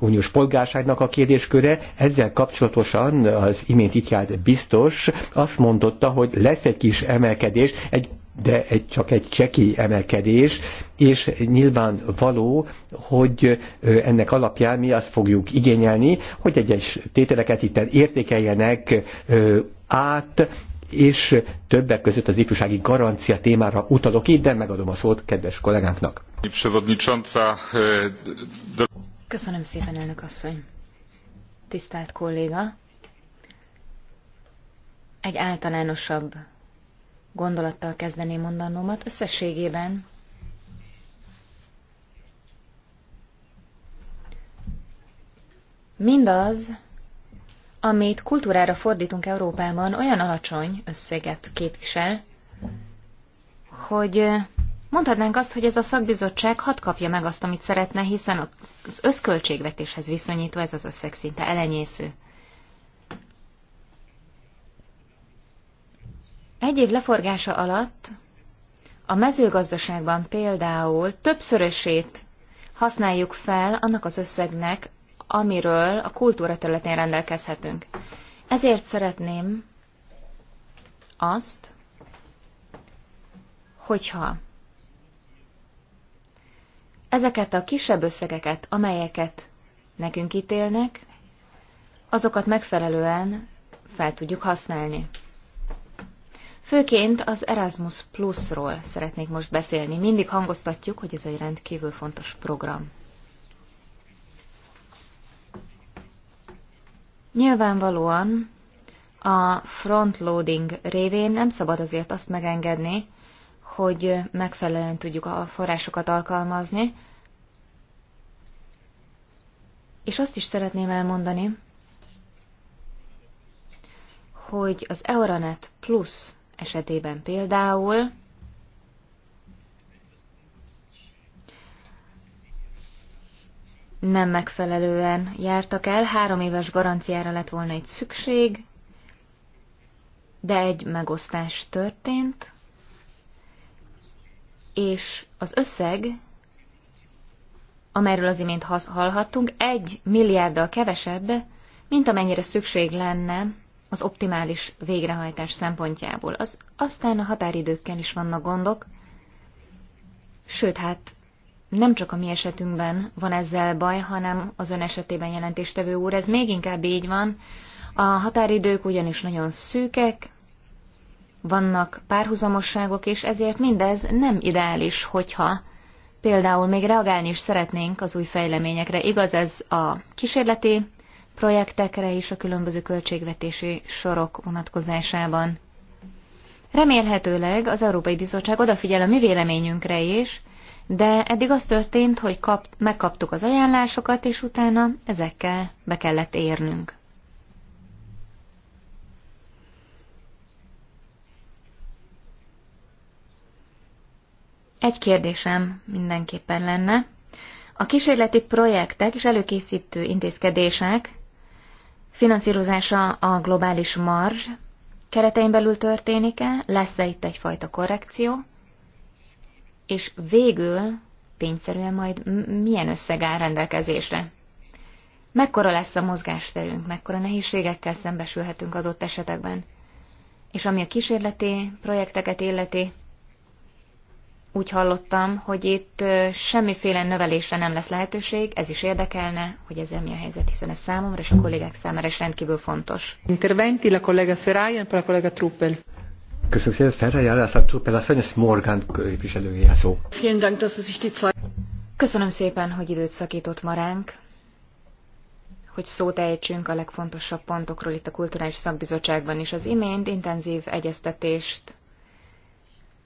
uniós polgárságnak a kérdésköre. Ezzel kapcsolatosan az imént itt járt biztos azt mondotta, hogy lesz egy kis emelkedés, egy de egy, csak egy cseki emelkedés, és nyilván való, hogy ennek alapján mi azt fogjuk igényelni, hogy egyes tételeket itt értékeljenek át és többek között az ifjúsági garancia témára utalok itt, de megadom a szót kedves kollégánknak. E, Köszönöm szépen, elnök asszony. Tisztelt kolléga, egy általánosabb gondolattal kezdeném mondanómat. Összességében mindaz, amit kultúrára fordítunk Európában, olyan alacsony összeget képvisel, hogy mondhatnánk azt, hogy ez a szakbizottság hat kapja meg azt, amit szeretne, hiszen az összköltségvetéshez viszonyítva ez az összeg szinte elenyésző. Egy év leforgása alatt a mezőgazdaságban például többszörösét használjuk fel annak az összegnek, amiről a kultúra területén rendelkezhetünk. Ezért szeretném azt, hogyha ezeket a kisebb összegeket, amelyeket nekünk ítélnek, azokat megfelelően fel tudjuk használni. Főként az Erasmus Plus-ról szeretnék most beszélni. Mindig hangoztatjuk, hogy ez egy rendkívül fontos program. Nyilvánvalóan a frontloading révén nem szabad azért azt megengedni, hogy megfelelően tudjuk a forrásokat alkalmazni. És azt is szeretném elmondani, hogy az Euronet Plus esetében például nem megfelelően jártak el. Három éves garanciára lett volna egy szükség, de egy megosztás történt, és az összeg, amelyről az imént hallhattunk, egy milliárddal kevesebb, mint amennyire szükség lenne az optimális végrehajtás szempontjából. Az, aztán a határidőkkel is vannak gondok, sőt, hát nem csak a mi esetünkben van ezzel baj, hanem az ön esetében jelentéstevő úr, ez még inkább így van. A határidők ugyanis nagyon szűkek, vannak párhuzamosságok, és ezért mindez nem ideális, hogyha például még reagálni is szeretnénk az új fejleményekre. Igaz ez a kísérleti projektekre és a különböző költségvetési sorok vonatkozásában. Remélhetőleg az Európai Bizottság odafigyel a mi véleményünkre is, de eddig az történt, hogy kap, megkaptuk az ajánlásokat, és utána ezekkel be kellett érnünk. Egy kérdésem mindenképpen lenne. A kísérleti projektek és előkészítő intézkedések finanszírozása a globális marzs keretein belül történik-e? Lesz-e itt egyfajta korrekció? és végül tényszerűen majd milyen összeg áll rendelkezésre. Mekkora lesz a mozgásterünk, mekkora nehézségekkel szembesülhetünk adott esetekben. És ami a kísérleti projekteket illeti, úgy hallottam, hogy itt semmiféle növelésre nem lesz lehetőség, ez is érdekelne, hogy ez mi a helyzet, hiszen ez számomra és a kollégák számára is rendkívül fontos. Interventi la collega Ferrari, la a collega Truppel. Köszönöm szépen, Ferreira Lászlátó Pelaszanyos Morgan képviselője szó. Köszönöm szépen, hogy időt szakított ma ránk, hogy szót ejtsünk a legfontosabb pontokról itt a Kulturális Szakbizottságban is. Az imént intenzív egyeztetést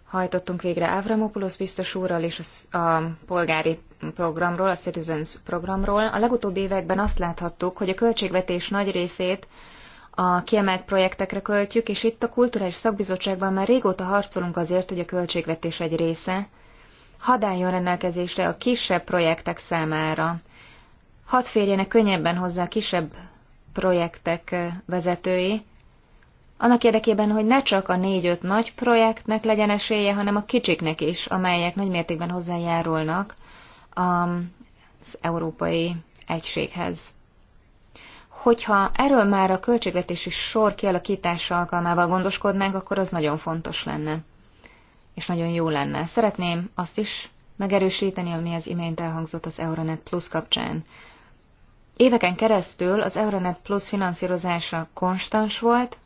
hajtottunk végre Avramopoulos biztos úrral és a polgári programról, a Citizens programról. A legutóbbi években azt láthattuk, hogy a költségvetés nagy részét a kiemelt projektekre költjük, és itt a Kulturális Szakbizottságban már régóta harcolunk azért, hogy a költségvetés egy része hadd álljon rendelkezésre a kisebb projektek számára. Hadd férjenek könnyebben hozzá a kisebb projektek vezetői, annak érdekében, hogy ne csak a négy-öt nagy projektnek legyen esélye, hanem a kicsiknek is, amelyek nagymértékben hozzájárulnak az európai egységhez. Hogyha erről már a költségvetési sor kialakítása alkalmával gondoskodnánk, akkor az nagyon fontos lenne, és nagyon jó lenne. Szeretném azt is megerősíteni, ami az imént elhangzott az Euronet Plus kapcsán. Éveken keresztül az Euronet Plus finanszírozása konstans volt,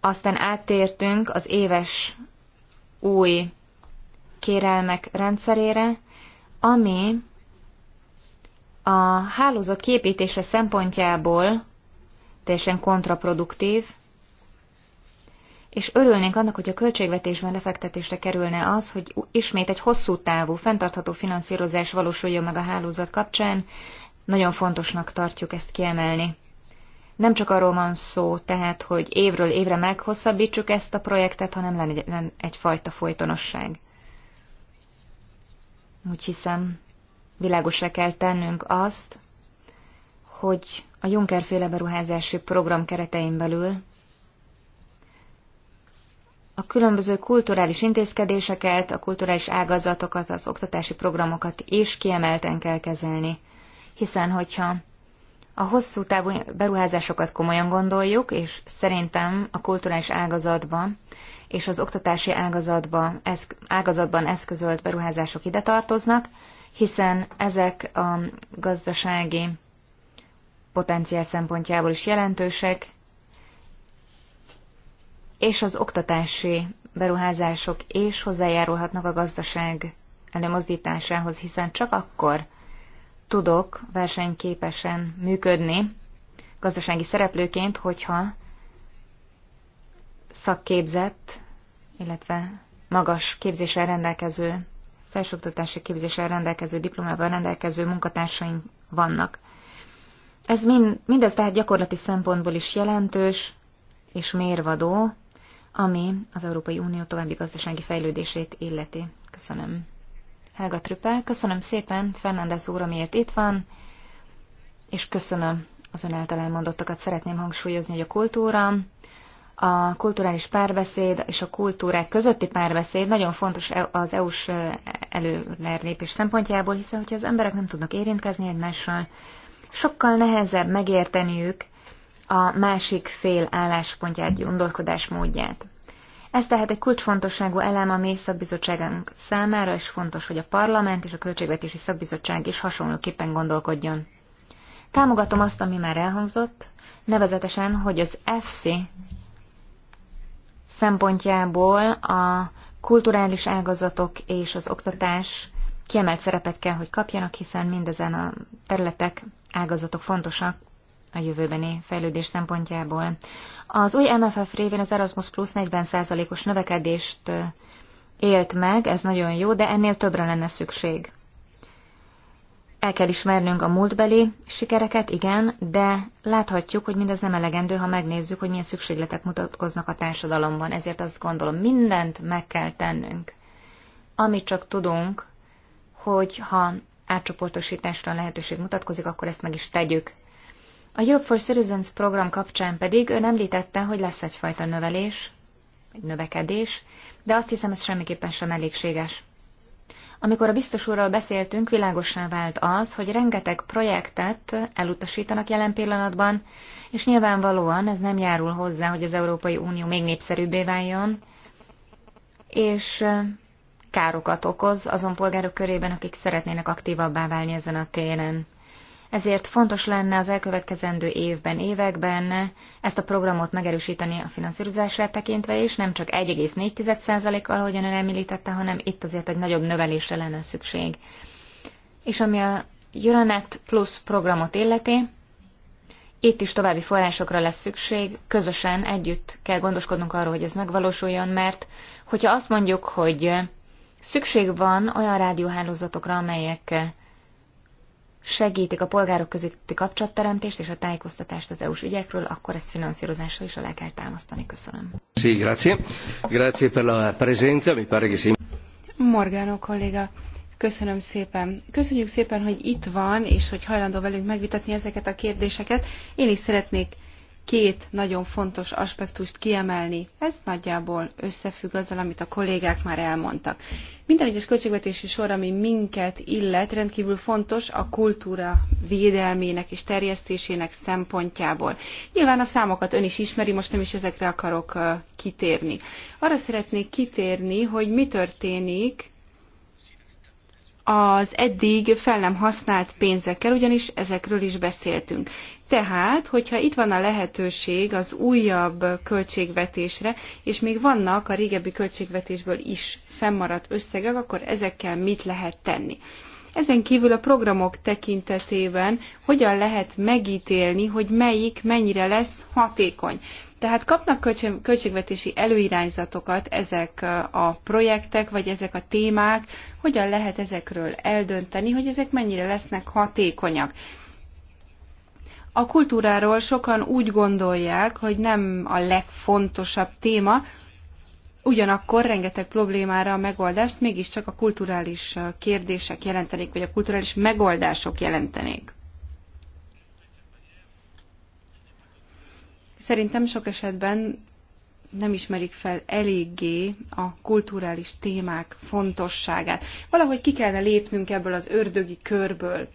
aztán áttértünk az éves új kérelmek rendszerére, ami a hálózat képítése szempontjából teljesen kontraproduktív, és örülnénk annak, hogy a költségvetésben lefektetésre kerülne az, hogy ismét egy hosszú távú, fenntartható finanszírozás valósuljon meg a hálózat kapcsán. Nagyon fontosnak tartjuk ezt kiemelni. Nem csak arról van szó tehát, hogy évről évre meghosszabbítsuk ezt a projektet, hanem lenne egyfajta folytonosság. Úgy hiszem, világosra kell tennünk azt, hogy a Juncker féle beruházási program keretein belül a különböző kulturális intézkedéseket, a kulturális ágazatokat, az oktatási programokat is kiemelten kell kezelni. Hiszen, hogyha a hosszú távú beruházásokat komolyan gondoljuk, és szerintem a kulturális ágazatban és az oktatási ágazatban, eszk- ágazatban eszközölt beruházások ide tartoznak, hiszen ezek a gazdasági potenciál szempontjából is jelentősek, és az oktatási beruházások és hozzájárulhatnak a gazdaság előmozdításához, hiszen csak akkor tudok versenyképesen működni gazdasági szereplőként, hogyha szakképzett, illetve magas képzéssel rendelkező felsőoktatási képzéssel rendelkező, diplomával rendelkező munkatársaink vannak. Ez mind, mindez tehát gyakorlati szempontból is jelentős és mérvadó, ami az Európai Unió további gazdasági fejlődését illeti. Köszönöm. Helga Trüppel, köszönöm szépen Fernández úr, amiért itt van, és köszönöm az ön által elmondottakat. Szeretném hangsúlyozni, hogy a kultúra, a kulturális párbeszéd és a kultúrák közötti párbeszéd nagyon fontos e- az EU-s előrelépés szempontjából, hiszen hogyha az emberek nem tudnak érintkezni egymással, sokkal nehezebb megérteniük a másik fél álláspontját, gondolkodásmódját. Ez tehát egy kulcsfontosságú elem a mi szakbizottságunk számára, és fontos, hogy a parlament és a költségvetési szakbizottság is hasonlóképpen gondolkodjon. Támogatom azt, ami már elhangzott, nevezetesen, hogy az FC szempontjából a kulturális ágazatok és az oktatás kiemelt szerepet kell, hogy kapjanak, hiszen mindezen a területek, ágazatok fontosak a jövőbeni fejlődés szempontjából. Az új MFF révén az Erasmus Plus 40%-os növekedést élt meg, ez nagyon jó, de ennél többre lenne szükség. El kell ismernünk a múltbeli sikereket, igen, de láthatjuk, hogy mindez nem elegendő, ha megnézzük, hogy milyen szükségletek mutatkoznak a társadalomban. Ezért azt gondolom, mindent meg kell tennünk, amit csak tudunk, hogy ha átcsoportosításra lehetőség mutatkozik, akkor ezt meg is tegyük. A Europe for Citizens program kapcsán pedig ön említette, hogy lesz egyfajta növelés, egy növekedés, de azt hiszem, ez semmiképpen sem elégséges. Amikor a biztos úrral beszéltünk, világosá vált az, hogy rengeteg projektet elutasítanak jelen pillanatban, és nyilvánvalóan ez nem járul hozzá, hogy az Európai Unió még népszerűbbé váljon, és károkat okoz azon polgárok körében, akik szeretnének aktívabbá válni ezen a téren ezért fontos lenne az elkövetkezendő évben, években ezt a programot megerősíteni a finanszírozását tekintve is, nem csak 1,4%-kal, ahogyan ön említette, hanem itt azért egy nagyobb növelésre lenne szükség. És ami a Euronet Plus programot illeti, itt is további forrásokra lesz szükség, közösen együtt kell gondoskodnunk arról, hogy ez megvalósuljon, mert hogyha azt mondjuk, hogy szükség van olyan rádióhálózatokra, amelyek segítik a polgárok közötti kapcsolatteremtést és a tájékoztatást az EU-s ügyekről, akkor ezt finanszírozásra is alá kell támasztani. Köszönöm. Sí, grazie. Grazie per la presenza. Mi pare che si... Morgano kolléga, köszönöm szépen. Köszönjük szépen, hogy itt van, és hogy hajlandó velünk megvitatni ezeket a kérdéseket. Én is szeretnék két nagyon fontos aspektust kiemelni. Ez nagyjából összefügg azzal, amit a kollégák már elmondtak. Minden egyes költségvetési sor, ami minket illet, rendkívül fontos a kultúra védelmének és terjesztésének szempontjából. Nyilván a számokat ön is ismeri, most nem is ezekre akarok kitérni. Arra szeretnék kitérni, hogy mi történik az eddig fel nem használt pénzekkel, ugyanis ezekről is beszéltünk. Tehát, hogyha itt van a lehetőség az újabb költségvetésre, és még vannak a régebbi költségvetésből is fennmaradt összegek, akkor ezekkel mit lehet tenni? Ezen kívül a programok tekintetében hogyan lehet megítélni, hogy melyik mennyire lesz hatékony. Tehát kapnak költségvetési előirányzatokat ezek a projektek, vagy ezek a témák, hogyan lehet ezekről eldönteni, hogy ezek mennyire lesznek hatékonyak. A kultúráról sokan úgy gondolják, hogy nem a legfontosabb téma, ugyanakkor rengeteg problémára a megoldást mégiscsak a kulturális kérdések jelentenék, vagy a kulturális megoldások jelentenék. Szerintem sok esetben nem ismerik fel eléggé a kulturális témák fontosságát. Valahogy ki kellene lépnünk ebből az ördögi körből.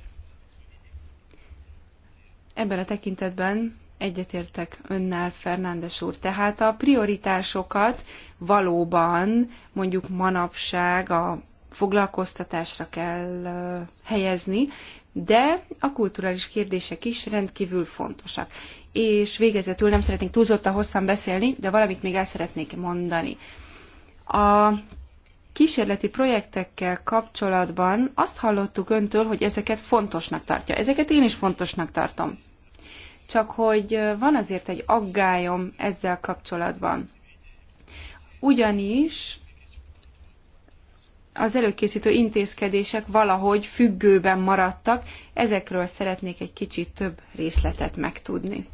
Ebben a tekintetben egyetértek önnel, Fernándes úr. Tehát a prioritásokat valóban mondjuk manapság a foglalkoztatásra kell helyezni, de a kulturális kérdések is rendkívül fontosak. És végezetül nem szeretnék túlzottan hosszan beszélni, de valamit még el szeretnék mondani. A kísérleti projektekkel kapcsolatban azt hallottuk öntől, hogy ezeket fontosnak tartja. Ezeket én is fontosnak tartom. Csak hogy van azért egy aggályom ezzel kapcsolatban. Ugyanis az előkészítő intézkedések valahogy függőben maradtak, ezekről szeretnék egy kicsit több részletet megtudni.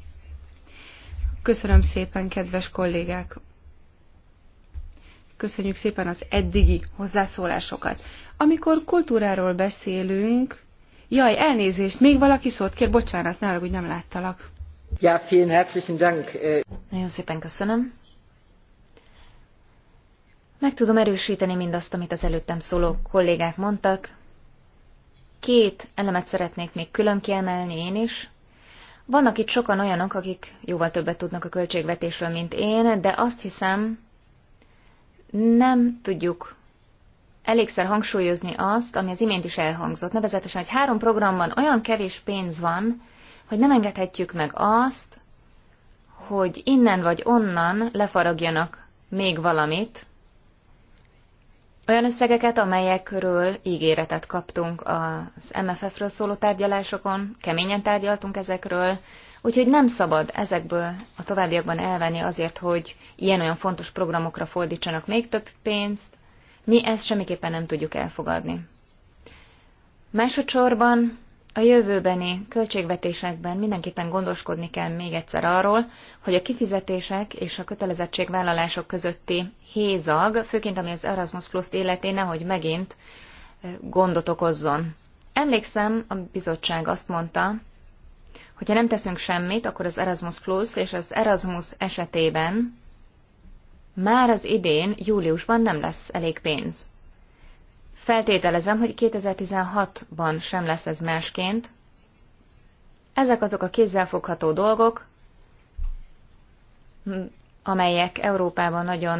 Köszönöm szépen, kedves kollégák! Köszönjük szépen az eddigi hozzászólásokat. Amikor kultúráról beszélünk, jaj, elnézést, még valaki szót kér, bocsánat, ne arra, hogy nem láttalak. Ja, vielen herzlichen Dank. Nagyon szépen köszönöm. Meg tudom erősíteni mindazt, amit az előttem szóló kollégák mondtak. Két elemet szeretnék még külön kiemelni én is. Vannak itt sokan olyanok, akik jóval többet tudnak a költségvetésről, mint én, de azt hiszem, nem tudjuk elégszer hangsúlyozni azt, ami az imént is elhangzott, nevezetesen, hogy három programban olyan kevés pénz van, hogy nem engedhetjük meg azt, hogy innen vagy onnan lefaragjanak még valamit, olyan összegeket, amelyek körül ígéretet kaptunk az MFF-ről szóló tárgyalásokon, keményen tárgyaltunk ezekről, úgyhogy nem szabad ezekből a továbbiakban elvenni azért, hogy ilyen-olyan fontos programokra fordítsanak még több pénzt, mi ezt semmiképpen nem tudjuk elfogadni. Másodszorban a jövőbeni költségvetésekben mindenképpen gondoskodni kell még egyszer arról, hogy a kifizetések és a kötelezettségvállalások közötti hézag, főként ami az Erasmus Plus-t életé, nehogy megint gondot okozzon. Emlékszem, a bizottság azt mondta, hogy ha nem teszünk semmit, akkor az Erasmus Plus és az Erasmus esetében már az idén, júliusban nem lesz elég pénz. Feltételezem, hogy 2016-ban sem lesz ez másként. Ezek azok a kézzelfogható dolgok, amelyek Európában nagyon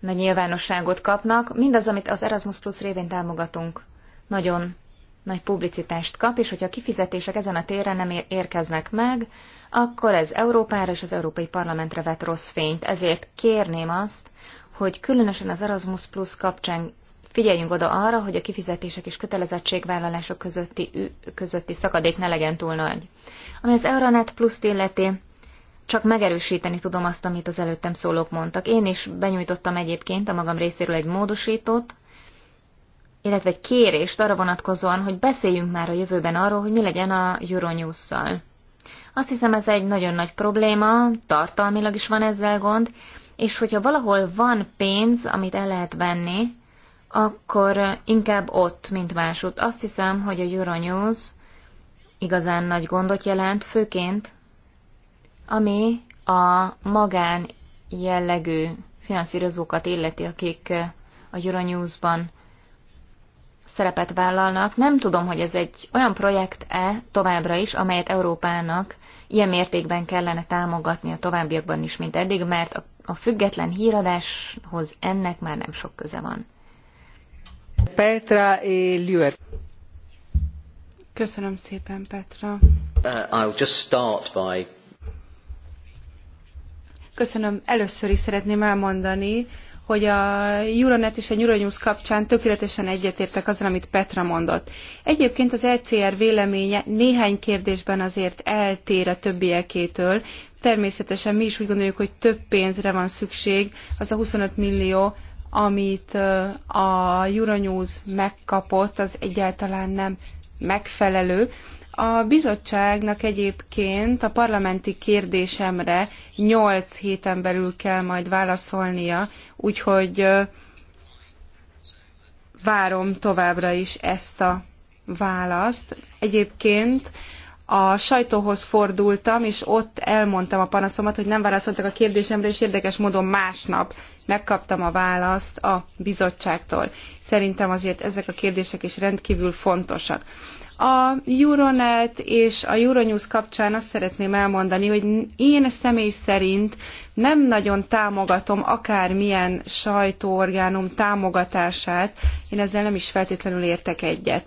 nagy nyilvánosságot kapnak. Mindaz, amit az Erasmus Plus révén támogatunk, nagyon nagy publicitást kap, és hogyha a kifizetések ezen a téren nem érkeznek meg, akkor ez Európára és az Európai Parlamentre vet rossz fényt. Ezért kérném azt, hogy különösen az Erasmus Plus kapcsán figyeljünk oda arra, hogy a kifizetések és kötelezettségvállalások közötti, közötti szakadék ne legyen túl nagy. Ami az Euronet plusz illeti, csak megerősíteni tudom azt, amit az előttem szólók mondtak. Én is benyújtottam egyébként a magam részéről egy módosítót, illetve egy kérést arra vonatkozóan, hogy beszéljünk már a jövőben arról, hogy mi legyen a Euronews-szal. Azt hiszem ez egy nagyon nagy probléma, tartalmilag is van ezzel gond, és hogyha valahol van pénz, amit el lehet venni, akkor eh, inkább ott, mint másút. Azt hiszem, hogy a Euronews igazán nagy gondot jelent, főként ami a magán jellegű finanszírozókat illeti, akik eh, a Euronews-ban szerepet vállalnak. Nem tudom, hogy ez egy olyan projekt-e továbbra is, amelyet Európának ilyen mértékben kellene támogatni a továbbiakban is, mint eddig, mert a független híradáshoz ennek már nem sok köze van. Petra Köszönöm szépen, Petra. Uh, I'll just start by... Köszönöm. Először is szeretném elmondani, hogy a Euronet és a Euronews kapcsán tökéletesen egyetértek azzal amit Petra mondott. Egyébként az ECR véleménye néhány kérdésben azért eltér a többiekétől. Természetesen mi is úgy gondoljuk, hogy több pénzre van szükség, az a 25 millió amit a Euronews megkapott, az egyáltalán nem megfelelő. A bizottságnak egyébként a parlamenti kérdésemre 8 héten belül kell majd válaszolnia, úgyhogy várom továbbra is ezt a választ. Egyébként a sajtóhoz fordultam, és ott elmondtam a panaszomat, hogy nem válaszoltak a kérdésemre, és érdekes módon másnap megkaptam a választ a bizottságtól. Szerintem azért ezek a kérdések is rendkívül fontosak. A Euronet és a Euronews kapcsán azt szeretném elmondani, hogy én személy szerint nem nagyon támogatom akármilyen sajtóorgánum támogatását, én ezzel nem is feltétlenül értek egyet.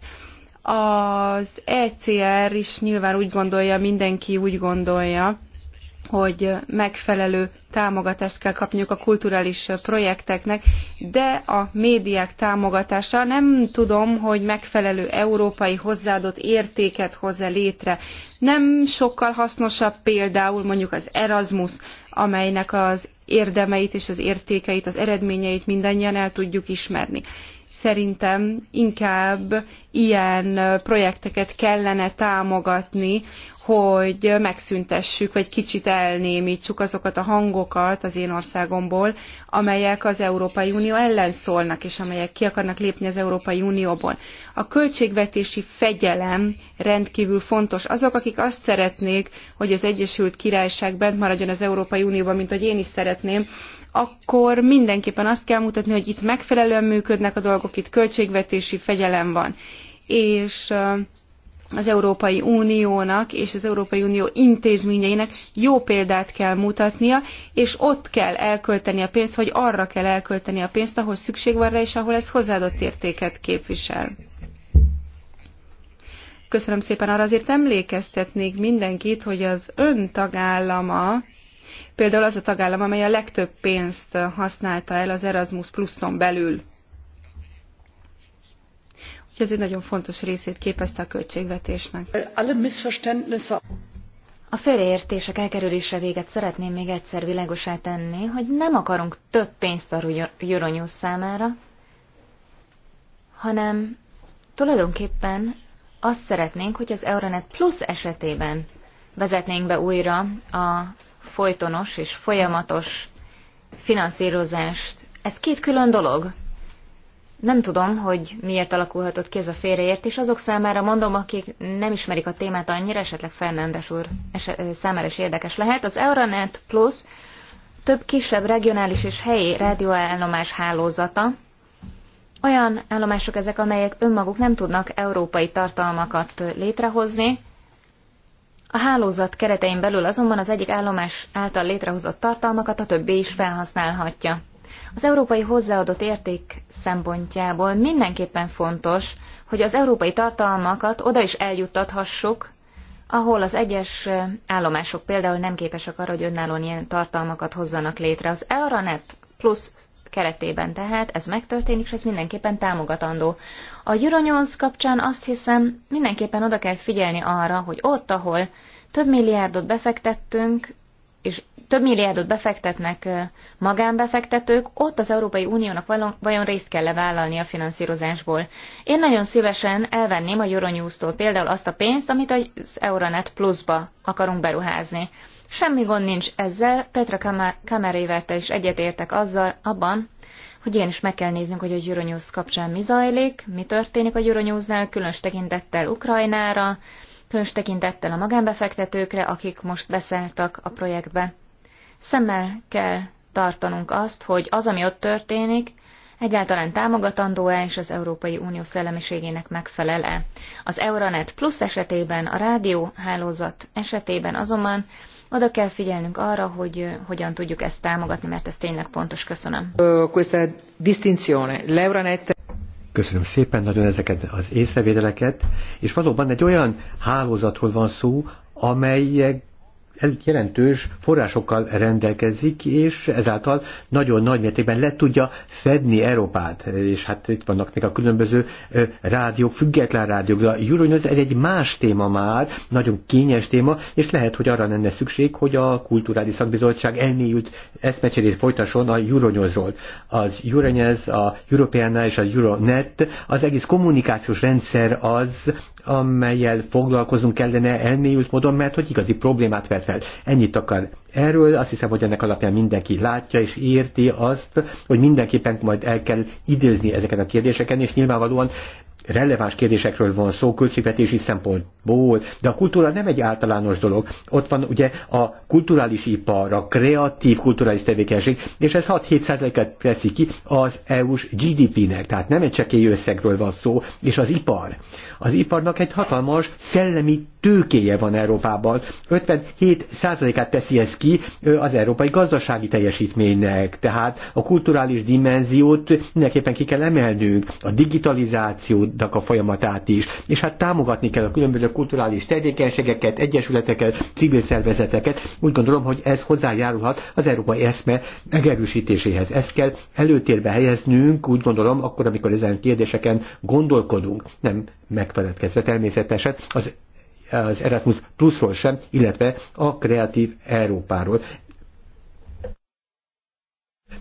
Az ECR is nyilván úgy gondolja, mindenki úgy gondolja, hogy megfelelő támogatást kell kapniuk a kulturális projekteknek, de a médiák támogatása nem tudom, hogy megfelelő európai hozzáadott értéket hoz-e létre. Nem sokkal hasznosabb például mondjuk az Erasmus, amelynek az érdemeit és az értékeit, az eredményeit mindannyian el tudjuk ismerni szerintem inkább ilyen projekteket kellene támogatni, hogy megszüntessük, vagy kicsit elnémítsuk azokat a hangokat az én országomból, amelyek az Európai Unió ellen szólnak, és amelyek ki akarnak lépni az Európai Unióból. A költségvetési fegyelem rendkívül fontos. Azok, akik azt szeretnék, hogy az Egyesült Királyság bent maradjon az Európai Unióban, mint hogy én is szeretném, akkor mindenképpen azt kell mutatni, hogy itt megfelelően működnek a dolgok, itt költségvetési fegyelem van. És az Európai Uniónak és az Európai Unió intézményeinek jó példát kell mutatnia, és ott kell elkölteni a pénzt, vagy arra kell elkölteni a pénzt, ahol szükség van rá, és ahol ez hozzáadott értéket képvisel. Köszönöm szépen, arra azért emlékeztetnék mindenkit, hogy az ön tagállama például az a tagállam, amely a legtöbb pénzt használta el az Erasmus Pluszon belül. Úgyhogy ez egy nagyon fontos részét képezte a költségvetésnek. A félreértések elkerülése véget szeretném még egyszer világosá tenni, hogy nem akarunk több pénzt a Euronews számára, hanem tulajdonképpen azt szeretnénk, hogy az Euronet Plus esetében vezetnénk be újra a folytonos és folyamatos finanszírozást. Ez két külön dolog. Nem tudom, hogy miért alakulhatott ki ez a félreértés. Azok számára mondom, akik nem ismerik a témát annyira, esetleg Fernándes úr számára is érdekes lehet. Az Euronet Plus több kisebb regionális és helyi rádióállomás hálózata. Olyan állomások ezek, amelyek önmaguk nem tudnak európai tartalmakat létrehozni, a hálózat keretein belül azonban az egyik állomás által létrehozott tartalmakat a többi is felhasználhatja. Az európai hozzáadott érték szempontjából mindenképpen fontos, hogy az európai tartalmakat oda is eljuttathassuk, ahol az egyes állomások például nem képesek arra, hogy önállóan ilyen tartalmakat hozzanak létre. Az Euronet plusz keretében tehát ez megtörténik, és ez mindenképpen támogatandó. A Euronews kapcsán azt hiszem, mindenképpen oda kell figyelni arra, hogy ott, ahol több milliárdot befektettünk, és több milliárdot befektetnek magánbefektetők, ott az Európai Uniónak vajon részt kell vállalni a finanszírozásból. Én nagyon szívesen elvenném a Euronews-tól például azt a pénzt, amit az Euronet Plus-ba akarunk beruházni. Semmi gond nincs ezzel, Petra Kamerévertel is egyetértek azzal abban, hogy igenis meg kell néznünk, hogy a Euronews kapcsán mi zajlik, mi történik a Euronewsnál, különös tekintettel Ukrajnára, különös tekintettel a magánbefektetőkre, akik most beszálltak a projektbe. Szemmel kell tartanunk azt, hogy az, ami ott történik, egyáltalán támogatandó-e és az Európai Unió szellemiségének megfelel-e. Az Euronet Plus esetében, a rádióhálózat esetében azonban oda kell figyelnünk arra, hogy hogyan tudjuk ezt támogatni, mert ez tényleg pontos. Köszönöm. Köszönöm szépen nagyon ezeket az észrevételeket, és valóban egy olyan hálózatról van szó, amelyek jelentős forrásokkal rendelkezik, és ezáltal nagyon nagy mértékben le tudja fedni Európát. És hát itt vannak még a különböző rádiók, független rádiók. A Euronews egy, egy más téma már, nagyon kényes téma, és lehet, hogy arra lenne szükség, hogy a Kulturális Szakbizottság elmélyült eszmecserét folytasson a Euronewsról. Az Euronews, a european és a Euronet az egész kommunikációs rendszer az, amelyel foglalkozunk kellene elmélyült módon, mert hogy igazi problémát vet fel. Ennyit akar erről, azt hiszem, hogy ennek alapján mindenki látja és érti azt, hogy mindenképpen majd el kell időzni ezeket a kérdéseken, és nyilvánvalóan releváns kérdésekről van szó költségvetési szempontból, de a kultúra nem egy általános dolog. Ott van ugye a kulturális ipar, a kreatív kulturális tevékenység, és ez 6-7%-et teszi ki az EU-s GDP-nek, tehát nem egy csekély összegről van szó, és az ipar. Az iparnak egy hatalmas szellemi tőkéje van Európában. 57%-át teszi ez ki az európai gazdasági teljesítménynek. Tehát a kulturális dimenziót mindenképpen ki kell emelnünk, a digitalizációnak a folyamatát is, és hát támogatni kell a különböző kulturális tevékenységeket, egyesületeket, civil szervezeteket. Úgy gondolom, hogy ez hozzájárulhat az európai eszme megerősítéséhez. Ezt kell előtérbe helyeznünk, úgy gondolom, akkor, amikor ezen kérdéseken gondolkodunk, nem megfeledkezve természetesen az az Erasmus pluszról sem, illetve a kreatív Európáról.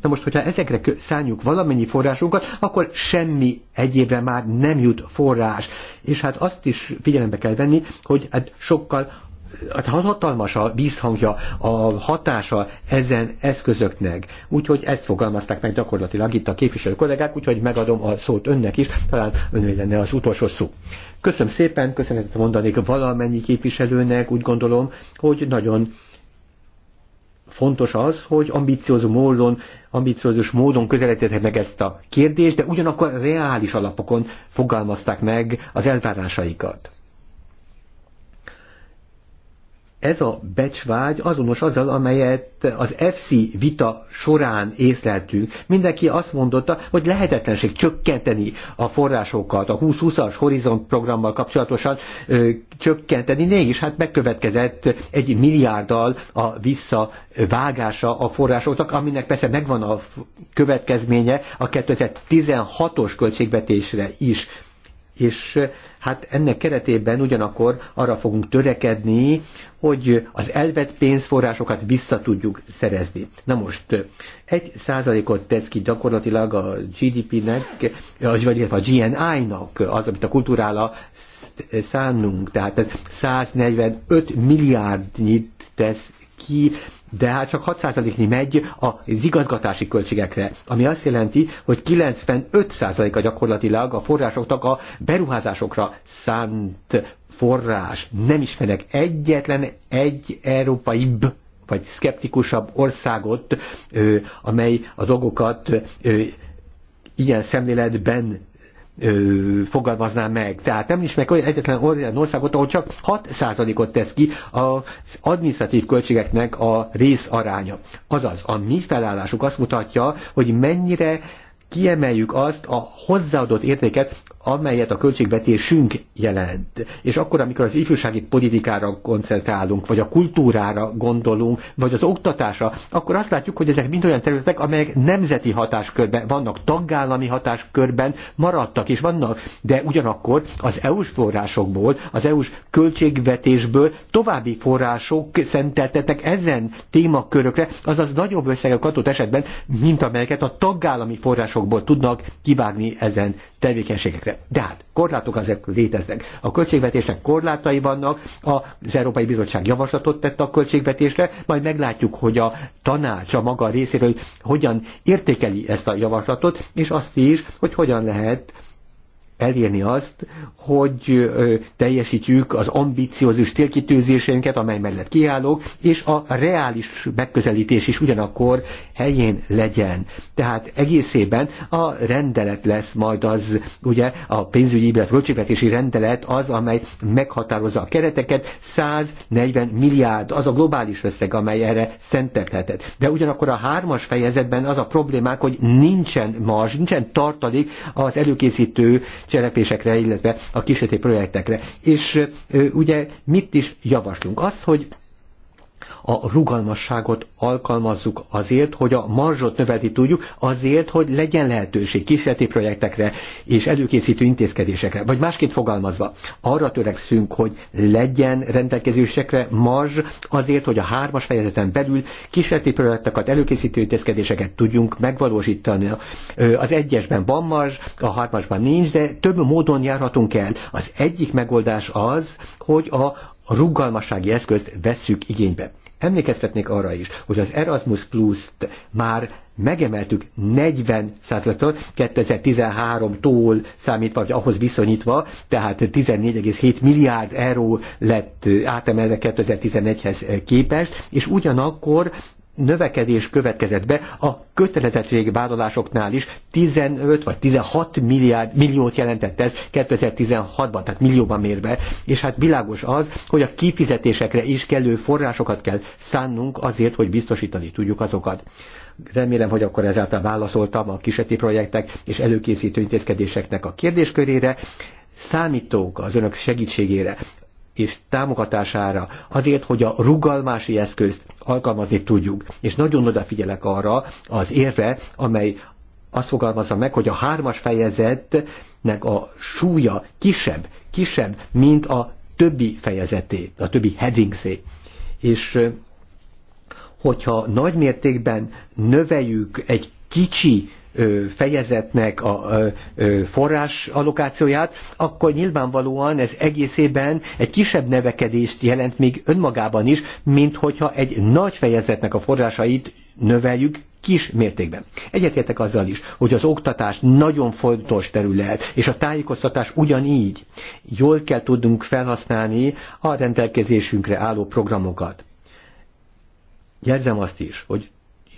Na most, hogyha ezekre szálljuk valamennyi forrásunkat, akkor semmi egyébre már nem jut forrás. És hát azt is figyelembe kell venni, hogy hát sokkal Hát hatalmas a vízhangja, a hatása ezen eszközöknek. Úgyhogy ezt fogalmazták meg gyakorlatilag itt a képviselő kollégák, úgyhogy megadom a szót önnek is, talán ön lenne az utolsó szó. Köszönöm szépen, köszönetet mondanék valamennyi képviselőnek, úgy gondolom, hogy nagyon fontos az, hogy ambiciózus módon, ambiciózus módon közelítettek meg ezt a kérdést, de ugyanakkor reális alapokon fogalmazták meg az elvárásaikat ez a becsvágy azonos azzal, amelyet az FC vita során észleltünk. Mindenki azt mondotta, hogy lehetetlenség csökkenteni a forrásokat, a 2020-as Horizont programmal kapcsolatosan ö, csökkenteni, mégis hát megkövetkezett egy milliárddal a visszavágása a forrásoknak, aminek persze megvan a következménye a 2016-os költségvetésre is és hát ennek keretében ugyanakkor arra fogunk törekedni, hogy az elvett pénzforrásokat vissza tudjuk szerezni. Na most, egy százalékot tesz ki gyakorlatilag a GDP-nek, vagy a GNI-nak, az, amit a kultúrála szánunk, tehát ez 145 milliárdnyit tesz ki, de hát csak 6%-nyi megy az igazgatási költségekre, ami azt jelenti, hogy 95%-a gyakorlatilag a forrásoknak a beruházásokra szánt forrás. Nem ismerek egyetlen egy európai vagy szkeptikusabb országot, amely a dolgokat ilyen szemléletben ö, fogalmazná meg. Tehát nem is meg olyan egyetlen olyan országot, ahol csak 6%-ot tesz ki az administratív költségeknek a részaránya. Azaz, a mi felállásuk azt mutatja, hogy mennyire kiemeljük azt a hozzáadott értéket, amelyet a költségvetésünk jelent. És akkor, amikor az ifjúsági politikára koncentrálunk, vagy a kultúrára gondolunk, vagy az oktatásra, akkor azt látjuk, hogy ezek mind olyan területek, amelyek nemzeti hatáskörben vannak, tagállami hatáskörben maradtak és vannak, de ugyanakkor az EU-s forrásokból, az EU-s költségvetésből további források szenteltetek ezen témakörökre, azaz nagyobb összegek adott esetben, mint amelyeket a tagállami források forrásokból tudnak kivágni ezen tevékenységekre. De hát korlátok azért léteznek. A költségvetésnek korlátai vannak, az Európai Bizottság javaslatot tett a költségvetésre, majd meglátjuk, hogy a tanács a maga részéről hogyan értékeli ezt a javaslatot, és azt is, hogy hogyan lehet elérni azt, hogy teljesítjük az ambiciózus célkitűzéseinket, amely mellett kiállok, és a reális megközelítés is ugyanakkor helyén legyen. Tehát egészében a rendelet lesz majd az, ugye a pénzügyi, illetve költségvetési rendelet az, amely meghatározza a kereteket, 140 milliárd, az a globális összeg, amely erre szentelhetett. De ugyanakkor a hármas fejezetben az a problémák, hogy nincsen mars, nincsen tartalék az előkészítő cselekvésekre, illetve a kísérleti projektekre. És ugye mit is javaslunk? Az, hogy a rugalmasságot alkalmazzuk azért, hogy a marzsot növelni tudjuk, azért, hogy legyen lehetőség kísérleti projektekre és előkészítő intézkedésekre. Vagy másként fogalmazva, arra törekszünk, hogy legyen rendelkezésekre marzs azért, hogy a hármas fejezeten belül kísérleti projekteket, előkészítő intézkedéseket tudjunk megvalósítani. Az egyesben van marzs, a hármasban nincs, de több módon járhatunk el. Az egyik megoldás az, hogy a rugalmassági eszközt vesszük igénybe. Emlékeztetnék arra is, hogy az Erasmus Plus-t már megemeltük 40 százalékot 2013-tól számítva, vagy ahhoz viszonyítva, tehát 14,7 milliárd euró lett átemelve 2011-hez képest, és ugyanakkor növekedés következett be a kötelezettségvállalásoknál is 15 vagy 16 milliárd, milliót jelentett ez 2016-ban, tehát millióban mérve, és hát világos az, hogy a kifizetésekre is kellő forrásokat kell szánnunk azért, hogy biztosítani tudjuk azokat. Remélem, hogy akkor ezáltal válaszoltam a kiseti projektek és előkészítő intézkedéseknek a kérdéskörére számítók az önök segítségére és támogatására, azért, hogy a rugalmási eszközt alkalmazni tudjuk. És nagyon odafigyelek arra az érve, amely azt fogalmazza meg, hogy a hármas fejezetnek a súlya kisebb, kisebb, mint a többi fejezeté, a többi headingsé. És hogyha nagymértékben növeljük egy kicsi fejezetnek a forrás allokációját, akkor nyilvánvalóan ez egészében egy kisebb nevekedést jelent még önmagában is, mint hogyha egy nagy fejezetnek a forrásait növeljük kis mértékben. Egyetértek azzal is, hogy az oktatás nagyon fontos terület, és a tájékoztatás ugyanígy. Jól kell tudnunk felhasználni a rendelkezésünkre álló programokat. Jelzem azt is, hogy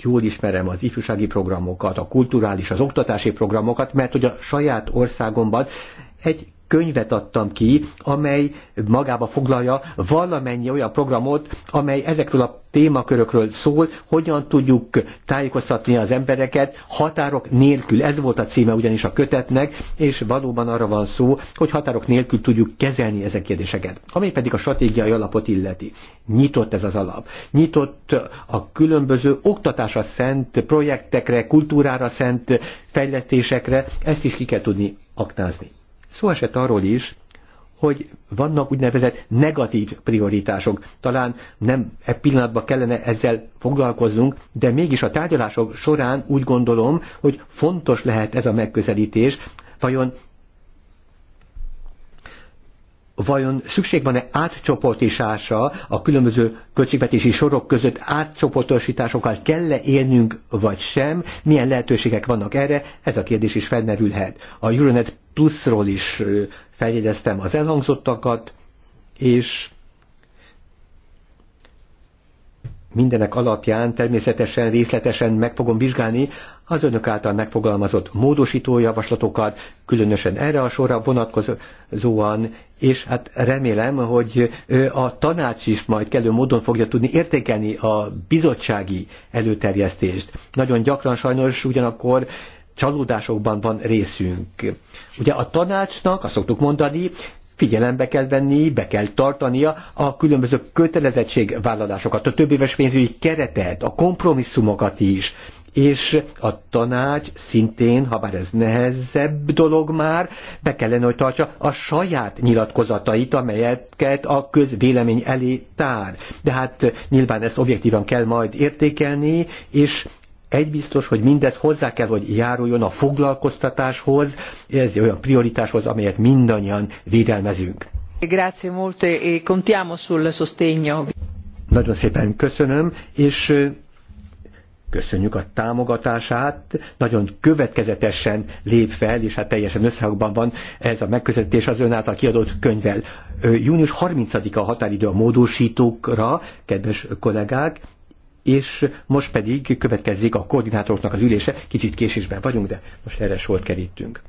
jól ismerem az ifjúsági programokat, a kulturális, az oktatási programokat, mert hogy a saját országomban egy könyvet adtam ki, amely magába foglalja valamennyi olyan programot, amely ezekről a témakörökről szól, hogyan tudjuk tájékoztatni az embereket határok nélkül. Ez volt a címe ugyanis a kötetnek, és valóban arra van szó, hogy határok nélkül tudjuk kezelni ezek kérdéseket. Ami pedig a stratégiai alapot illeti. Nyitott ez az alap. Nyitott a különböző oktatásra szent projektekre, kultúrára szent fejlesztésekre, ezt is ki kell tudni aknázni. Szó esett arról is, hogy vannak úgynevezett negatív prioritások. Talán nem e pillanatban kellene ezzel foglalkoznunk, de mégis a tárgyalások során úgy gondolom, hogy fontos lehet ez a megközelítés, vajon vajon szükség van-e átcsoportisásra a különböző költségvetési sorok között átcsoportosításokkal kell-e élnünk, vagy sem, milyen lehetőségek vannak erre, ez a kérdés is felmerülhet. A Euronet Plusról is feljegyeztem az elhangzottakat, és Mindenek alapján természetesen részletesen meg fogom vizsgálni az önök által megfogalmazott módosító javaslatokat, különösen erre a sorra vonatkozóan, és hát remélem, hogy a tanács is majd kellő módon fogja tudni értékelni a bizottsági előterjesztést. Nagyon gyakran sajnos ugyanakkor csalódásokban van részünk. Ugye a tanácsnak, azt szoktuk mondani, figyelembe kell venni, be kell tartania a különböző kötelezettségvállalásokat, a többéves pénzügyi keretet, a kompromisszumokat is, és a tanács szintén, ha bár ez nehezebb dolog már, be kellene, hogy tartsa a saját nyilatkozatait, amelyeket a közvélemény elé tár. De hát nyilván ezt objektívan kell majd értékelni, és egy biztos, hogy mindez hozzá kell, hogy járuljon a foglalkoztatáshoz, ez olyan prioritáshoz, amelyet mindannyian védelmezünk. Grazie molto e contiamo sul sostegno. Nagyon szépen köszönöm, és köszönjük a támogatását, nagyon következetesen lép fel, és hát teljesen összehangban van ez a megközelítés az ön által kiadott könyvvel. Június 30-a határidő a módosítókra, kedves kollégák, és most pedig következzék a koordinátoroknak az ülése, kicsit késésben vagyunk, de most erre sort kerítünk.